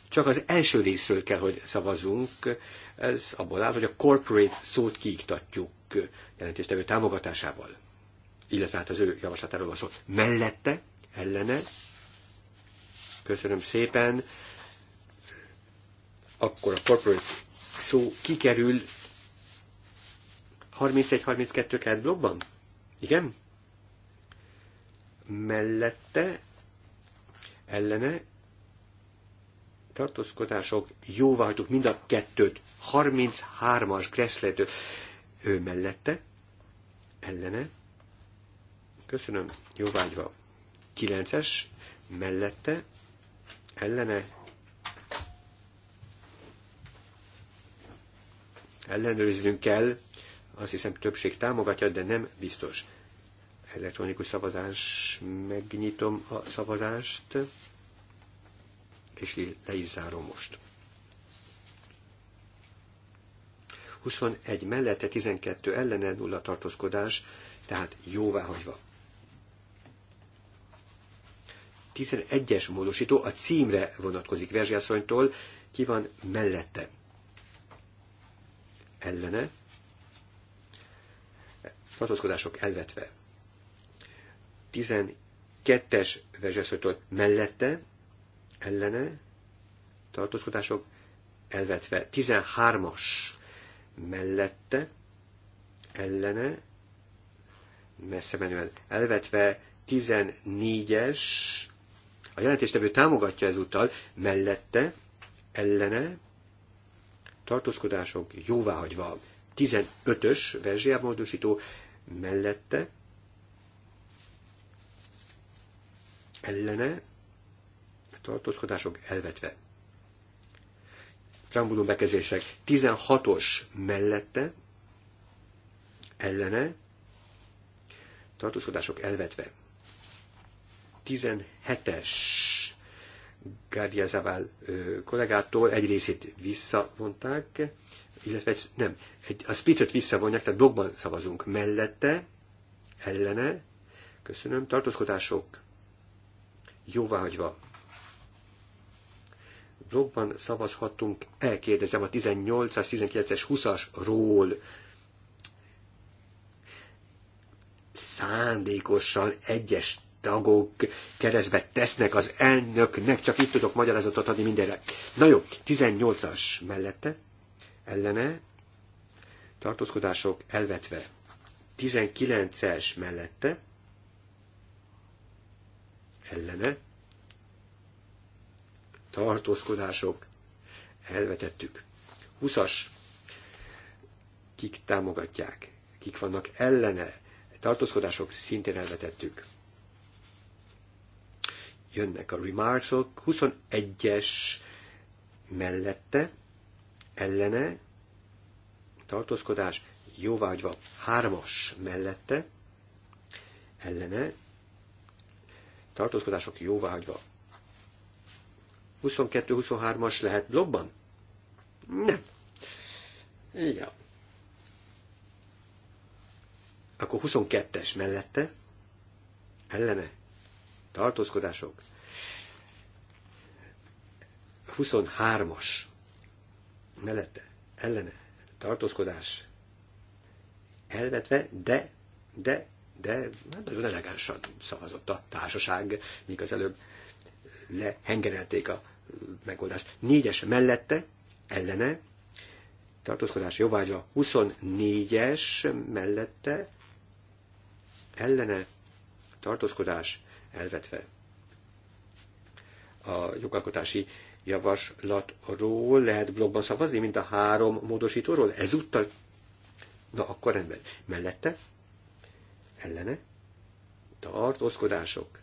Csak az első részről kell, hogy szavazunk. Ez abból áll, hogy a corporate szót kiiktatjuk jelentéstevő támogatásával illetve hát az ő javaslatáról van szó. Mellette, ellene, köszönöm szépen, akkor a corporate szó kikerül 31-32 kert blogban? Igen? Mellette, ellene, tartózkodások, jóváhagytuk mind a kettőt, 33-as Gressletől, ő mellette, ellene, Köszönöm. Jóvágyva. 9-es mellette ellene ellenőriznünk kell, azt hiszem többség támogatja, de nem biztos. Elektronikus szavazás, megnyitom a szavazást, és le is zárom most. 21 mellette 12 ellene nulla tartózkodás, tehát jóváhagyva. 11-es módosító a címre vonatkozik Verzsiasszonytól, ki van mellette. Ellene. Tartózkodások elvetve. 12-es Verzsiasszonytól mellette. Ellene. Tartózkodások elvetve. 13-as mellette. Ellene. Messze menően elvetve. 14-es a jelentéstevő támogatja ezúttal, mellette, ellene, tartózkodások jóváhagyva. 15-ös verziámódosító mellette, ellene, tartózkodások elvetve. Trambulum bekezések 16-os mellette, ellene, tartózkodások elvetve. 17-es Gárdia Zavál kollégától egy részét visszavonták, illetve nem, egy, a splitot visszavonják, tehát blogban szavazunk mellette, ellene, köszönöm, tartózkodások jóváhagyva. Blogban szavazhatunk, elkérdezem a 18-as, 19-es, 20-asról szándékosan egyes tagok keresztbe tesznek az elnöknek, csak itt tudok magyarázatot adni mindenre. Na jó, 18-as mellette, ellene, tartózkodások elvetve. 19-es mellette, ellene, tartózkodások elvetettük. 20-as, kik támogatják, kik vannak ellene, tartózkodások szintén elvetettük jönnek a remarksok, 21-es mellette, ellene, tartózkodás, jóvágyva, hármas mellette, ellene, tartózkodások jóvágyva. 22-23-as lehet blogban? Nem. Ja. Akkor 22-es mellette, ellene, tartózkodások. 23-as mellette ellene tartózkodás elvetve, de, de, de hát nagyon elegánsan szavazott a társaság, míg az előbb lehengerelték a megoldást. Négyes mellette, ellene, tartózkodás jóvágya 24-es mellette, ellene, tartózkodás elvetve. A jogalkotási javaslatról lehet blogban szavazni, mint a három módosítóról? Ezúttal? Na, akkor rendben. Mellette? Ellene? Tartózkodások.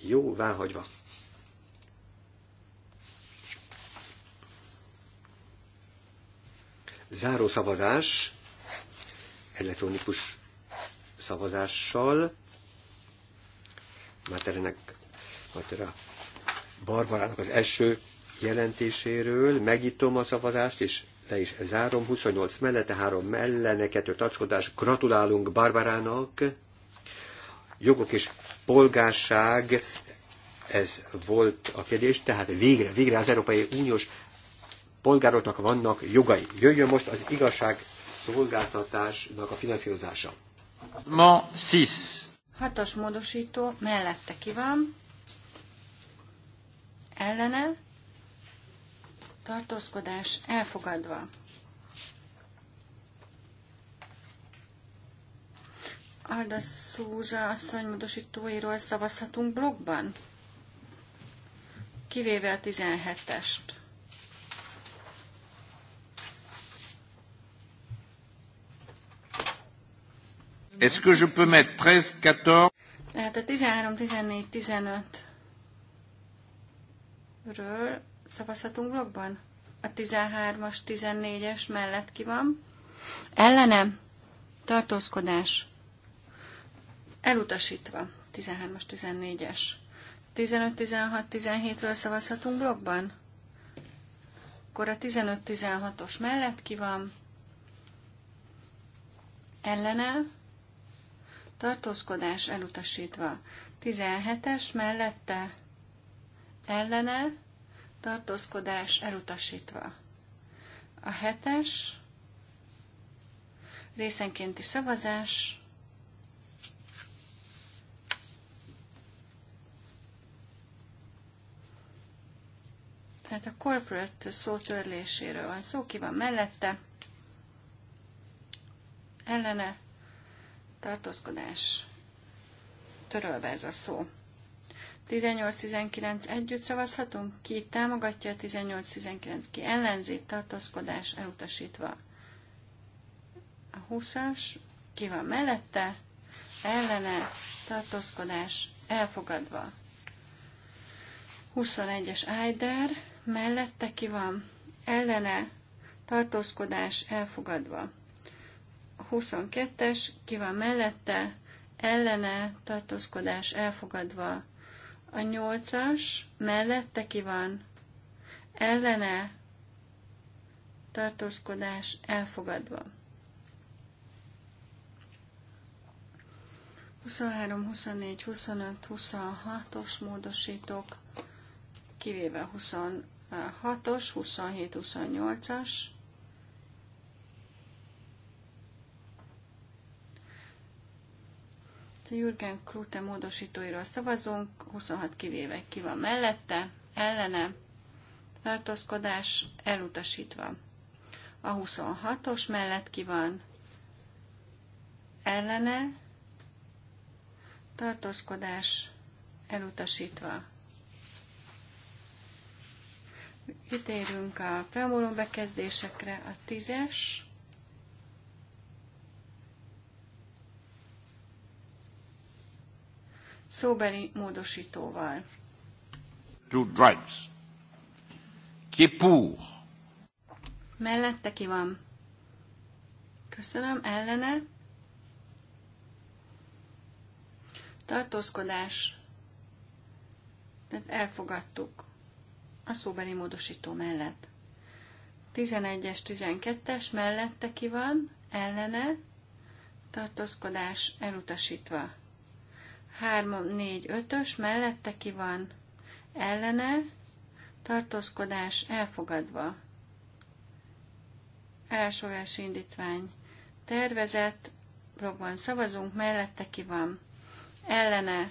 Jó, váhagyva. Záró szavazás elektronikus szavazással Matelenek, Matera Barbarának az első jelentéséről. megítom a szavazást, és le is zárom. 28 mellette, 3 mellene, 2 tacskodás. Gratulálunk Barbarának. Jogok és polgárság, ez volt a kérdés, tehát végre, végre az Európai Uniós polgároknak vannak jogai. Jöjjön most az igazság szolgáltatásnak a finanszírozása. Ma 6. Hatos módosító mellette ki van, ellene, tartózkodás elfogadva. Alda Szúzsa asszonymódosítóiról szavazhatunk blogban? Kivéve a 17-est. Est-ce que je peux mettre 13, 14? Tehát a 13, 14, 15 ről szavazhatunk blogban? A 13-as, 14-es mellett ki van. Ellenem tartózkodás elutasítva. 13-as, 14-es. 15, 16, 17-ről szavazhatunk blogban? Akkor a 15, 16-os mellett ki van. Ellene tartózkodás elutasítva. 17-es mellette ellene tartózkodás elutasítva. A 7-es részenkénti szavazás Tehát a corporate szó törléséről van szó, ki van mellette, ellene, tartózkodás, törölve ez a szó. 18-19 együtt szavazhatunk, ki támogatja a 18-19, ki ellenzi, tartózkodás elutasítva. A 20-as, ki van mellette, ellene, tartózkodás elfogadva. 21-es Ájder, mellette ki van, ellene, tartózkodás elfogadva. 22-es, ki van mellette, ellene, tartózkodás elfogadva. A 8-as, mellette ki van, ellene, tartózkodás elfogadva. 23, 24, 25, 26-os módosítók, kivéve 26-os, 27, 28-as, Jürgen Krute módosítóiról szavazunk, 26 kivéve ki van mellette, ellene, tartózkodás elutasítva. A 26-os mellett ki van ellene, tartózkodás elutasítva. Kitérünk a preambulum bekezdésekre, a 10-es szóbeli módosítóval. Two drives. Qui pour? Mellette ki van? Köszönöm, ellene. Tartózkodás. Tehát elfogadtuk a szóbeli módosító mellett. 11-es, 12-es mellette ki van, ellene, tartózkodás elutasítva. 3, 4, 5-ös, mellette ki van ellene, tartózkodás elfogadva. Elsorási indítvány tervezett, blogban szavazunk, mellette ki van ellene,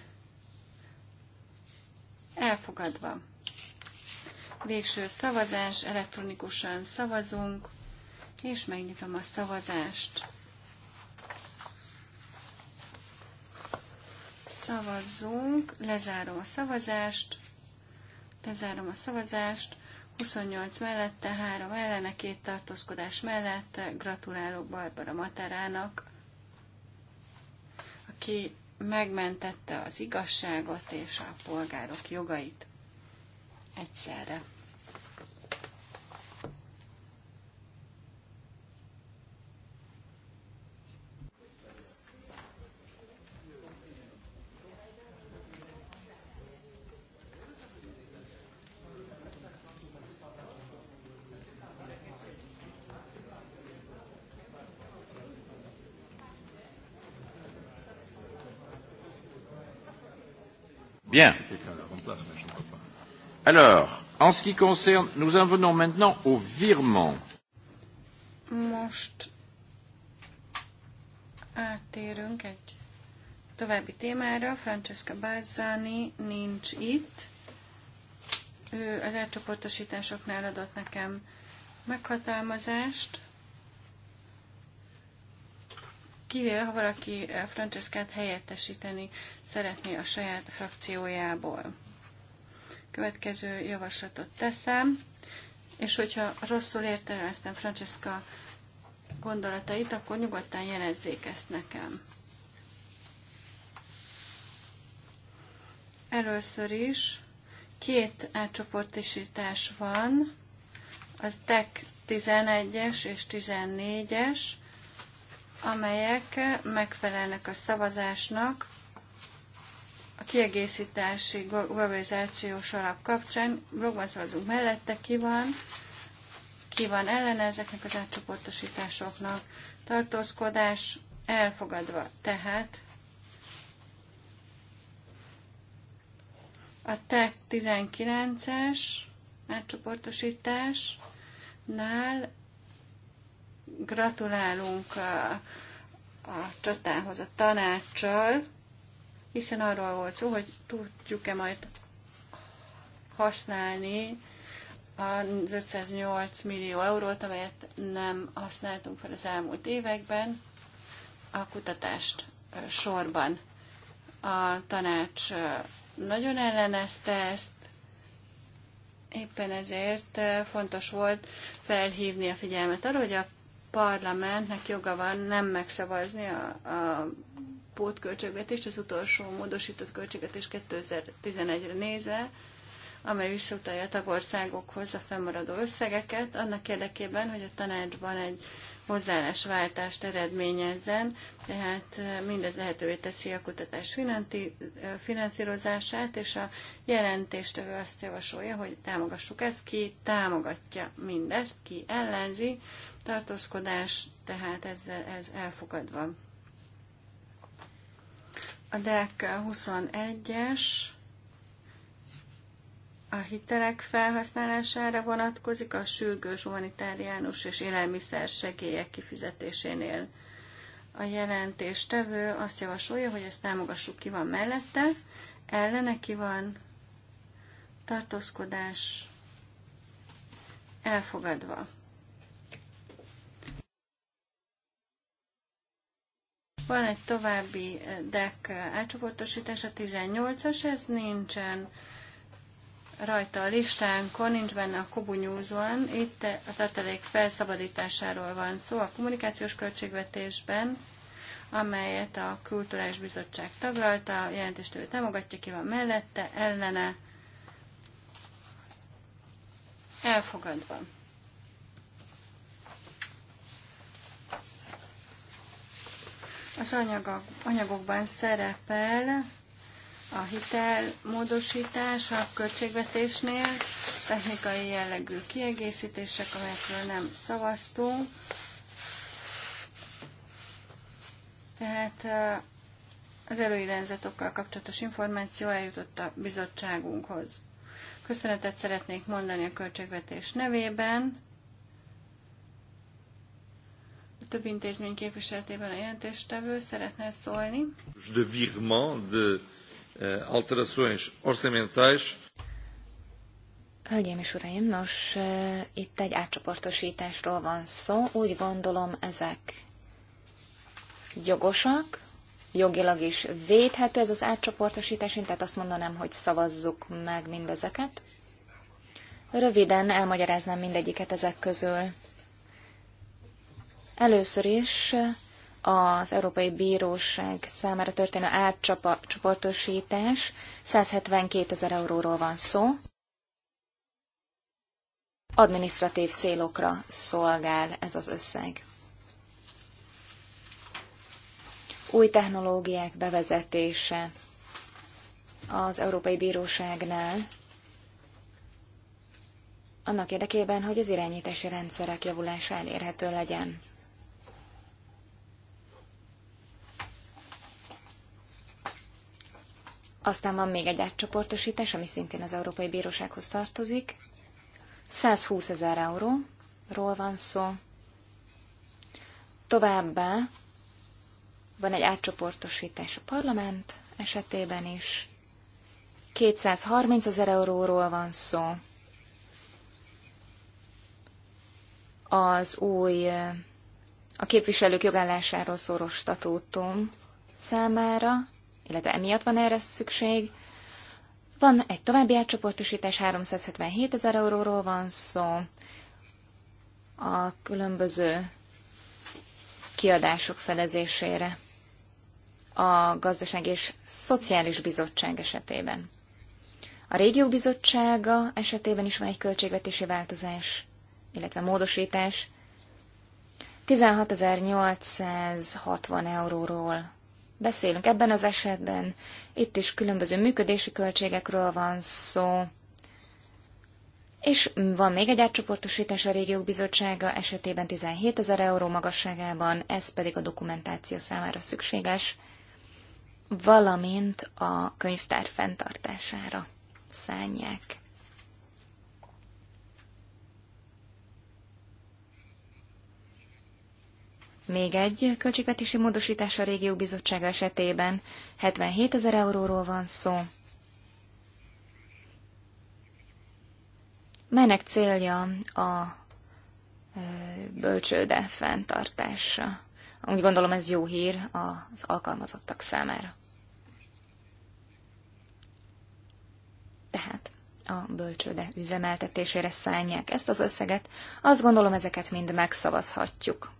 elfogadva. Végső szavazás, elektronikusan szavazunk, és megnyitom a szavazást. Szavazzunk, lezárom a szavazást, lezárom a szavazást, 28 mellette, 3 ellene, két tartózkodás mellett. Gratulálok Barbara Materának, aki megmentette az igazságot és a polgárok jogait egyszerre. Bien. Alors, en ce qui concerne, nous en venons maintenant au virement. Most áttérünk egy további témára. Francesca Bazzani nincs itt. Ő az elcsoportosításoknál adott nekem meghatalmazást kivéve ha valaki eh, Franceskát helyettesíteni szeretné a saját frakciójából. Következő javaslatot teszem, és hogyha rosszul értelmeztem Francesca gondolatait, akkor nyugodtan jelezzék ezt nekem. Először is két átcsoportosítás van, az TEC 11-es és 14-es amelyek megfelelnek a szavazásnak a kiegészítési globalizációs alap kapcsán. Blogban szavazunk mellette, ki van, ki van ellene ezeknek az átcsoportosításoknak. Tartózkodás elfogadva, tehát a TEC 19-es átcsoportosításnál Gratulálunk a, a csatához a tanácssal, hiszen arról volt szó, hogy tudjuk-e majd használni az 508 millió eurót, amelyet nem használtunk fel az elmúlt években a kutatást sorban. A tanács nagyon ellenezte ezt, éppen ezért fontos volt felhívni a figyelmet arra, hogy a parlamentnek joga van nem megszavazni a, a pótköltségvetést, az utolsó módosított költségvetés 2011-re nézve, amely visszautalja a tagországokhoz a fennmaradó összegeket, annak érdekében, hogy a tanácsban egy hozzáállásváltást eredményezzen, tehát mindez lehetővé teszi a kutatás finanszírozását, és a jelentéstől azt javasolja, hogy támogassuk ezt, ki támogatja mindezt, ki ellenzi, tartózkodás, tehát ez, ez elfogadva. A DEC 21-es a hitelek felhasználására vonatkozik a sürgős humanitáriánus és élelmiszer segélyek kifizetésénél. A jelentéstevő azt javasolja, hogy ezt támogassuk ki van mellette, ellene ki van tartózkodás elfogadva. Van egy további eh, deck eh, átcsoportosítás, a 18-as, ez nincsen rajta a listánkon, nincs benne a Kobu News-on. Itt eh, a tartalék felszabadításáról van szó a kommunikációs költségvetésben, amelyet a Kulturális Bizottság taglalta, jelentéstől támogatja, ki van mellette, ellene, elfogadva. Az anyagok, anyagokban szerepel a hitelmódosítás a költségvetésnél, technikai jellegű kiegészítések, amelyekről nem szavaztunk. Tehát az előirányzatokkal kapcsolatos információ eljutott a bizottságunkhoz. Köszönetet szeretnék mondani a költségvetés nevében több intézmény képviseletében a jelentéstevő szeretne szólni. De virement, de eh, alterações orçamentais. Hölgyeim és uraim, nos, eh, itt egy átcsoportosításról van szó. Úgy gondolom, ezek jogosak, jogilag is védhető ez az átcsoportosítás, én tehát azt mondanám, hogy szavazzuk meg mindezeket. Röviden elmagyaráznám mindegyiket ezek közül. Először is az Európai Bíróság számára történő átcsoportosítás 172 ezer euróról van szó. Administratív célokra szolgál ez az összeg. Új technológiák bevezetése az Európai Bíróságnál annak érdekében, hogy az irányítási rendszerek javulása elérhető legyen. Aztán van még egy átcsoportosítás, ami szintén az Európai Bírósághoz tartozik. 120 ezer euróról van szó. Továbbá van egy átcsoportosítás a parlament esetében is. 230 ezer euróról van szó. Az új, a képviselők jogállásáról szoros statútum számára illetve emiatt van erre szükség. Van egy további átcsoportosítás, 377 ezer euróról van szó, a különböző kiadások fedezésére a Gazdaság és Szociális Bizottság esetében. A régió Bizottsága esetében is van egy költségvetési változás, illetve módosítás. 16.860 euróról beszélünk ebben az esetben. Itt is különböző működési költségekről van szó. És van még egy átcsoportosítás a régiók bizottsága esetében 17 ezer euró magasságában, ez pedig a dokumentáció számára szükséges, valamint a könyvtár fenntartására szánják. Még egy költségvetési módosítás a régió bizottság esetében 77 ezer euróról van szó, melynek célja a bölcsőde fenntartása. Úgy gondolom ez jó hír az alkalmazottak számára. Tehát a bölcsőde üzemeltetésére szállják ezt az összeget, azt gondolom ezeket mind megszavazhatjuk.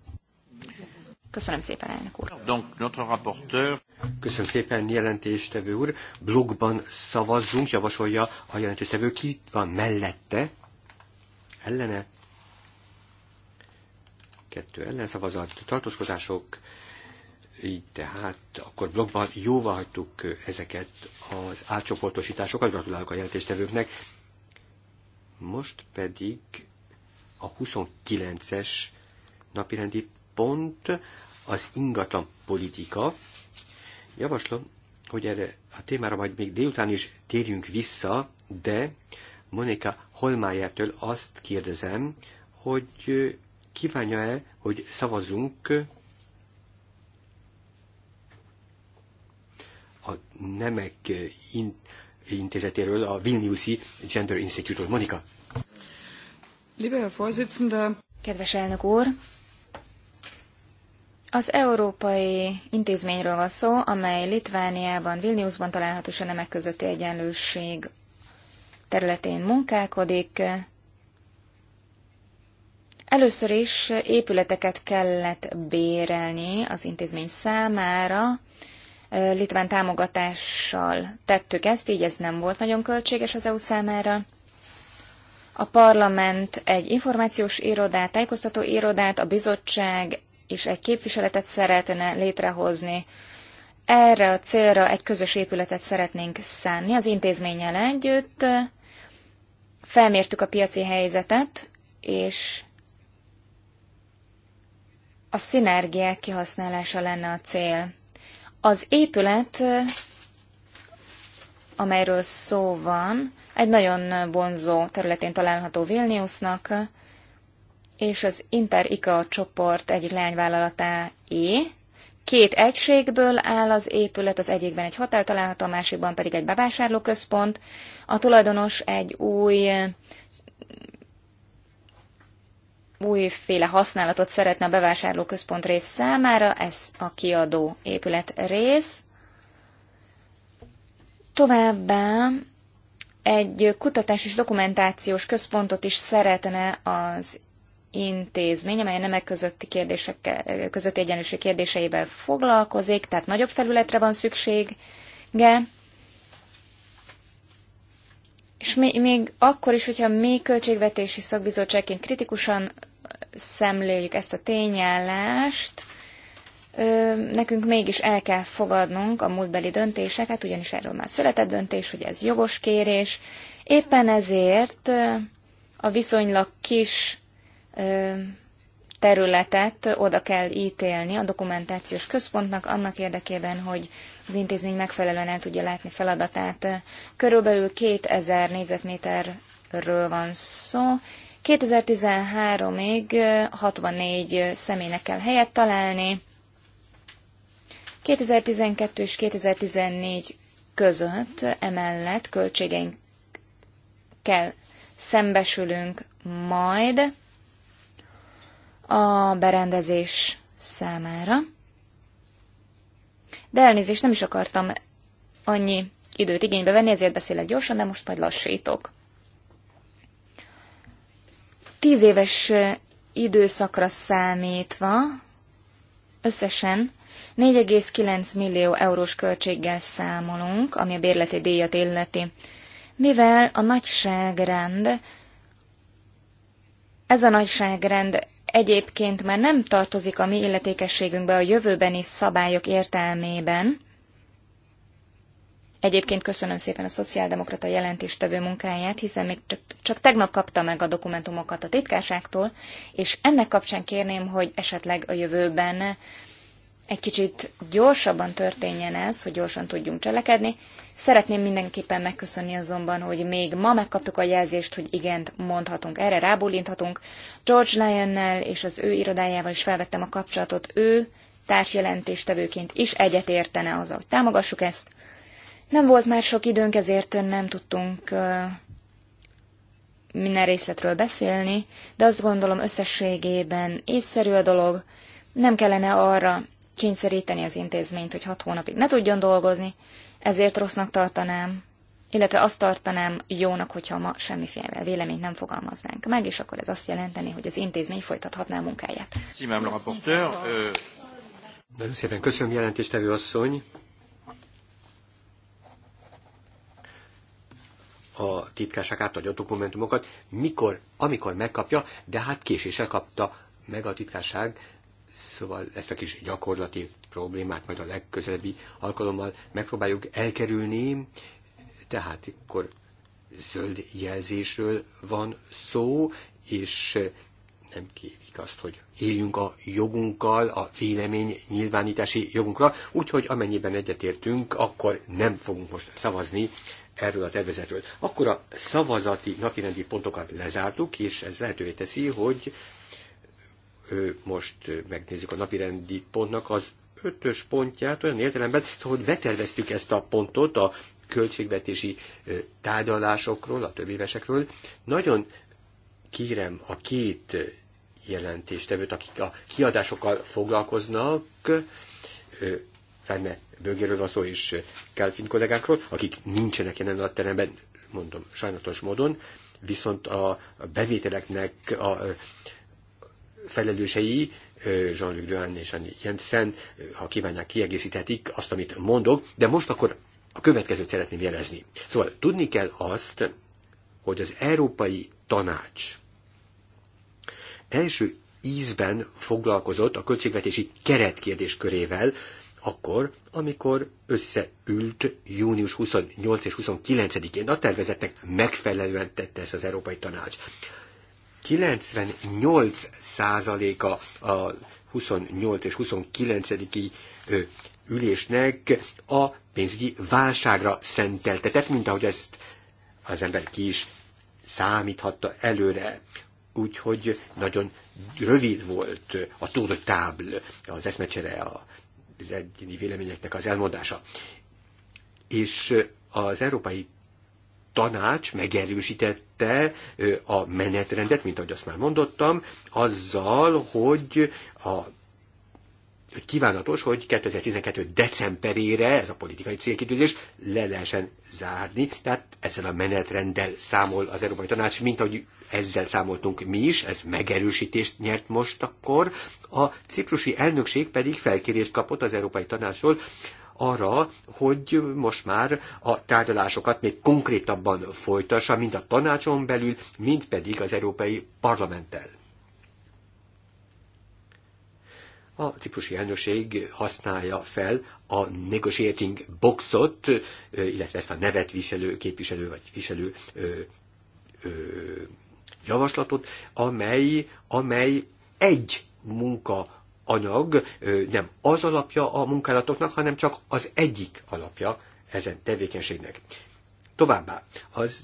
Köszönöm szépen, elnök úr. notre rapporteur... Köszönöm szépen, jelentéstevő úr. Blogban szavazzunk, javasolja a jelentéstevő. Ki van mellette? Ellene? Kettő szavazat, tartózkodások. Így tehát akkor blogban jóvá hagytuk ezeket az átcsoportosításokat. Gratulálok a jelentéstevőknek. Most pedig a 29-es napirendi pont az ingatlan politika. Javaslom, hogy erre a témára majd még délután is térjünk vissza, de Monika Holmájától azt kérdezem, hogy kívánja-e, hogy szavazunk a nemek intézetéről, a Vilniuszi Gender Institute-ról. Monika! Liebe Kedves elnök úr! Az európai intézményről van szó, amely Litvániában, Vilniusban található és a nemek közötti egyenlőség területén munkálkodik. Először is épületeket kellett bérelni az intézmény számára. Litván támogatással tettük ezt, így ez nem volt nagyon költséges az EU számára. A parlament egy információs irodát, tájékoztató irodát, a bizottság is egy képviseletet szeretne létrehozni. Erre a célra egy közös épületet szeretnénk szánni az intézménnyel együtt. Felmértük a piaci helyzetet, és a szinergiák kihasználása lenne a cél. Az épület, amelyről szó van, egy nagyon bonzó területén található Vilniusnak, és az Inter-ICA csoport egyik leányvállalatáé. Két egységből áll az épület, az egyikben egy hotel található, a másikban pedig egy bevásárlóközpont. A tulajdonos egy új újféle használatot szeretne a bevásárlóközpont rész számára, ez a kiadó épület rész. Továbbá egy kutatás és dokumentációs központot is szeretne az intézmény, amely a nemek közötti, kérdésekkel, közötti egyenlőség kérdéseivel foglalkozik, tehát nagyobb felületre van szüksége, és még akkor is, hogyha mi költségvetési szakbizottságként kritikusan szemléljük ezt a tényállást, nekünk mégis el kell fogadnunk a múltbeli döntéseket, ugyanis erről már született döntés, hogy ez jogos kérés. Éppen ezért a viszonylag kis területet oda kell ítélni a dokumentációs központnak annak érdekében, hogy az intézmény megfelelően el tudja látni feladatát. Körülbelül 2000 négyzetméterről van szó. 2013-ig 64 személynek kell helyet találni. 2012 és 2014 között emellett költségeinkkel kell szembesülünk majd a berendezés számára. De elnézést, nem is akartam annyi időt igénybe venni, ezért beszélek gyorsan, de most majd lassítok. Tíz éves időszakra számítva összesen 4,9 millió eurós költséggel számolunk, ami a bérleti díjat illeti. Mivel a nagyságrend, ez a nagyságrend egyébként már nem tartozik a mi illetékességünkbe a jövőbeni szabályok értelmében. Egyébként köszönöm szépen a szociáldemokrata jelentéstevő munkáját, hiszen még csak, csak tegnap kapta meg a dokumentumokat a titkárságtól, és ennek kapcsán kérném, hogy esetleg a jövőben egy kicsit gyorsabban történjen ez, hogy gyorsan tudjunk cselekedni. Szeretném mindenképpen megköszönni azonban, hogy még ma megkaptuk a jelzést, hogy igent mondhatunk, erre rábólinthatunk. George Lyonnel és az ő irodájával is felvettem a kapcsolatot, ő társjelentéstevőként is egyetértene az, hogy támogassuk ezt. Nem volt már sok időnk, ezért nem tudtunk minden részletről beszélni, de azt gondolom összességében észszerű a dolog, nem kellene arra kényszeríteni az intézményt, hogy hat hónapig ne tudjon dolgozni, ezért rossznak tartanám, illetve azt tartanám jónak, hogyha ma semmiféle véleményt nem fogalmaznánk meg, és akkor ez azt jelenteni, hogy az intézmény folytathatná a munkáját. Euh, Nagyon szépen köszönöm, jelentéstevő asszony. A titkárság átadja a dokumentumokat, mikor, amikor megkapja, de hát késéssel kapta meg a titkárság Szóval ezt a kis gyakorlati problémát majd a legközelebbi alkalommal megpróbáljuk elkerülni, tehát akkor zöld jelzésről van szó, és nem kérik azt, hogy éljünk a jogunkkal, a vélemény nyilvánítási jogunkra, úgyhogy amennyiben egyetértünk, akkor nem fogunk most szavazni erről a tervezetről. Akkor a szavazati napirendi pontokat lezártuk, és ez lehetővé teszi, hogy most megnézzük a napirendi pontnak az ötös pontját olyan értelemben, szóval, hogy beterveztük ezt a pontot a költségvetési tárgyalásokról, a évesekről. Nagyon kérem a két jelentéstevőt, akik a kiadásokkal foglalkoznak, Renne Bögéről van szó és Kelfin kollégákról, akik nincsenek jelen a teremben, mondom sajnálatos módon, viszont a bevételeknek a felelősei, Jean-Luc Dehan és Annie Jensen, ha kívánják, kiegészíthetik azt, amit mondok, de most akkor a következőt szeretném jelezni. Szóval tudni kell azt, hogy az Európai Tanács első ízben foglalkozott a költségvetési keretkérdés körével, akkor, amikor összeült június 28 és 29-én. A tervezetnek megfelelően tette ezt az Európai Tanács. 98 százaléka a 28 és 29 ülésnek a pénzügyi válságra szenteltetett, mint ahogy ezt az ember ki is számíthatta előre. Úgyhogy nagyon rövid volt a tábl, az eszmecsere, az egyéni véleményeknek az elmondása. És az Európai tanács megerősítette a menetrendet, mint ahogy azt már mondottam, azzal, hogy a hogy kívánatos, hogy 2012. decemberére ez a politikai célkitűzés le lehessen zárni. Tehát ezzel a menetrenddel számol az Európai Tanács, mint ahogy ezzel számoltunk mi is, ez megerősítést nyert most akkor. A ciprusi elnökség pedig felkérést kapott az Európai Tanácsról arra, hogy most már a tárgyalásokat még konkrétabban folytassa, mind a tanácson belül, mind pedig az Európai Parlamenttel. A ciprusi elnökség használja fel a negotiating boxot, illetve ezt a nevet viselő, képviselő vagy viselő ö, ö, javaslatot, amely, amely egy munka anyag nem az alapja a munkálatoknak, hanem csak az egyik alapja ezen tevékenységnek. Továbbá az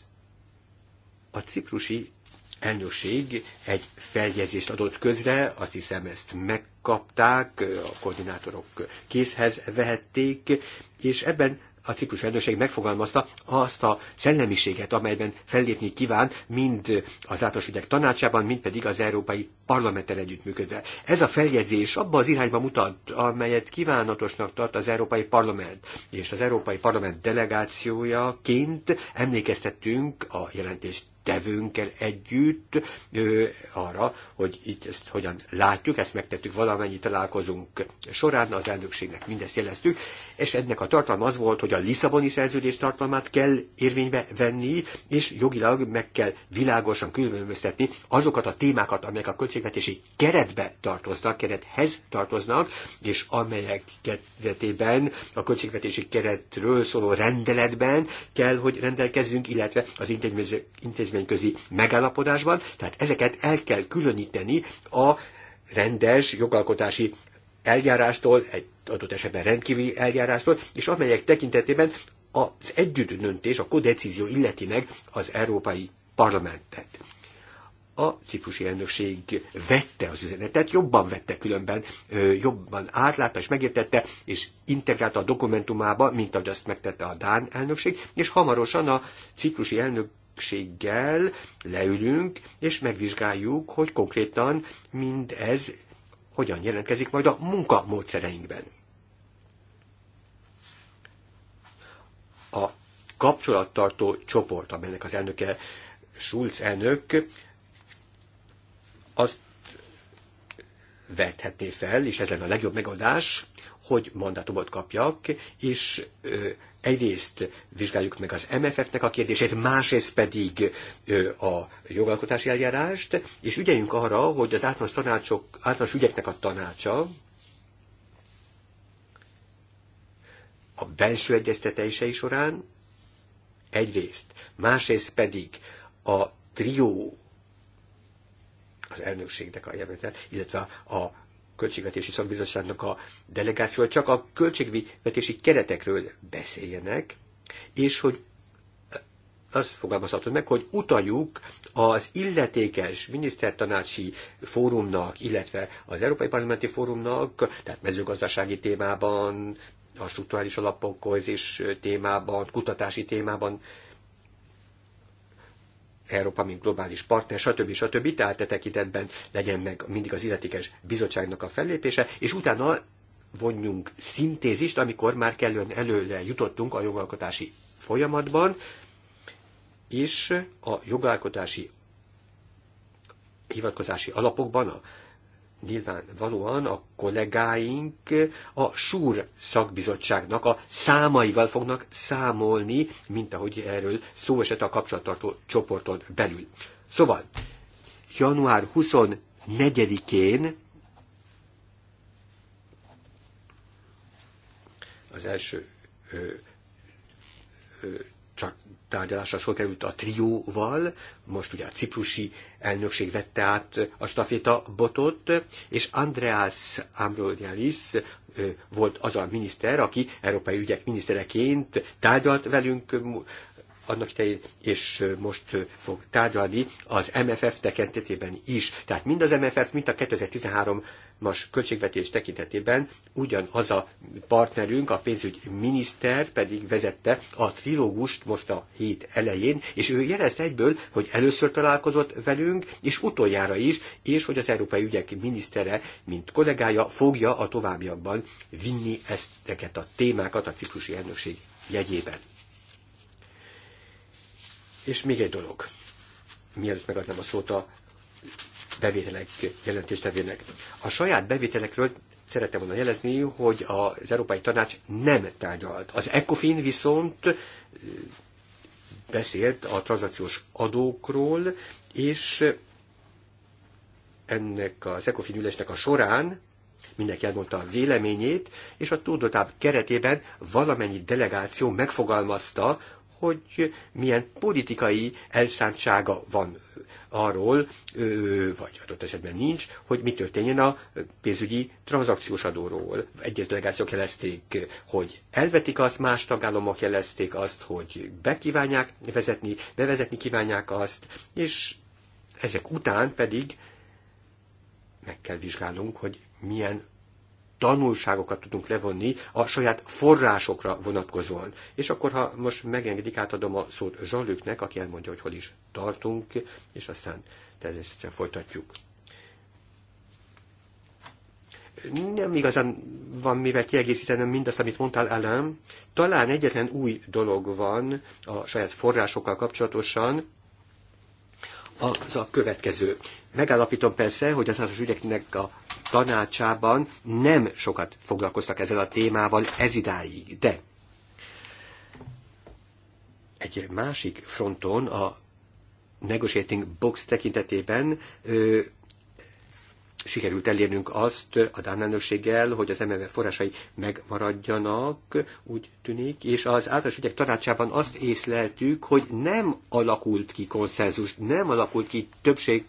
a ciprusi elnökség egy feljegyzést adott közre, azt hiszem ezt megkapták, a koordinátorok készhez vehették, és ebben a ciprus rendőrség megfogalmazta azt a szellemiséget, amelyben fellépni kíván, mind az általános ügyek tanácsában, mind pedig az Európai Parlamenttel együttműködve. Ez a feljegyzés abba az irányba mutat, amelyet kívánatosnak tart az Európai Parlament, és az Európai Parlament delegációjaként emlékeztettünk a jelentést tevőnkkel együtt ö, arra, hogy itt ezt hogyan látjuk, ezt megtettük valamennyi találkozunk során, az elnökségnek mindezt jeleztük, és ennek a tartalma az volt, hogy a Lisszaboni szerződés tartalmát kell érvénybe venni, és jogilag meg kell világosan különböztetni azokat a témákat, amelyek a költségvetési keretbe tartoznak, kerethez tartoznak, és amelyek keretében a költségvetési keretről szóló rendeletben kell, hogy rendelkezzünk, illetve az intézmény intézményközi megállapodásban, tehát ezeket el kell különíteni a rendes jogalkotási eljárástól, egy adott esetben rendkívüli eljárástól, és amelyek tekintetében az döntés, a kodecízió illeti meg az Európai Parlamentet. A ciprusi elnökség vette az üzenetet, jobban vette különben, jobban átlátta és megértette, és integrálta a dokumentumába, mint ahogy azt megtette a Dán elnökség, és hamarosan a ciprusi elnök ügynökséggel leülünk, és megvizsgáljuk, hogy konkrétan mindez hogyan jelentkezik majd a munkamódszereinkben. A kapcsolattartó csoport, amelynek az elnöke Schulz elnök, az vethetné fel, és ez lenne a legjobb megoldás, hogy mandátumot kapjak, és egyrészt vizsgáljuk meg az MFF-nek a kérdését, másrészt pedig a jogalkotási eljárást, és ügyeljünk arra, hogy az általános, tanácsok, általános ügyeknek a tanácsa, a belső egyeztetései során egyrészt, másrészt pedig a trió az elnökségnek a jelentően, illetve a költségvetési szakbizottságnak a hogy csak a költségvetési keretekről beszéljenek, és hogy eh, azt fogalmazhatod meg, hogy utaljuk az illetékes minisztertanácsi fórumnak, illetve az Európai Parlamenti Fórumnak, tehát mezőgazdasági témában, a struktúrális alapokhoz és eh, témában, kutatási témában, Európa, mint globális partner, stb. stb. Tehát e tekintetben legyen meg mindig az illetékes bizottságnak a fellépése, és utána vonjunk szintézist, amikor már kellően előre jutottunk a jogalkotási folyamatban, és a jogalkotási hivatkozási alapokban, a nyilván valóan a kollégáink a SUR szakbizottságnak a számaival fognak számolni, mint ahogy erről szó esett a kapcsolattartó csoporton belül. Szóval, január 24-én az első ö, ö, tárgyalásra sor került a trióval, most ugye a ciprusi elnökség vette át a staféta botot, és Andreas Ambrodialis volt az a miniszter, aki európai ügyek minisztereként tárgyalt velünk annak idején, és most fog tárgyalni az MFF tekintetében is. Tehát mind az MFF, mind a 2013 Nos, költségvetés tekintetében ugyanaz a partnerünk, a pénzügy miniszter pedig vezette a trilógust most a hét elején, és ő jelezte egyből, hogy először találkozott velünk, és utoljára is, és hogy az európai ügyek minisztere, mint kollégája fogja a továbbiakban vinni ezteket a témákat a ciprusi elnökség jegyében. És még egy dolog, mielőtt megadnám a szót a bevételek jelentéstevének. A saját bevételekről szerettem volna jelezni, hogy az Európai Tanács nem tárgyalt. Az ECOFIN viszont beszélt a tranzakciós adókról, és ennek az ECOFIN ülésnek a során mindenki elmondta a véleményét, és a tudatább keretében valamennyi delegáció megfogalmazta, hogy milyen politikai elszántsága van arról, vagy adott esetben nincs, hogy mi történjen a pénzügyi tranzakciós adóról. Egyes delegációk jelezték, hogy elvetik azt, más tagállamok jelezték azt, hogy bekívánják vezetni, bevezetni kívánják azt, és ezek után pedig meg kell vizsgálnunk, hogy milyen tanulságokat tudunk levonni a saját forrásokra vonatkozóan. És akkor, ha most megengedik, átadom a szót Zsalüknek, aki elmondja, hogy hol is tartunk, és aztán természetesen folytatjuk. Nem igazán van mivel kiegészítenem mindazt, amit mondtál, elem. Talán egyetlen új dolog van a saját forrásokkal kapcsolatosan, az a következő. Megállapítom persze, hogy az házas ügyeknek a tanácsában nem sokat foglalkoztak ezzel a témával ez idáig, de egy másik fronton a negotiating box tekintetében sikerült elérnünk azt a Dán elnökséggel, hogy az MMF forrásai megmaradjanak, úgy tűnik, és az általános ügyek tanácsában azt észleltük, hogy nem alakult ki konszenzus, nem alakult ki többség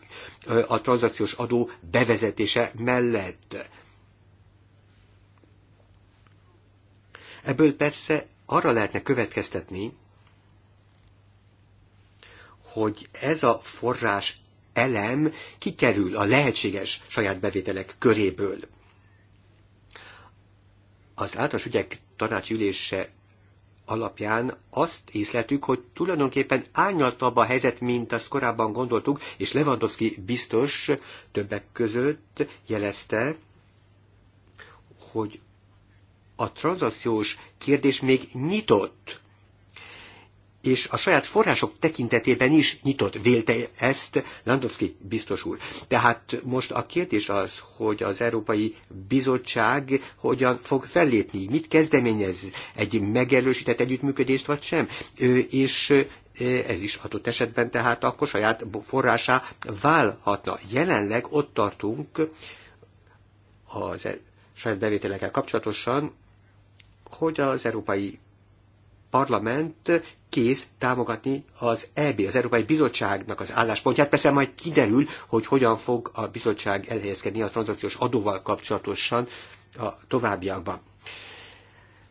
a tranzakciós adó bevezetése mellett. Ebből persze arra lehetne következtetni, hogy ez a forrás elem kikerül a lehetséges saját bevételek köréből. Az általános ügyek tanácsülése alapján azt észletük, hogy tulajdonképpen árnyaltabb a helyzet, mint azt korábban gondoltuk, és Lewandowski biztos többek között jelezte, hogy a tranzakciós kérdés még nyitott és a saját források tekintetében is nyitott vélte ezt Landowski biztos úr. Tehát most a kérdés az, hogy az Európai Bizottság hogyan fog fellépni, mit kezdeményez, egy megerősített együttműködést vagy sem, és ez is adott esetben tehát akkor saját forrásá válhatna. Jelenleg ott tartunk az e- saját bevételekkel kapcsolatosan, hogy az Európai parlament kész támogatni az EB, az Európai Bizottságnak az álláspontját. Persze majd kiderül, hogy hogyan fog a bizottság elhelyezkedni a tranzakciós adóval kapcsolatosan a továbbiakban.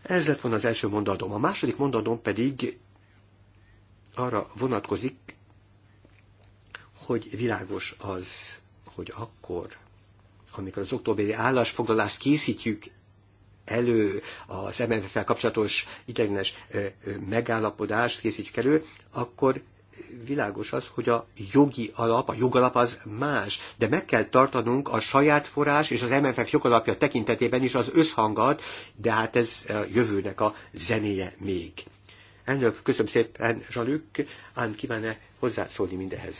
Ez lett volna az első mondatom. A második mondatom pedig arra vonatkozik, hogy világos az, hogy akkor, amikor az októberi állásfoglalást készítjük elő az MFF-fel kapcsolatos ideiglenes megállapodást készítjük elő, akkor világos az, hogy a jogi alap, a jogalap az más, de meg kell tartanunk a saját forrás és az MFF jogalapja tekintetében is az összhangat, de hát ez a jövőnek a zenéje még. Ennyi, köszönöm szépen, Zsalük, Ám kíván-e hozzászólni mindehez.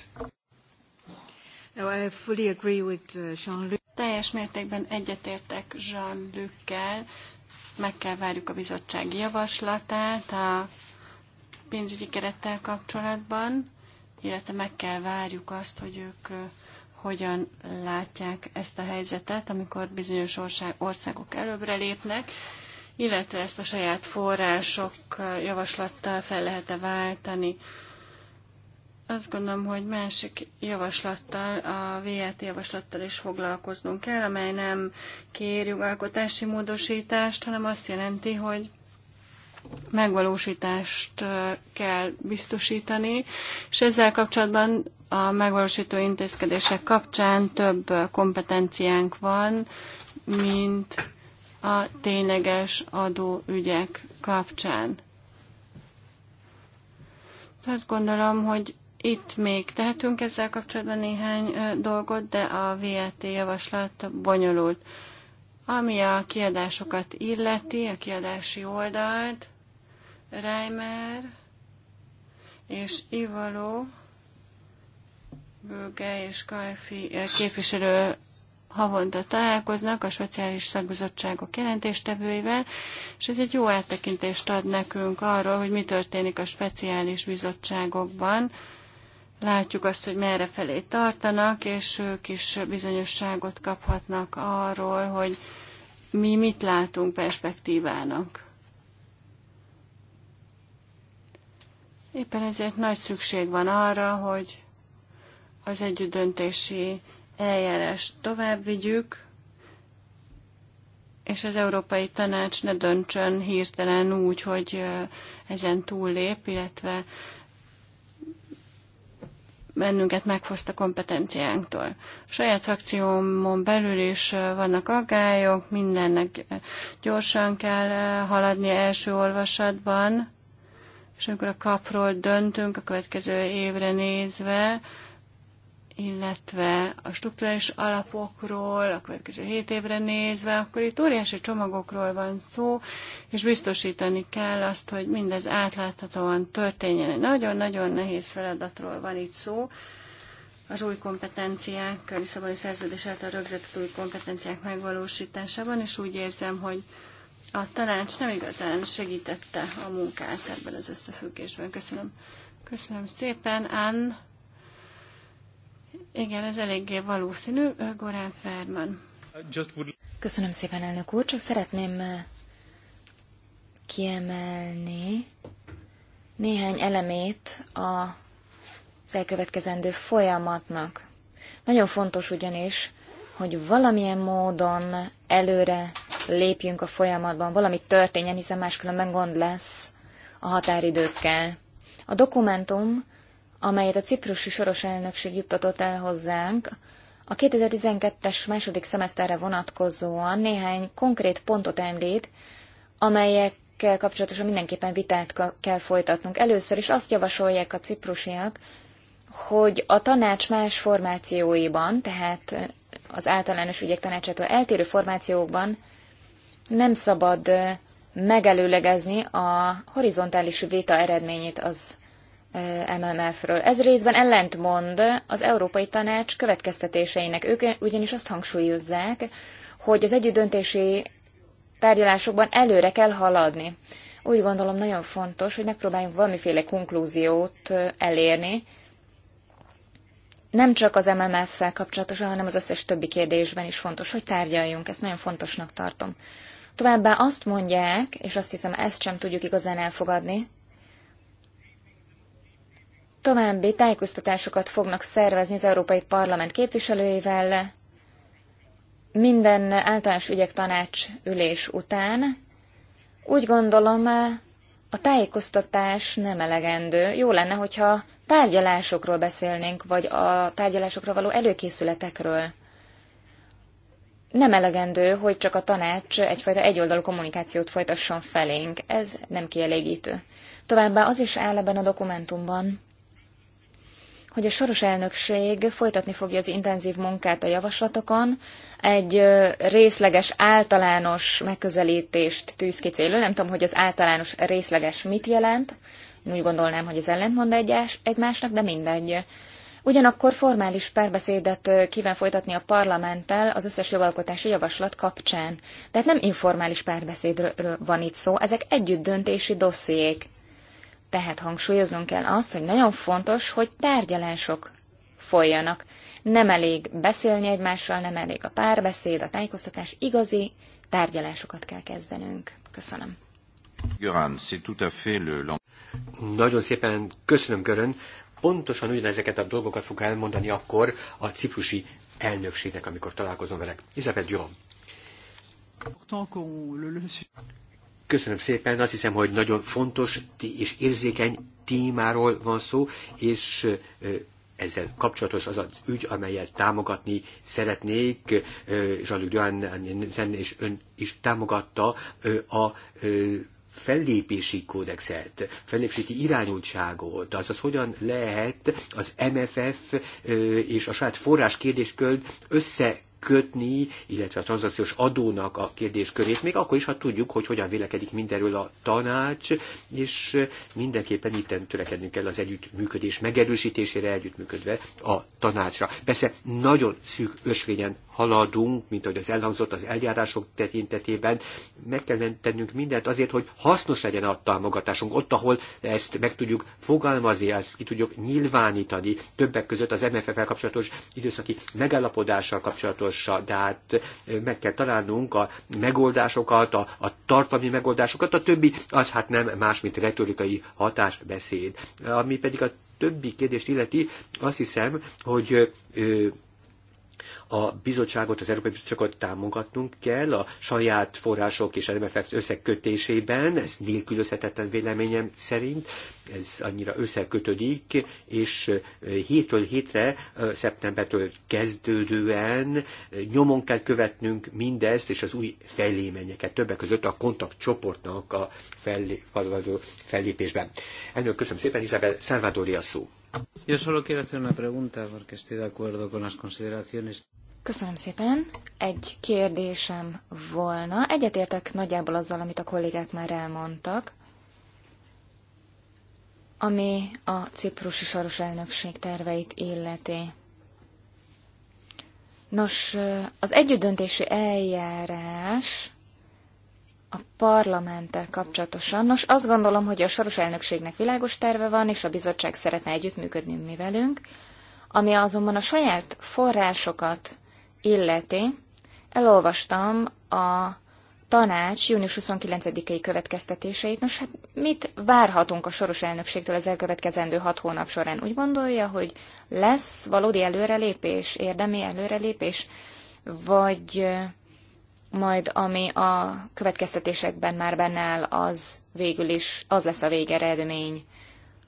Oh, I fully agree with uh, Teljes mértékben egyetértek Jean-Luc-kel. Meg kell várjuk a bizottság javaslatát a pénzügyi kerettel kapcsolatban, illetve meg kell várjuk azt, hogy ők uh, hogyan látják ezt a helyzetet, amikor bizonyos országok előbbre lépnek, illetve ezt a saját források uh, javaslattal fel lehet-e váltani. Azt gondolom, hogy másik javaslattal, a VAT javaslattal is foglalkoznunk kell, amely nem kér jogalkotási módosítást, hanem azt jelenti, hogy megvalósítást kell biztosítani, és ezzel kapcsolatban a megvalósító intézkedések kapcsán több kompetenciánk van, mint a tényleges adóügyek kapcsán. Azt gondolom, hogy itt még tehetünk ezzel kapcsolatban néhány dolgot, de a VAT javaslat bonyolult. Ami a kiadásokat illeti, a kiadási oldalt, Reimer és Ivaló, Bőge és Kajfi képviselő havonta találkoznak a speciális szakbizottságok jelentéstevőivel, és ez egy jó áttekintést ad nekünk arról, hogy mi történik a speciális bizottságokban, Látjuk azt, hogy merre felé tartanak, és ők is bizonyosságot kaphatnak arról, hogy mi mit látunk perspektívának. Éppen ezért nagy szükség van arra, hogy az együttdöntési eljárást tovább vigyük, és az Európai Tanács ne döntsön hirtelen úgy, hogy ezen túllép, illetve bennünket megfoszt a kompetenciánktól. A saját frakciómon belül is vannak aggályok, mindennek gyorsan kell haladni első olvasatban, és amikor a kapról döntünk a következő évre nézve, illetve a strukturális alapokról, a következő 7 évre nézve, akkor itt óriási csomagokról van szó, és biztosítani kell azt, hogy mindez átláthatóan történjen. nagyon-nagyon nehéz feladatról van itt szó. Az új kompetenciák, a Lisszaboni szerződés által rögzített új kompetenciák megvalósításában, és úgy érzem, hogy a tanács nem igazán segítette a munkát ebben az összefüggésben. Köszönöm. Köszönöm szépen, Ann. Igen, ez eléggé valószínű. Gorán Ferman. Köszönöm szépen, elnök úr. Csak szeretném eh, kiemelni néhány elemét a az elkövetkezendő folyamatnak. Nagyon fontos ugyanis, hogy valamilyen módon előre lépjünk a folyamatban, valami történjen, hiszen máskülönben gond lesz a határidőkkel. A dokumentum amelyet a ciprusi soros elnökség juttatott el hozzánk, a 2012-es második szemeszterre vonatkozóan néhány konkrét pontot említ, amelyekkel kapcsolatosan mindenképpen vitát kell folytatnunk. Először is azt javasolják a ciprusiak, hogy a tanács más formációiban, tehát az általános ügyek tanácsától eltérő formációkban nem szabad megelőlegezni a horizontális vita eredményét az MMF-ről. Ez részben ellentmond az Európai Tanács következtetéseinek. Ők ugyanis azt hangsúlyozzák, hogy az együttdöntési tárgyalásokban előre kell haladni. Úgy gondolom nagyon fontos, hogy megpróbáljunk valamiféle konklúziót elérni, nem csak az MMF-fel kapcsolatosan, hanem az összes többi kérdésben is fontos, hogy tárgyaljunk, ezt nagyon fontosnak tartom. Továbbá azt mondják, és azt hiszem ezt sem tudjuk igazán elfogadni, További tájékoztatásokat fognak szervezni az Európai Parlament képviselőivel minden általános ügyek tanács ülés után. Úgy gondolom, a tájékoztatás nem elegendő. Jó lenne, hogyha tárgyalásokról beszélnénk, vagy a tárgyalásokra való előkészületekről. Nem elegendő, hogy csak a tanács egyfajta egyoldalú kommunikációt folytasson felénk. Ez nem kielégítő. Továbbá az is áll ebben a dokumentumban, hogy a soros elnökség folytatni fogja az intenzív munkát a javaslatokon, egy részleges, általános megközelítést tűz ki célul. Nem tudom, hogy az általános részleges mit jelent. Én úgy gondolnám, hogy ez ellentmond egymásnak, de mindegy. Ugyanakkor formális párbeszédet kíván folytatni a parlamenttel az összes jogalkotási javaslat kapcsán. Tehát nem informális párbeszédről van itt szó, ezek együtt döntési dossziék. Tehát hangsúlyoznunk kell azt, hogy nagyon fontos, hogy tárgyalások folyjanak. Nem elég beszélni egymással, nem elég a párbeszéd, a tájékoztatás, igazi tárgyalásokat kell kezdenünk. Köszönöm. Nagyon szépen köszönöm, Görön. Pontosan ugyanezeket a dolgokat fog elmondani akkor a ciprusi elnökségnek, amikor találkozom velek. Isabel Durand. Köszönöm szépen, azt hiszem, hogy nagyon fontos és érzékeny témáról van szó, és ezzel kapcsolatos az az ügy, amelyet támogatni szeretnék, és annak Johansen és ön is támogatta a fellépési kódexet, fellépési irányultságot, azaz hogyan lehet az MFF és a saját forrás kérdéskörd össze kötni, illetve a tranzakciós adónak a kérdéskörét, még akkor is, ha tudjuk, hogy hogyan vélekedik mindenről a tanács, és mindenképpen itten törekednünk kell az együttműködés megerősítésére, együttműködve a tanácsra. Persze nagyon szűk ösvényen haladunk, mint ahogy az elhangzott az eljárások tekintetében. Meg kell tennünk mindent azért, hogy hasznos legyen a támogatásunk ott, ahol ezt meg tudjuk fogalmazni, ezt ki tudjuk nyilvánítani, többek között az MFF-el kapcsolatos időszaki megállapodással kapcsolatosan, de hát meg kell találnunk a megoldásokat, a, a tartalmi megoldásokat, a többi az hát nem más, mint retorikai hatásbeszéd. Ami pedig a többi kérdést illeti, azt hiszem, hogy ö, a bizottságot, az Európai Bizottságot támogatnunk kell a saját források és az MFF összekötésében, ez nélkülözhetetlen véleményem szerint, ez annyira összekötődik, és hétről hétre, szeptembertől kezdődően nyomon kell követnünk mindezt, és az új felémenyeket, többek között a kontaktcsoportnak a fellépésben. Ennél köszönöm szépen, Isabel Salvadori a szó. Yo solo quiero hacer una pregunta, porque estoy de acuerdo con las consideraciones. Köszönöm szépen. Egy kérdésem volna. Egyetértek nagyjából azzal, amit a kollégák már elmondtak, ami a ciprusi soros elnökség terveit illeti. Nos, az együttdöntési eljárás a parlamenttel kapcsolatosan. Nos, azt gondolom, hogy a soros elnökségnek világos terve van, és a bizottság szeretne együttműködni mi velünk, ami azonban a saját forrásokat illeti. Elolvastam a tanács június 29-i következtetéseit. Nos, hát mit várhatunk a soros elnökségtől az elkövetkezendő hat hónap során? Úgy gondolja, hogy lesz valódi előrelépés, érdemi előrelépés, vagy majd ami a következtetésekben már benne áll, az végül is az lesz a végeredmény,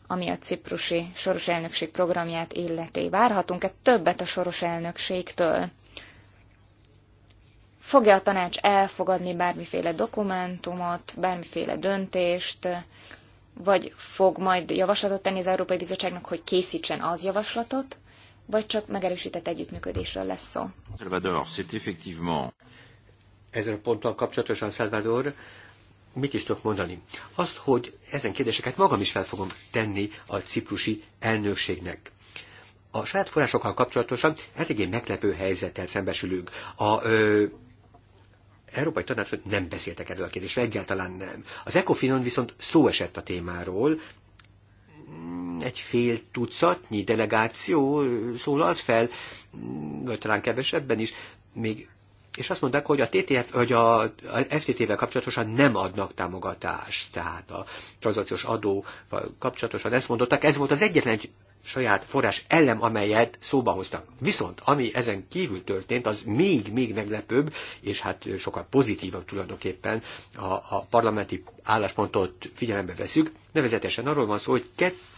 ami a ciprusi soros elnökség programját illeti. Várhatunk-e többet a soros elnökségtől? Fogja a tanács elfogadni bármiféle dokumentumot, bármiféle döntést, vagy fog majd javaslatot tenni az Európai Bizottságnak, hogy készítsen az javaslatot, vagy csak megerősített együttműködésről lesz szó? ezzel a ponttal kapcsolatosan, Salvador, mit is tudok mondani? Azt, hogy ezen kérdéseket magam is fel fogom tenni a ciprusi elnökségnek. A saját forrásokkal kapcsolatosan eléggé meglepő helyzettel szembesülünk. A ö, Európai Tanácsot nem beszéltek erről a kérdésről, egyáltalán nem. Az Ecofinon viszont szó esett a témáról, egy fél tucatnyi delegáció szólalt fel, vagy talán kevesebben is, még és azt mondták, hogy a, TTF, hogy a, a FTT-vel kapcsolatosan nem adnak támogatást, tehát a tranzakciós adóval kapcsolatosan ezt mondották, ez volt az egyetlen saját forrás ellen, amelyet szóba hoztak. Viszont ami ezen kívül történt, az még-még meglepőbb, és hát sokkal pozitívabb tulajdonképpen a, a parlamenti álláspontot figyelembe veszük. Nevezetesen arról van szó, hogy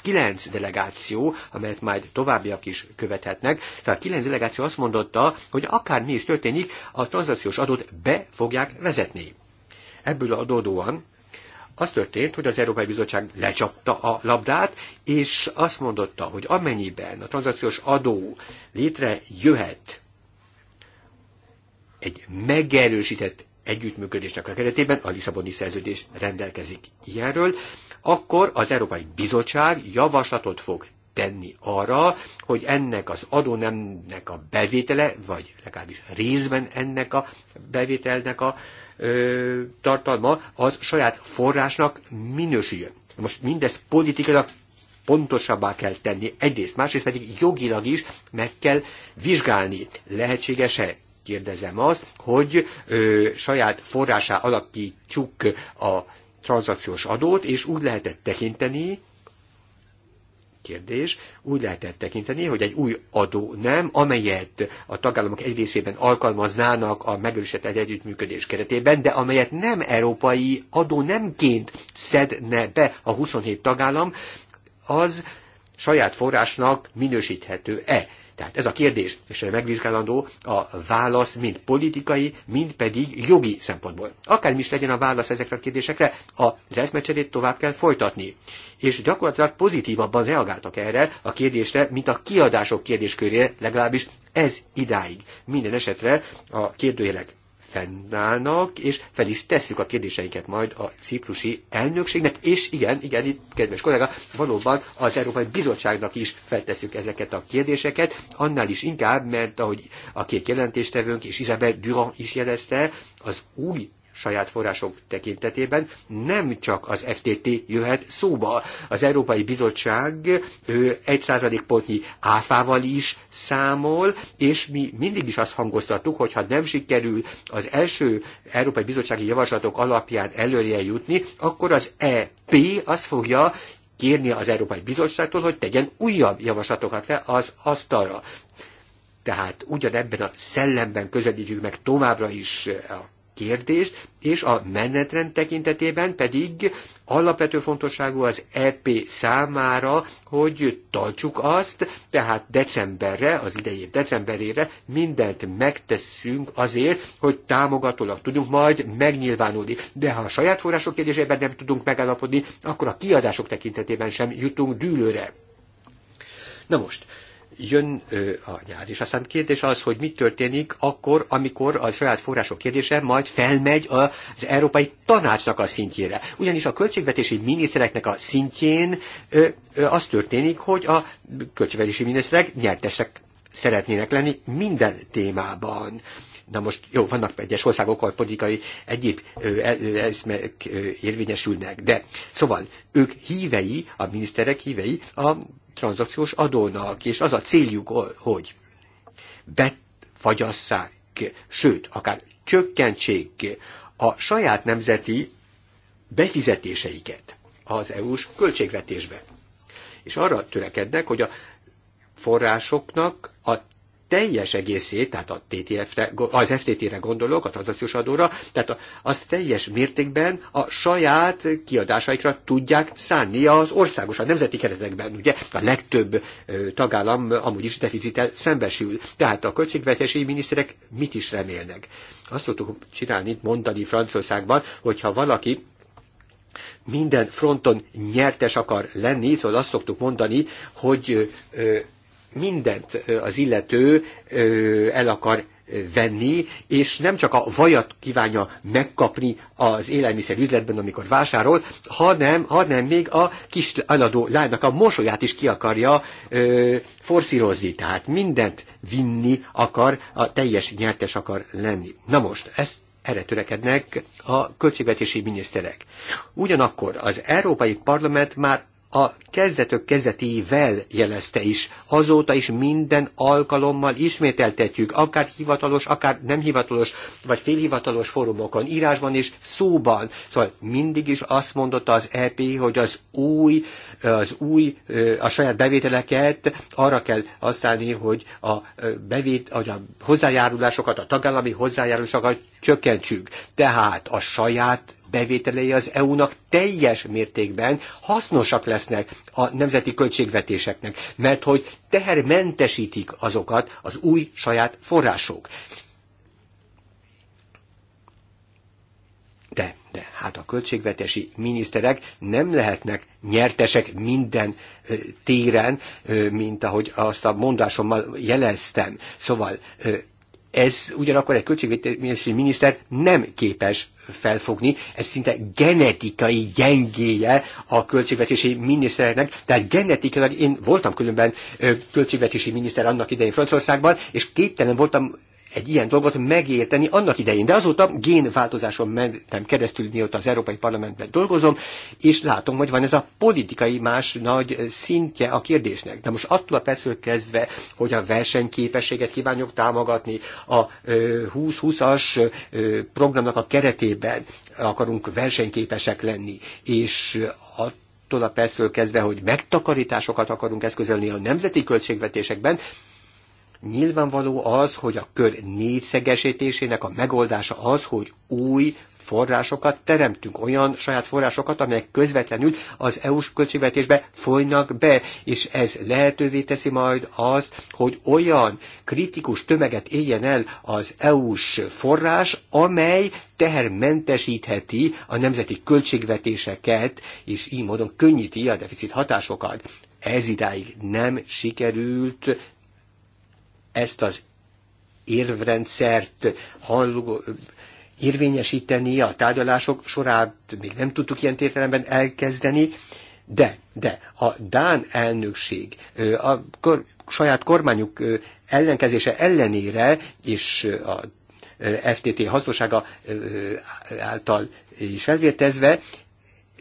kilenc delegáció, amelyet majd továbbiak is követhetnek, tehát kilenc delegáció azt mondotta, hogy akár mi is történik, a tranzakciós adót be fogják vezetni. Ebből adódóan az történt, hogy az Európai Bizottság lecsapta a labdát, és azt mondotta, hogy amennyiben a tranzakciós adó létrejöhet egy megerősített együttműködésnek a keretében, a Lisszaboni szerződés rendelkezik ilyenről, akkor az Európai Bizottság javaslatot fog tenni arra, hogy ennek az adónemnek a bevétele, vagy legalábbis részben ennek a bevételnek a ö, tartalma, az saját forrásnak minősüljön. Most mindezt politikailag pontosabbá kell tenni egyrészt, másrészt pedig jogilag is meg kell vizsgálni. Lehetséges-e kérdezem azt, hogy ö, saját forrásá alakítjuk a tranzakciós adót, és úgy lehetett tekinteni, kérdés, úgy lehetett tekinteni, hogy egy új adó nem, amelyet a tagállamok egy részében alkalmaznának a megerősített együttműködés keretében, de amelyet nem európai adó nemként szedne be a 27 tagállam, az saját forrásnak minősíthető-e. Tehát ez a kérdés, és megvizsgálandó a válasz mind politikai, mind pedig jogi szempontból. Akármi is legyen a válasz ezekre a kérdésekre, az eszmecserét tovább kell folytatni. És gyakorlatilag pozitívabban reagáltak erre a kérdésre, mint a kiadások kérdéskörére, legalábbis ez idáig. Minden esetre a kérdőjelek fennállnak, és fel is tesszük a kérdéseinket majd a ciprusi elnökségnek, és igen, igen, itt kedves kollega, valóban az Európai Bizottságnak is feltesszük ezeket a kérdéseket, annál is inkább, mert ahogy a két jelentéstevőnk és Isabel Durand is jelezte, az új saját források tekintetében nem csak az FTT jöhet szóba. Az Európai Bizottság ő 1 pontnyi áfával is számol, és mi mindig is azt hangoztattuk, hogy ha nem sikerül az első Európai Bizottsági Javaslatok alapján előre jutni, akkor az EP azt fogja kérni az Európai Bizottságtól, hogy tegyen újabb javaslatokat le az asztalra. Tehát ugyanebben a szellemben közelítjük meg továbbra is a kérdést, és a menetrend tekintetében pedig alapvető fontosságú az EP számára, hogy tartsuk azt, tehát decemberre, az idei decemberére mindent megteszünk azért, hogy támogatólag tudjunk majd megnyilvánulni. De ha a saját források kérdésében nem tudunk megállapodni, akkor a kiadások tekintetében sem jutunk dűlőre. Na most, jön a nyár, és aztán kérdés az, hogy mit történik akkor, amikor a saját források kérdése majd felmegy az Európai Tanácsnak a szintjére. Ugyanis a költségvetési minisztereknek a szintjén az történik, hogy a költségvetési miniszterek nyertesek szeretnének lenni minden témában. Na most jó, vannak egyes országok, ahol politikai egyéb e, eszmek érvényesülnek, de szóval ők hívei, a miniszterek hívei a tranzakciós adónak, és az a céljuk, hogy betfagyasszák, sőt, akár csökkentsék a saját nemzeti befizetéseiket az EU-s költségvetésbe. És arra törekednek, hogy a forrásoknak a teljes egészét, tehát a TTF-re, az FTT-re gondolok, a tranzakciós adóra, tehát az teljes mértékben a saját kiadásaikra tudják szánni az országos, a nemzeti keretekben. Ugye a legtöbb tagállam amúgy is deficitel szembesül. Tehát a költségvetési miniszterek mit is remélnek? Azt szoktuk csinálni, mondani Franciaországban, hogyha valaki minden fronton nyertes akar lenni, szóval azt szoktuk mondani, hogy ö, mindent az illető el akar venni, és nem csak a vajat kívánja megkapni az élelmiszer üzletben, amikor vásárol, hanem, hanem még a kis eladó lánynak a mosolyát is ki akarja ö, forszírozni. Tehát mindent vinni akar, a teljes nyertes akar lenni. Na most, ezt erre törekednek a költségvetési miniszterek. Ugyanakkor az Európai Parlament már a kezdetök kezdetével jelezte is. Azóta is minden alkalommal ismételtetjük, akár hivatalos, akár nem hivatalos, vagy félhivatalos fórumokon, írásban és szóban. Szóval mindig is azt mondotta az EP, hogy az új, az új, a saját bevételeket arra kell használni, hogy a, bevét, hogy a hozzájárulásokat, a tagállami hozzájárulásokat csökkentsük. Tehát a saját bevételei az EU-nak teljes mértékben hasznosak lesznek a nemzeti költségvetéseknek, mert hogy tehermentesítik azokat az új saját források. De, de hát a költségvetési miniszterek nem lehetnek nyertesek minden ö, téren, ö, mint ahogy azt a mondásommal jeleztem. Szóval ö, ez ugyanakkor egy költségvetési miniszter nem képes felfogni, ez szinte genetikai gyengéje a költségvetési miniszternek, tehát genetikailag én voltam különben költségvetési miniszter annak idején Franciaországban, és képtelen voltam egy ilyen dolgot megérteni annak idején. De azóta génváltozáson mentem keresztül, mióta az Európai Parlamentben dolgozom, és látom, hogy van ez a politikai más nagy szintje a kérdésnek. De most attól a percről kezdve, hogy a versenyképességet kívánjuk támogatni, a 2020-as programnak a keretében akarunk versenyképesek lenni, és a attól a percről kezdve, hogy megtakarításokat akarunk eszközölni a nemzeti költségvetésekben, Nyilvánvaló az, hogy a kör négyszegesítésének a megoldása az, hogy új forrásokat teremtünk, olyan saját forrásokat, amelyek közvetlenül az EU-s költségvetésbe folynak be, és ez lehetővé teszi majd azt, hogy olyan kritikus tömeget éljen el az EU-s forrás, amely tehermentesítheti a nemzeti költségvetéseket, és így módon könnyíti a deficit hatásokat. Ez idáig nem sikerült ezt az érvrendszert halló, érvényesíteni a tárgyalások sorát, még nem tudtuk ilyen értelemben elkezdeni, de, de a Dán elnökség a kor, saját kormányuk ellenkezése ellenére és a FTT hatósága által is felvértezve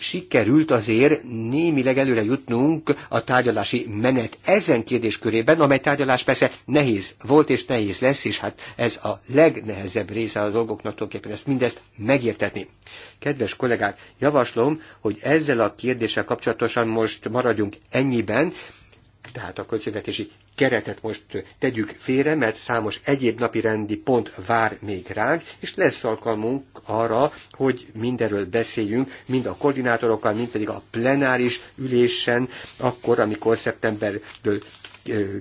sikerült azért némileg előre jutnunk a tárgyalási menet ezen kérdéskörében, amely tárgyalás persze nehéz volt és nehéz lesz, és hát ez a legnehezebb része a dolgoknak tulajdonképpen ezt mindezt megértetni. Kedves kollégák, javaslom, hogy ezzel a kérdéssel kapcsolatosan most maradjunk ennyiben, tehát a költségvetési keretet most tegyük félre, mert számos egyéb napi rendi pont vár még ránk, és lesz alkalmunk arra, hogy mindenről beszéljünk, mind a koordinátorokkal, mind pedig a plenáris ülésen, akkor, amikor szeptemberből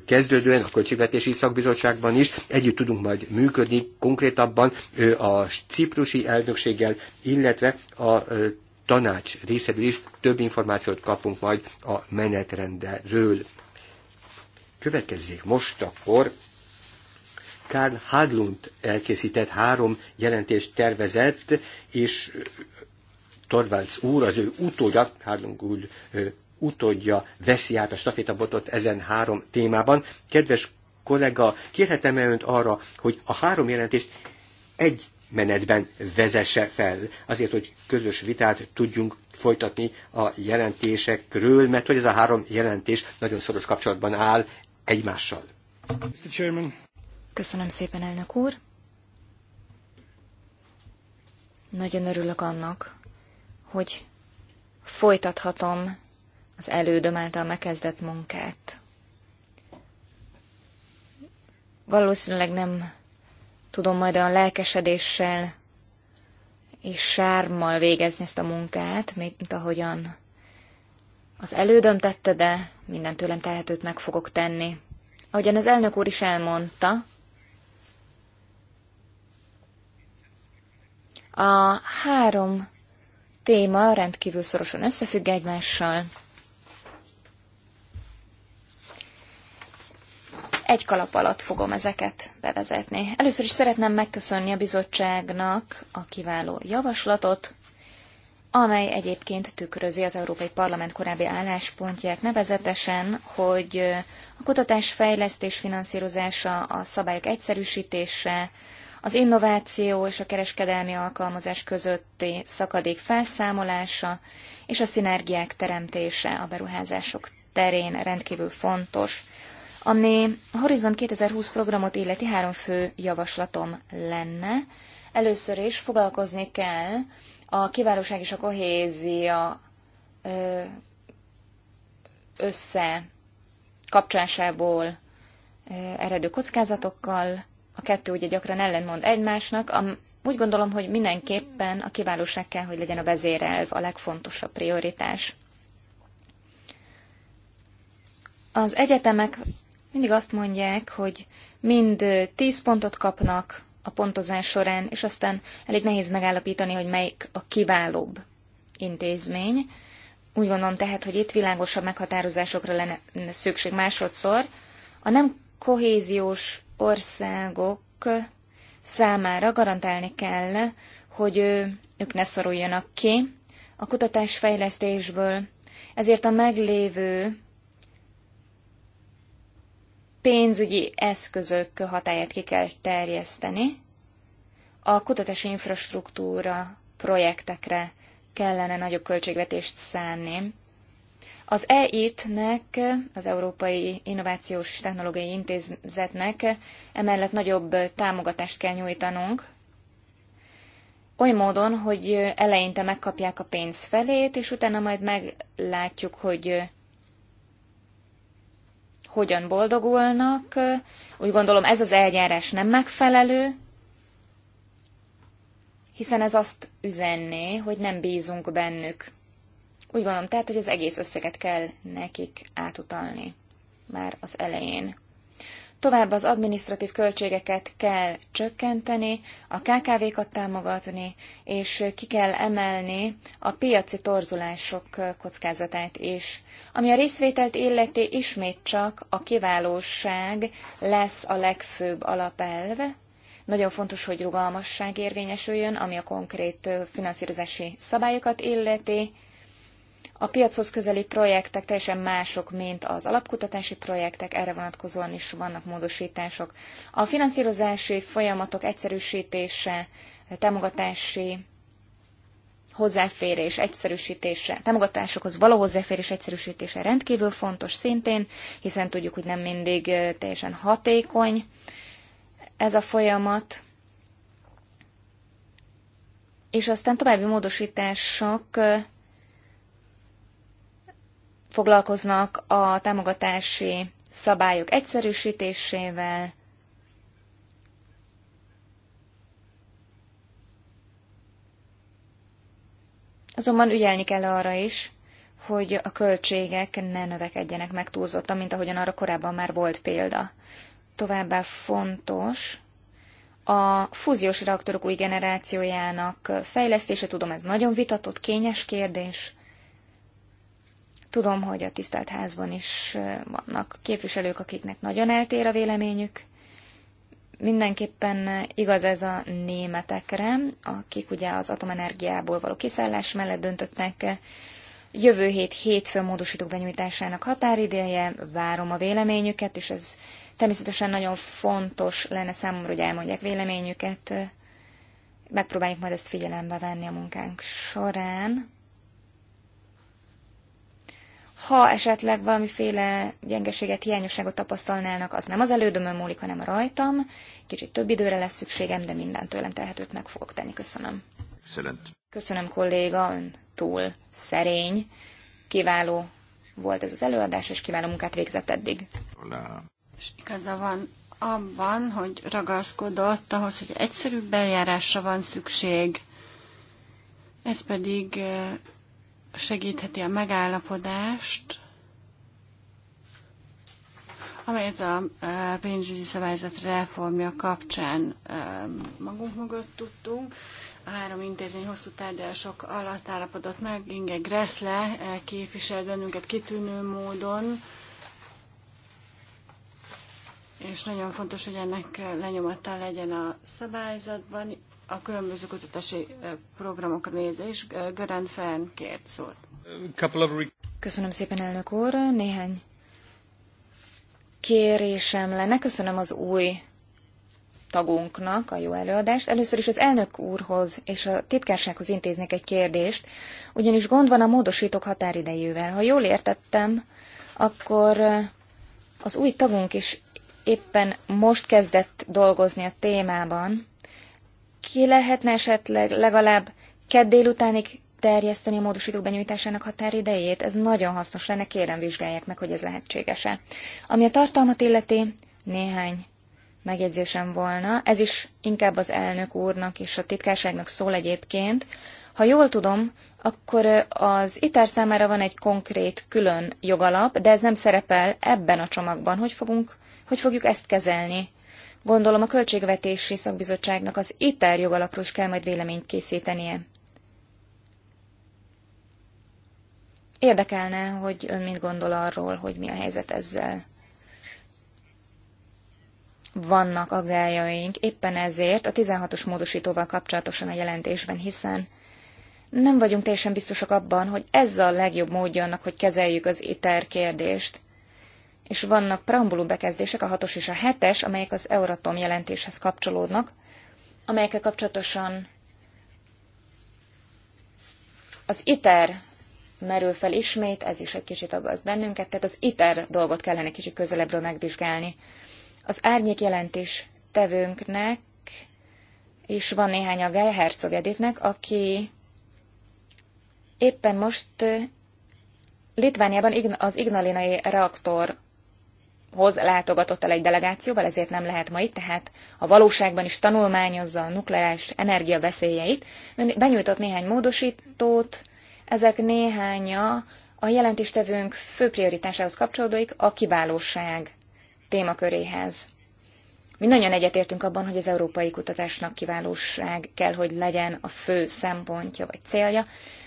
kezdődően a Költségvetési Szakbizottságban is együtt tudunk majd működni konkrétabban a ciprusi elnökséggel, illetve a tanács részéből is több információt kapunk majd a menetrendről. Következzék most akkor Karl Haglund elkészített három jelentést tervezett, és Torvalds úr, az ő utódja, Haglund úr utódja veszi át a stafétabotot ezen három témában. Kedves kollega, kérhetem-e önt arra, hogy a három jelentést egy menetben vezesse fel, azért, hogy közös vitát tudjunk folytatni a jelentésekről, mert hogy ez a három jelentés nagyon szoros kapcsolatban áll egymással. Köszönöm szépen, elnök úr. Nagyon örülök annak, hogy folytathatom az elődöm által megkezdett munkát. Valószínűleg nem tudom majd olyan lelkesedéssel és sármmal végezni ezt a munkát, mint ahogyan az elődöm tette, de minden tőlem tehetőt meg fogok tenni. Ahogyan az elnök úr is elmondta, a három téma rendkívül szorosan összefügg egymással. Egy kalap alatt fogom ezeket bevezetni. Először is szeretném megköszönni a bizottságnak a kiváló javaslatot, amely egyébként tükrözi az Európai Parlament korábbi álláspontját, nevezetesen, hogy a kutatás fejlesztés finanszírozása, a szabályok egyszerűsítése, az innováció és a kereskedelmi alkalmazás közötti szakadék felszámolása és a szinergiák teremtése a beruházások terén rendkívül fontos, ami a Horizon 2020 programot illeti három fő javaslatom lenne, Először is foglalkozni kell a kiválóság és a kohézia össze kapcsolásából eredő kockázatokkal. A kettő ugye gyakran ellenmond egymásnak. A, úgy gondolom, hogy mindenképpen a kiválóság kell, hogy legyen a vezérelv, a legfontosabb prioritás. Az egyetemek mindig azt mondják, hogy mind 10 pontot kapnak a pontozás során, és aztán elég nehéz megállapítani, hogy melyik a kiválóbb intézmény. Úgy gondolom tehát, hogy itt világosabb meghatározásokra lenne szükség másodszor. A nem kohéziós országok számára garantálni kell, hogy ők ne szoruljanak ki a kutatásfejlesztésből, ezért a meglévő pénzügyi eszközök hatáját ki kell terjeszteni, a kutatási infrastruktúra projektekre kellene nagyobb költségvetést szánni. Az EIT-nek, az Európai Innovációs és Technológiai Intézetnek emellett nagyobb támogatást kell nyújtanunk, oly módon, hogy eleinte megkapják a pénz felét, és utána majd meglátjuk, hogy hogyan boldogulnak. Úgy gondolom ez az eljárás nem megfelelő, hiszen ez azt üzenné, hogy nem bízunk bennük. Úgy gondolom tehát, hogy az egész összeget kell nekik átutalni már az elején. Tovább az administratív költségeket kell csökkenteni, a KKV-kat támogatni, és ki kell emelni a piaci torzulások kockázatát is. Ami a részvételt illeti, ismét csak a kiválóság lesz a legfőbb alapelve. Nagyon fontos, hogy rugalmasság érvényesüljön, ami a konkrét finanszírozási szabályokat illeti a piachoz közeli projektek teljesen mások, mint az alapkutatási projektek, erre vonatkozóan is vannak módosítások. A finanszírozási folyamatok egyszerűsítése, támogatási hozzáférés egyszerűsítése, támogatásokhoz való hozzáférés egyszerűsítése rendkívül fontos szintén, hiszen tudjuk, hogy nem mindig teljesen hatékony ez a folyamat. És aztán további módosítások foglalkoznak a támogatási szabályok egyszerűsítésével, Azonban ügyelni kell arra is, hogy a költségek ne növekedjenek meg túlzottan, mint ahogyan arra korábban már volt példa. Továbbá fontos a fúziós reaktorok új generációjának fejlesztése, tudom, ez nagyon vitatott, kényes kérdés, Tudom, hogy a tisztelt házban is vannak képviselők, akiknek nagyon eltér a véleményük. Mindenképpen igaz ez a németekre, akik ugye az atomenergiából való kiszállás mellett döntöttek. Jövő hét hétfő módosítók benyújtásának határidéje, várom a véleményüket, és ez természetesen nagyon fontos lenne számomra, hogy elmondják véleményüket. Megpróbáljuk majd ezt figyelembe venni a munkánk során. Ha esetleg valamiféle gyengeséget, hiányosságot tapasztalnának, az nem az elődömön múlik, hanem rajtam. Kicsit több időre lesz szükségem, de mindent tőlem telhetőt meg fogok tenni. Köszönöm. Excellent. Köszönöm, kolléga, ön túl szerény. Kiváló volt ez az előadás, és kiváló munkát végzett eddig. Hola. És igaza van abban, hogy ragaszkodott ahhoz, hogy egyszerűbb eljárásra van szükség, ez pedig eh, segítheti a megállapodást, amelyet a pénzügyi szabályzat reformja kapcsán magunk mögött tudtunk. A három intézmény hosszú tárgyalások alatt állapodott meg, Inge Gressle képviselt bennünket kitűnő módon, és nagyon fontos, hogy ennek lenyomata legyen a szabályzatban, a különböző kutatási programokra nézés. Gören kért szót. Köszönöm szépen, elnök úr. Néhány kérésem lenne. Köszönöm az új tagunknak a jó előadást. Először is az elnök úrhoz és a titkársághoz intéznék egy kérdést, ugyanis gond van a módosítók határidejével. Ha jól értettem, akkor az új tagunk is éppen most kezdett dolgozni a témában, ki lehetne esetleg legalább kedd délutánig terjeszteni a módosítók benyújtásának határidejét? Ez nagyon hasznos lenne, kérem vizsgálják meg, hogy ez lehetséges-e. Ami a tartalmat illeti, néhány megjegyzésem volna. Ez is inkább az elnök úrnak és a titkárságnak szól egyébként. Ha jól tudom, akkor az ITER számára van egy konkrét külön jogalap, de ez nem szerepel ebben a csomagban. Hogy, fogunk, hogy fogjuk ezt kezelni? Gondolom a Költségvetési Szakbizottságnak az ITER jogalapról is kell majd véleményt készítenie. Érdekelne, hogy ön mit gondol arról, hogy mi a helyzet ezzel. Vannak aggájaink, éppen ezért a 16-os módosítóval kapcsolatosan a jelentésben, hiszen nem vagyunk teljesen biztosak abban, hogy ez a legjobb módja annak, hogy kezeljük az ITER kérdést és vannak preambulum bekezdések, a 6 és a 7 amelyek az Euratom jelentéshez kapcsolódnak, amelyekkel kapcsolatosan az ITER merül fel ismét, ez is egy kicsit aggaszt bennünket, tehát az ITER dolgot kellene kicsit közelebbről megvizsgálni. Az árnyék jelentés tevőnknek, és van néhány a Gály Herzog Editnek, aki éppen most Litvániában az ignalinai reaktor hoz látogatott el egy delegációval, ezért nem lehet ma itt, tehát a valóságban is tanulmányozza a nukleáris energia veszélyeit. Benyújtott néhány módosítót, ezek néhánya a jelentéstevőnk fő prioritásához kapcsolódik, a kiválóság témaköréhez. Mindannyian egyetértünk abban, hogy az európai kutatásnak kiválóság kell, hogy legyen a fő szempontja vagy célja,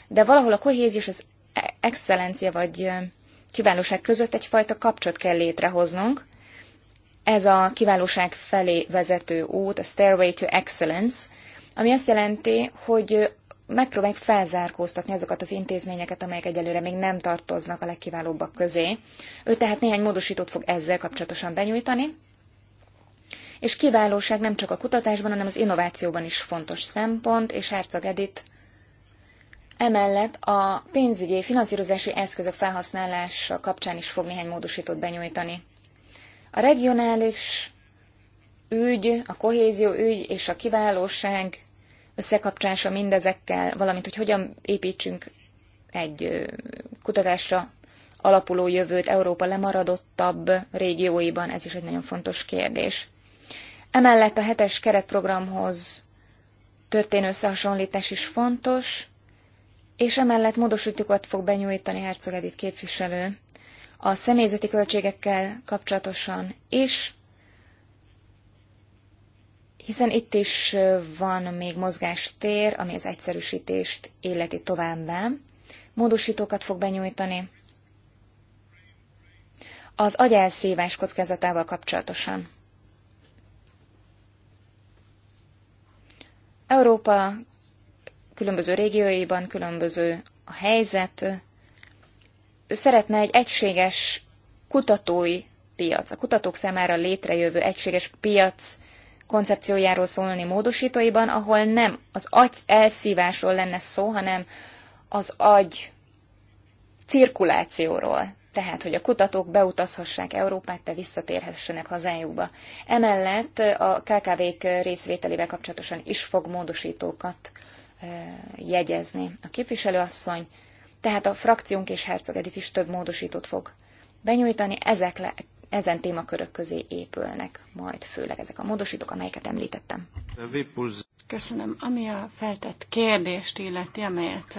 de valahol a kohéziós, az e-, excellencia vagy kiválóság között egyfajta kapcsot kell létrehoznunk. Ez a kiválóság felé vezető út, a Stairway to Excellence, ami azt jelenti, hogy megpróbáljuk felzárkóztatni azokat az intézményeket, amelyek egyelőre még nem tartoznak a legkiválóbbak közé. Ő tehát néhány módosítót fog ezzel kapcsolatosan benyújtani. És kiválóság nem csak a kutatásban, hanem az innovációban is fontos szempont, és Herzog Edith Emellett a pénzügyi finanszírozási eszközök felhasználása kapcsán is fog néhány módosítót benyújtani. A regionális ügy, a kohézió ügy és a kiválóság összekapcsása mindezekkel, valamint hogy hogyan építsünk egy kutatásra alapuló jövőt Európa lemaradottabb régióiban, ez is egy nagyon fontos kérdés. Emellett a hetes keretprogramhoz történő összehasonlítás is fontos, és emellett módosítókat fog benyújtani Herzog Edith képviselő a személyzeti költségekkel kapcsolatosan is, hiszen itt is van még mozgástér, ami az egyszerűsítést életi továbbá. Módosítókat fog benyújtani az agyelszívás kockázatával kapcsolatosan. Európa különböző régióiban különböző a helyzet. Ő szeretne egy egységes kutatói piac, a kutatók számára létrejövő egységes piac koncepciójáról szólni módosítóiban, ahol nem az agy elszívásról lenne szó, hanem az agy cirkulációról. Tehát, hogy a kutatók beutazhassák Európát, de visszatérhessenek hazájukba. Emellett a KKV-k részvételével kapcsolatosan is fog módosítókat jegyezni. A képviselőasszony, tehát a frakciónk és Herzog Edith is több módosítót fog benyújtani, ezek le, ezen témakörök közé épülnek majd főleg ezek a módosítók, amelyeket említettem. Köszönöm. Ami a feltett kérdést illeti, amelyet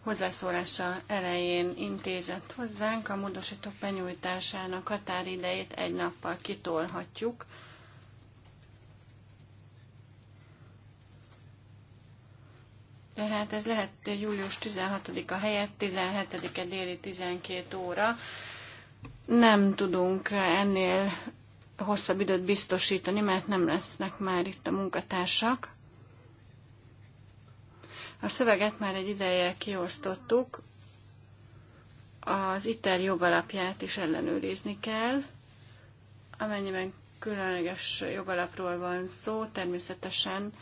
hozzászólása elején intézett hozzánk, a módosítók benyújtásának határidejét egy nappal kitolhatjuk. Tehát ez lehet július 16-a helyett 17-e déli 12 óra. Nem tudunk ennél hosszabb időt biztosítani, mert nem lesznek már itt a munkatársak. A szöveget már egy ideje kiosztottuk, az ITER jogalapját is ellenőrizni kell. Amennyiben különleges jogalapról van szó, természetesen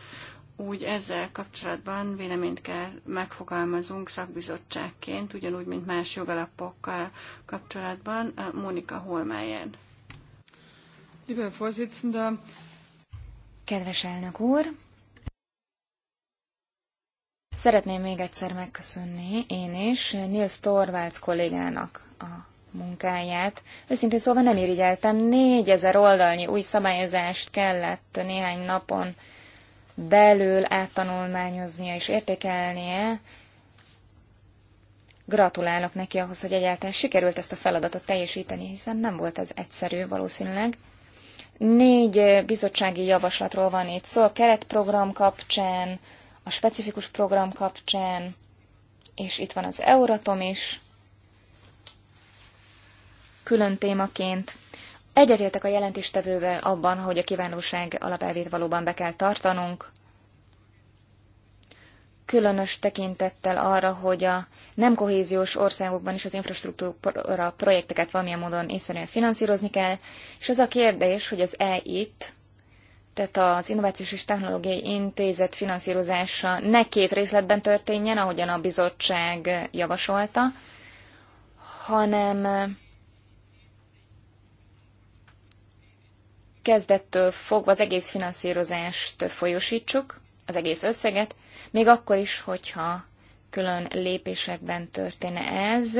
úgy ezzel kapcsolatban véleményt kell megfogalmazunk szakbizottságként, ugyanúgy, mint más jogalapokkal kapcsolatban. Monika Holmáján. Liebe Vorsitzende, Kedves elnök úr! Szeretném még egyszer megköszönni én is Nils Torvalds kollégának a munkáját. Őszintén szóval nem irigyeltem, négyezer oldalnyi új szabályozást kellett néhány napon belül áttanulmányoznia és értékelnie. Gratulálok neki ahhoz, hogy egyáltalán sikerült ezt a feladatot teljesíteni, hiszen nem volt ez egyszerű valószínűleg. Négy bizottsági javaslatról van itt szó, szóval a keretprogram kapcsán, a specifikus program kapcsán, és itt van az Euratom is, külön témaként. Egyetértek a jelentéstevővel abban, hogy a kiválóság alapelvét valóban be kell tartanunk, különös tekintettel arra, hogy a nem kohéziós országokban is az infrastruktúra projekteket valamilyen módon észszerűen finanszírozni kell, és az a kérdés, hogy az EIT, tehát az Innovációs és Technológiai Intézet finanszírozása ne két részletben történjen, ahogyan a bizottság javasolta, hanem kezdettől fogva az egész finanszírozást folyosítsuk, az egész összeget, még akkor is, hogyha külön lépésekben történne ez.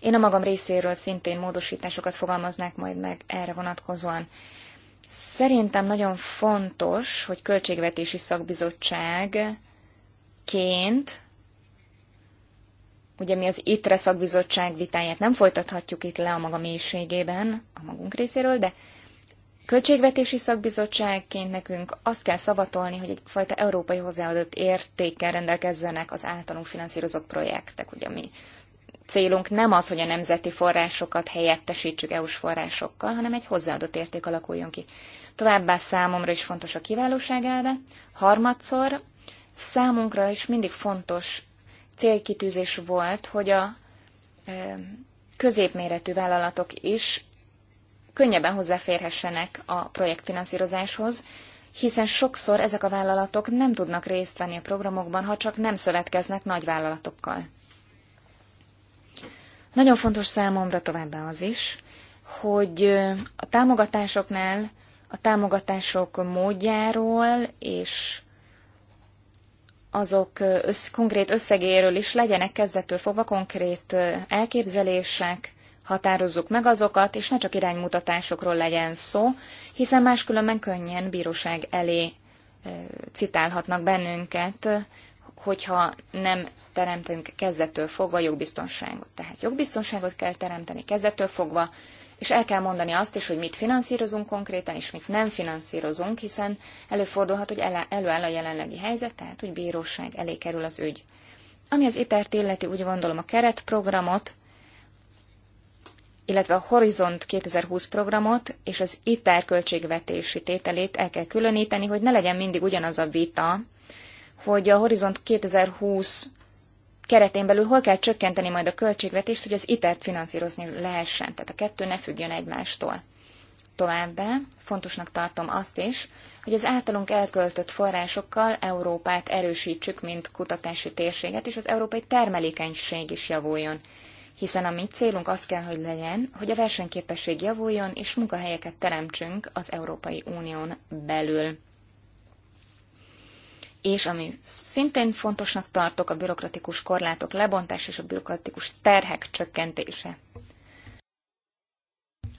Én a magam részéről szintén módosításokat fogalmaznák majd meg erre vonatkozóan. Szerintem nagyon fontos, hogy költségvetési szakbizottságként, ugye mi az ITRE szakbizottság vitáját nem folytathatjuk itt le a maga mélységében, a magunk részéről, de Költségvetési szakbizottságként nekünk azt kell szavatolni, hogy egyfajta európai hozzáadott értékkel rendelkezzenek az általunk finanszírozott projektek. Ugye mi célunk nem az, hogy a nemzeti forrásokat helyettesítsük EU-s forrásokkal, hanem egy hozzáadott érték alakuljon ki. Továbbá számomra is fontos a kiválóság elve. Harmadszor számunkra is mindig fontos célkitűzés volt, hogy a középméretű vállalatok is könnyebben hozzáférhessenek a projektfinanszírozáshoz, hiszen sokszor ezek a vállalatok nem tudnak részt venni a programokban, ha csak nem szövetkeznek nagy vállalatokkal. Nagyon fontos számomra továbbá az is, hogy a támogatásoknál a támogatások módjáról és azok össz, konkrét összegéről is legyenek kezdettől fogva konkrét elképzelések, határozzuk meg azokat, és ne csak iránymutatásokról legyen szó, hiszen máskülönben könnyen bíróság elé citálhatnak bennünket, hogyha nem teremtünk kezdettől fogva jogbiztonságot. Tehát jogbiztonságot kell teremteni kezdettől fogva, és el kell mondani azt is, hogy mit finanszírozunk konkrétan, és mit nem finanszírozunk, hiszen előfordulhat, hogy előáll a jelenlegi helyzet, tehát hogy bíróság elé kerül az ügy. Ami az itert illeti, úgy gondolom a keretprogramot, illetve a Horizont 2020 programot és az ITER költségvetési tételét el kell különíteni, hogy ne legyen mindig ugyanaz a vita, hogy a Horizont 2020 keretén belül hol kell csökkenteni majd a költségvetést, hogy az ITER-t finanszírozni lehessen. Tehát a kettő ne függjön egymástól. Továbbá fontosnak tartom azt is, hogy az általunk elköltött forrásokkal Európát erősítsük, mint kutatási térséget, és az európai termelékenység is javuljon hiszen a mi célunk az kell, hogy legyen, hogy a versenyképesség javuljon, és munkahelyeket teremtsünk az Európai Unión belül. És ami szintén fontosnak tartok, a bürokratikus korlátok lebontása és a bürokratikus terhek csökkentése.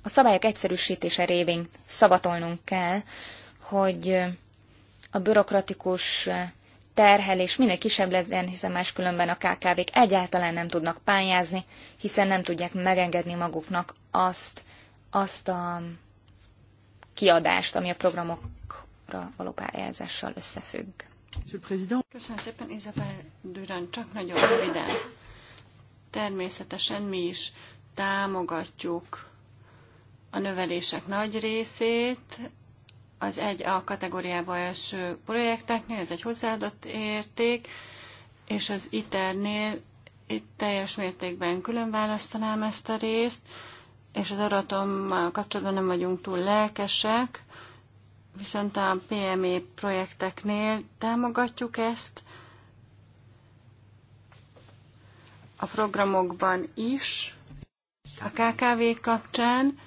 A szabályok egyszerűsítése révén szabatolnunk kell, hogy a bürokratikus és minél kisebb lesz, hiszen máskülönben a KKV-k egyáltalán nem tudnak pályázni, hiszen nem tudják megengedni maguknak azt, azt a kiadást, ami a programokra való pályázással összefügg. Köszönöm szépen, Izabel Durán, csak nagyon röviden. Természetesen mi is támogatjuk a növelések nagy részét, az egy a kategóriába eső projekteknél, ez egy hozzáadott érték, és az ITER-nél itt teljes mértékben külön választanám ezt a részt, és az adatommal kapcsolatban nem vagyunk túl lelkesek, viszont a PME projekteknél támogatjuk ezt, a programokban is, a KKV kapcsán,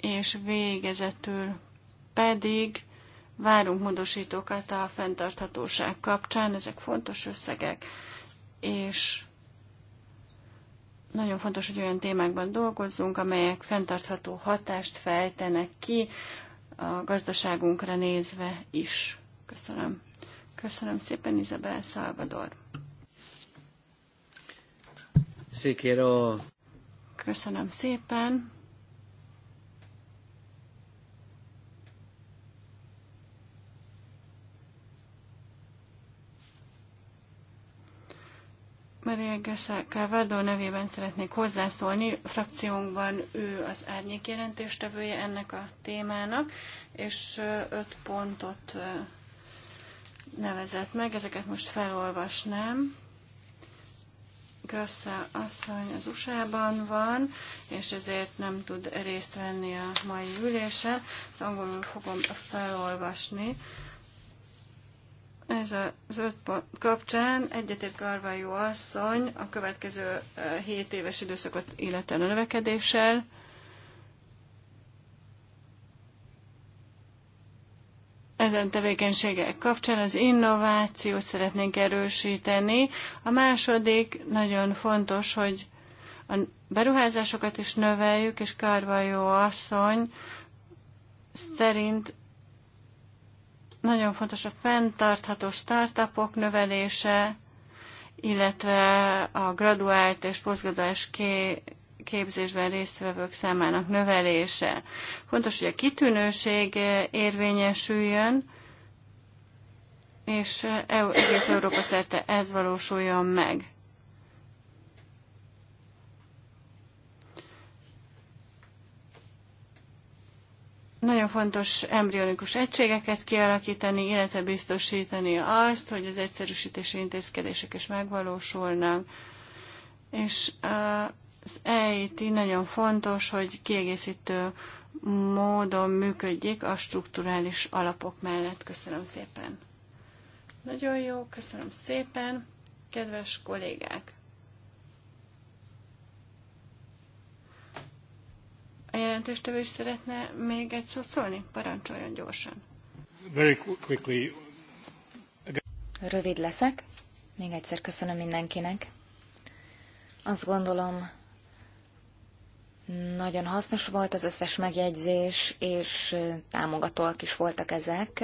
és végezetül pedig várunk módosítókat a fenntarthatóság kapcsán, ezek fontos összegek, és nagyon fontos, hogy olyan témákban dolgozzunk, amelyek fenntartható hatást fejtenek ki a gazdaságunkra nézve is. Köszönöm. Köszönöm szépen, Izabel Salvador. Köszönöm szépen. Maria Gessa Cavado nevében szeretnék hozzászólni. Frakciónkban ő az árnyék jelentéstevője ennek a témának, és öt pontot nevezett meg, ezeket most felolvasnám. Grassa asszony az USA-ban van, és ezért nem tud részt venni a mai ülésen. Angolul fogom felolvasni ez az öt kapcsán egyetért Karvajó asszony a következő 7 éves időszakot illetően a növekedéssel. Ezen tevékenységek kapcsán az innovációt szeretnénk erősíteni. A második nagyon fontos, hogy a beruházásokat is növeljük, és Karvajó asszony szerint nagyon fontos a fenntartható startupok növelése, illetve a graduált és posztgraduális képzésben résztvevők számának növelése. Fontos, hogy a kitűnőség érvényesüljön, és e- egész Európa szerte ez valósuljon meg. Nagyon fontos embrionikus egységeket kialakítani, illetve biztosítani azt, hogy az egyszerűsítési intézkedések is megvalósulnak. És az EIT nagyon fontos, hogy kiegészítő módon működjék a strukturális alapok mellett. Köszönöm szépen. Nagyon jó, köszönöm szépen, kedves kollégák! A jelentéstevő is szeretne még egy szót szólni? Parancsoljon gyorsan. Very quickly. Rövid leszek. Még egyszer köszönöm mindenkinek. Azt gondolom, nagyon hasznos volt az összes megjegyzés, és támogatóak is voltak ezek.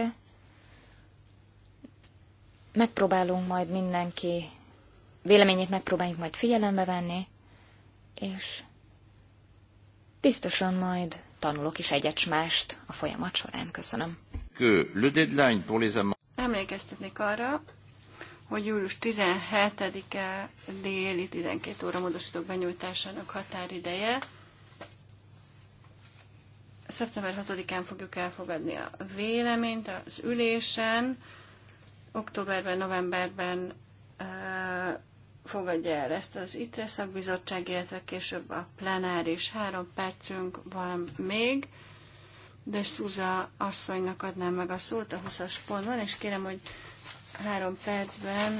Megpróbálunk majd mindenki, véleményét megpróbáljuk majd figyelembe venni, és Biztosan majd tanulok is egyet mást a folyamat során. Köszönöm. Emlékeztetnék arra, hogy július 17-e déli 12 óra módosítók benyújtásának határideje. Szeptember 6-án fogjuk elfogadni a véleményt az ülésen. Októberben, novemberben fogadja el ezt az ITRE szakbizottság, illetve később a plenáris. Három percünk van még, de Szuza asszonynak adnám meg a szót a 20-as ponton, és kérem, hogy három percben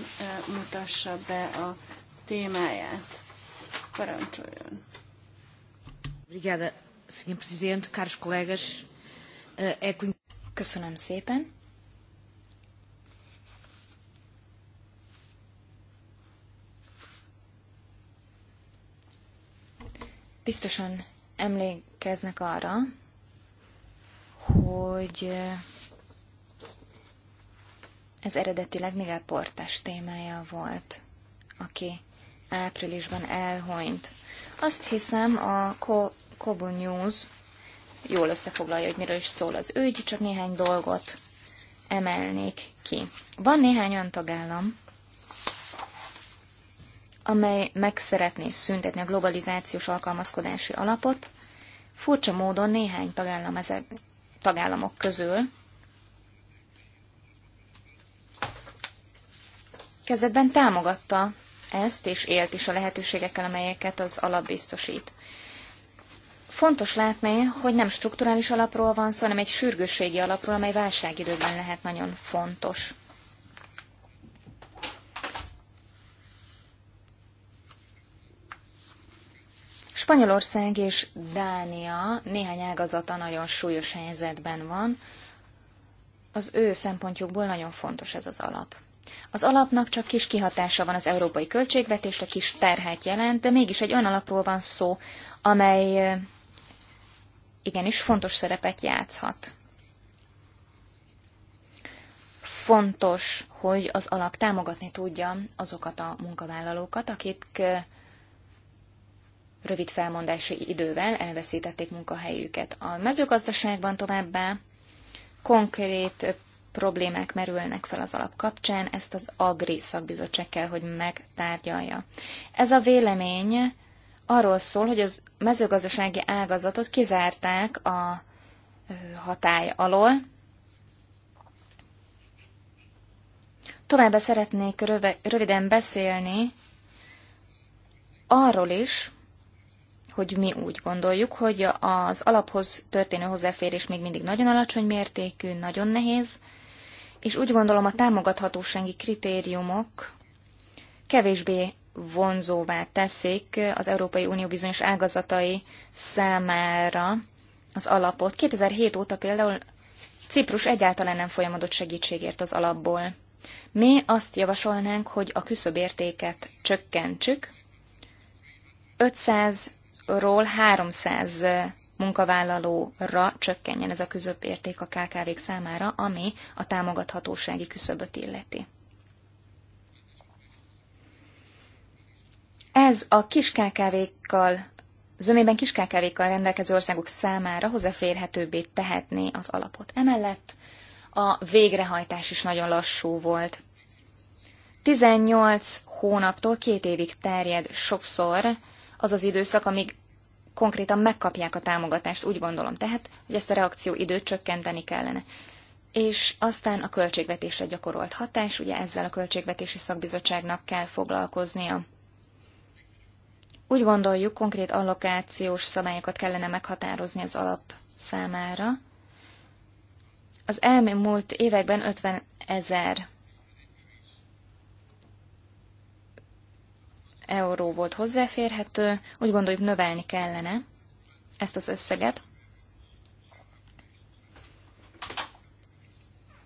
mutassa be a témáját. Parancsoljon. Obrigada, Sr. Presidente, caros colegas. Köszönöm szépen. biztosan emlékeznek arra, hogy ez eredetileg Miguel Portás témája volt, aki áprilisban elhonyt. Azt hiszem, a Kobo News jól összefoglalja, hogy miről is szól az ügy, csak néhány dolgot emelnék ki. Van néhány olyan tagállam, amely meg szeretné szüntetni a globalizációs alkalmazkodási alapot. Furcsa módon néhány tagállam ezek, tagállamok közül kezdetben támogatta ezt, és élt is a lehetőségekkel, amelyeket az alap biztosít. Fontos látni, hogy nem strukturális alapról van szó, hanem egy sürgősségi alapról, amely válságidőben lehet nagyon fontos. Spanyolország és Dánia néhány ágazata nagyon súlyos helyzetben van. Az ő szempontjukból nagyon fontos ez az alap. Az alapnak csak kis kihatása van az európai költségvetésre, kis terhet jelent, de mégis egy olyan alapról van szó, amely igenis fontos szerepet játszhat. Fontos, hogy az alap támogatni tudja azokat a munkavállalókat, akik rövid felmondási idővel elveszítették munkahelyüket. A mezőgazdaságban továbbá konkrét problémák merülnek fel az alap kapcsán, ezt az Agri szakbizottság kell, hogy megtárgyalja. Ez a vélemény arról szól, hogy az mezőgazdasági ágazatot kizárták a hatály alól. Továbbá szeretnék röviden beszélni arról is, hogy mi úgy gondoljuk, hogy az alaphoz történő hozzáférés még mindig nagyon alacsony mértékű, nagyon nehéz, és úgy gondolom a támogathatósági kritériumok kevésbé vonzóvá teszik az Európai Unió bizonyos ágazatai számára az alapot. 2007 óta például Ciprus egyáltalán nem folyamodott segítségért az alapból. Mi azt javasolnánk, hogy a küszöbértéket csökkentsük, 500 ról 300 munkavállalóra csökkenjen ez a küzöbérték a kkv számára, ami a támogathatósági küszöböt illeti. Ez a kis KKV-kkal, zömében kis KKV-kkal rendelkező országok számára hozzáférhetőbbé tehetné az alapot. Emellett a végrehajtás is nagyon lassú volt. 18 hónaptól két évig terjed sokszor az az időszak, amíg konkrétan megkapják a támogatást, úgy gondolom tehát, hogy ezt a reakció időt csökkenteni kellene. És aztán a költségvetésre gyakorolt hatás, ugye ezzel a költségvetési szakbizottságnak kell foglalkoznia. Úgy gondoljuk, konkrét allokációs szabályokat kellene meghatározni az alap számára. Az elmúlt években 50 ezer euró volt hozzáférhető, úgy gondoljuk növelni kellene ezt az összeget.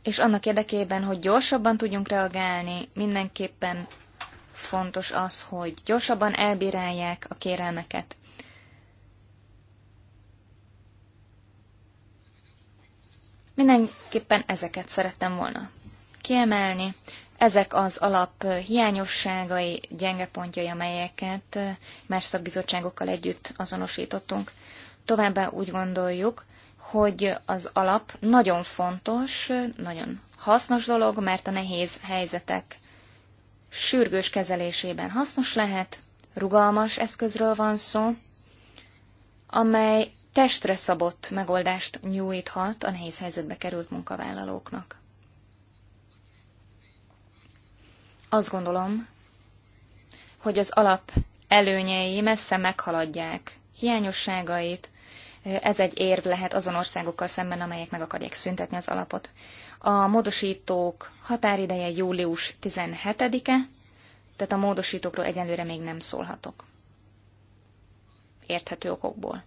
És annak érdekében, hogy gyorsabban tudjunk reagálni, mindenképpen fontos az, hogy gyorsabban elbírálják a kérelmeket. Mindenképpen ezeket szerettem volna kiemelni, ezek az alap hiányosságai, gyenge pontjai, amelyeket más szakbizottságokkal együtt azonosítottunk. Továbbá úgy gondoljuk, hogy az alap nagyon fontos, nagyon hasznos dolog, mert a nehéz helyzetek sürgős kezelésében hasznos lehet, rugalmas eszközről van szó, amely testre szabott megoldást nyújthat a nehéz helyzetbe került munkavállalóknak. Azt gondolom, hogy az alap előnyei messze meghaladják hiányosságait, ez egy érv lehet azon országokkal szemben, amelyek meg akarják szüntetni az alapot. A módosítók határideje július 17-e, tehát a módosítókról egyelőre még nem szólhatok. Érthető okokból.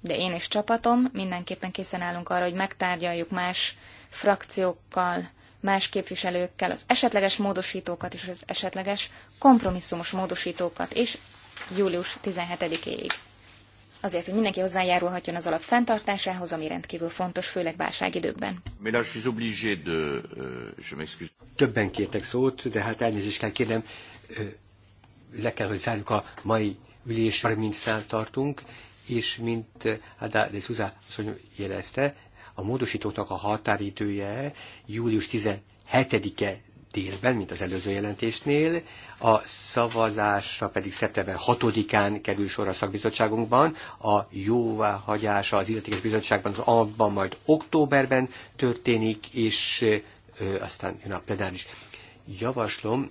De én és csapatom mindenképpen készen állunk arra, hogy megtárgyaljuk más frakciókkal más képviselőkkel az esetleges módosítókat és az esetleges kompromisszumos módosítókat is július 17-éig. Azért, hogy mindenki hozzájárulhatjon az alap fenntartásához, ami rendkívül fontos, főleg válságidőkben. Euh, Többen kértek szót, de hát elnézést kell kérnem, euh, le kell, hogy zárjuk a mai ülés 30 tartunk, és mint euh, Adá de Szuzá jelezte, a módosítóknak a határidője július 17-e délben, mint az előző jelentésnél, a szavazásra pedig szeptember 6-án kerül sor a szakbizottságunkban, a jóváhagyása az illetékes bizottságban az abban majd októberben történik, és ö, aztán jön a plenáris. Javaslom,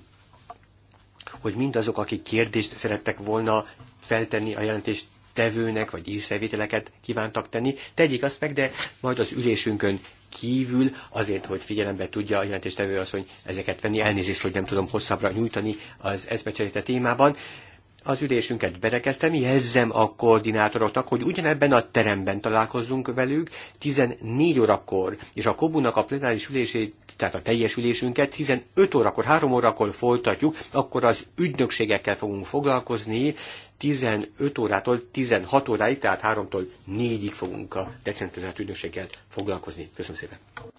hogy mindazok, akik kérdést szerettek volna feltenni a jelentés tevőnek, vagy észrevételeket kívántak tenni. Tegyék azt meg, de majd az ülésünkön kívül, azért, hogy figyelembe tudja a jelentéstevő az, hogy ezeket venni. Elnézést, hogy nem tudom hosszabbra nyújtani az eszmecseréte témában. Az ülésünket berekeztem, jelzem a koordinátoroknak, hogy ugyanebben a teremben találkozunk velük 14 órakor, és a kobunak a plenáris ülését, tehát a teljes ülésünket 15 órakor, 3 órakor folytatjuk, akkor az ügynökségekkel fogunk foglalkozni, 15 órától 16 óráig, tehát 3-tól 4-ig fogunk a decentralizált ügynökséggel foglalkozni. Köszönöm szépen!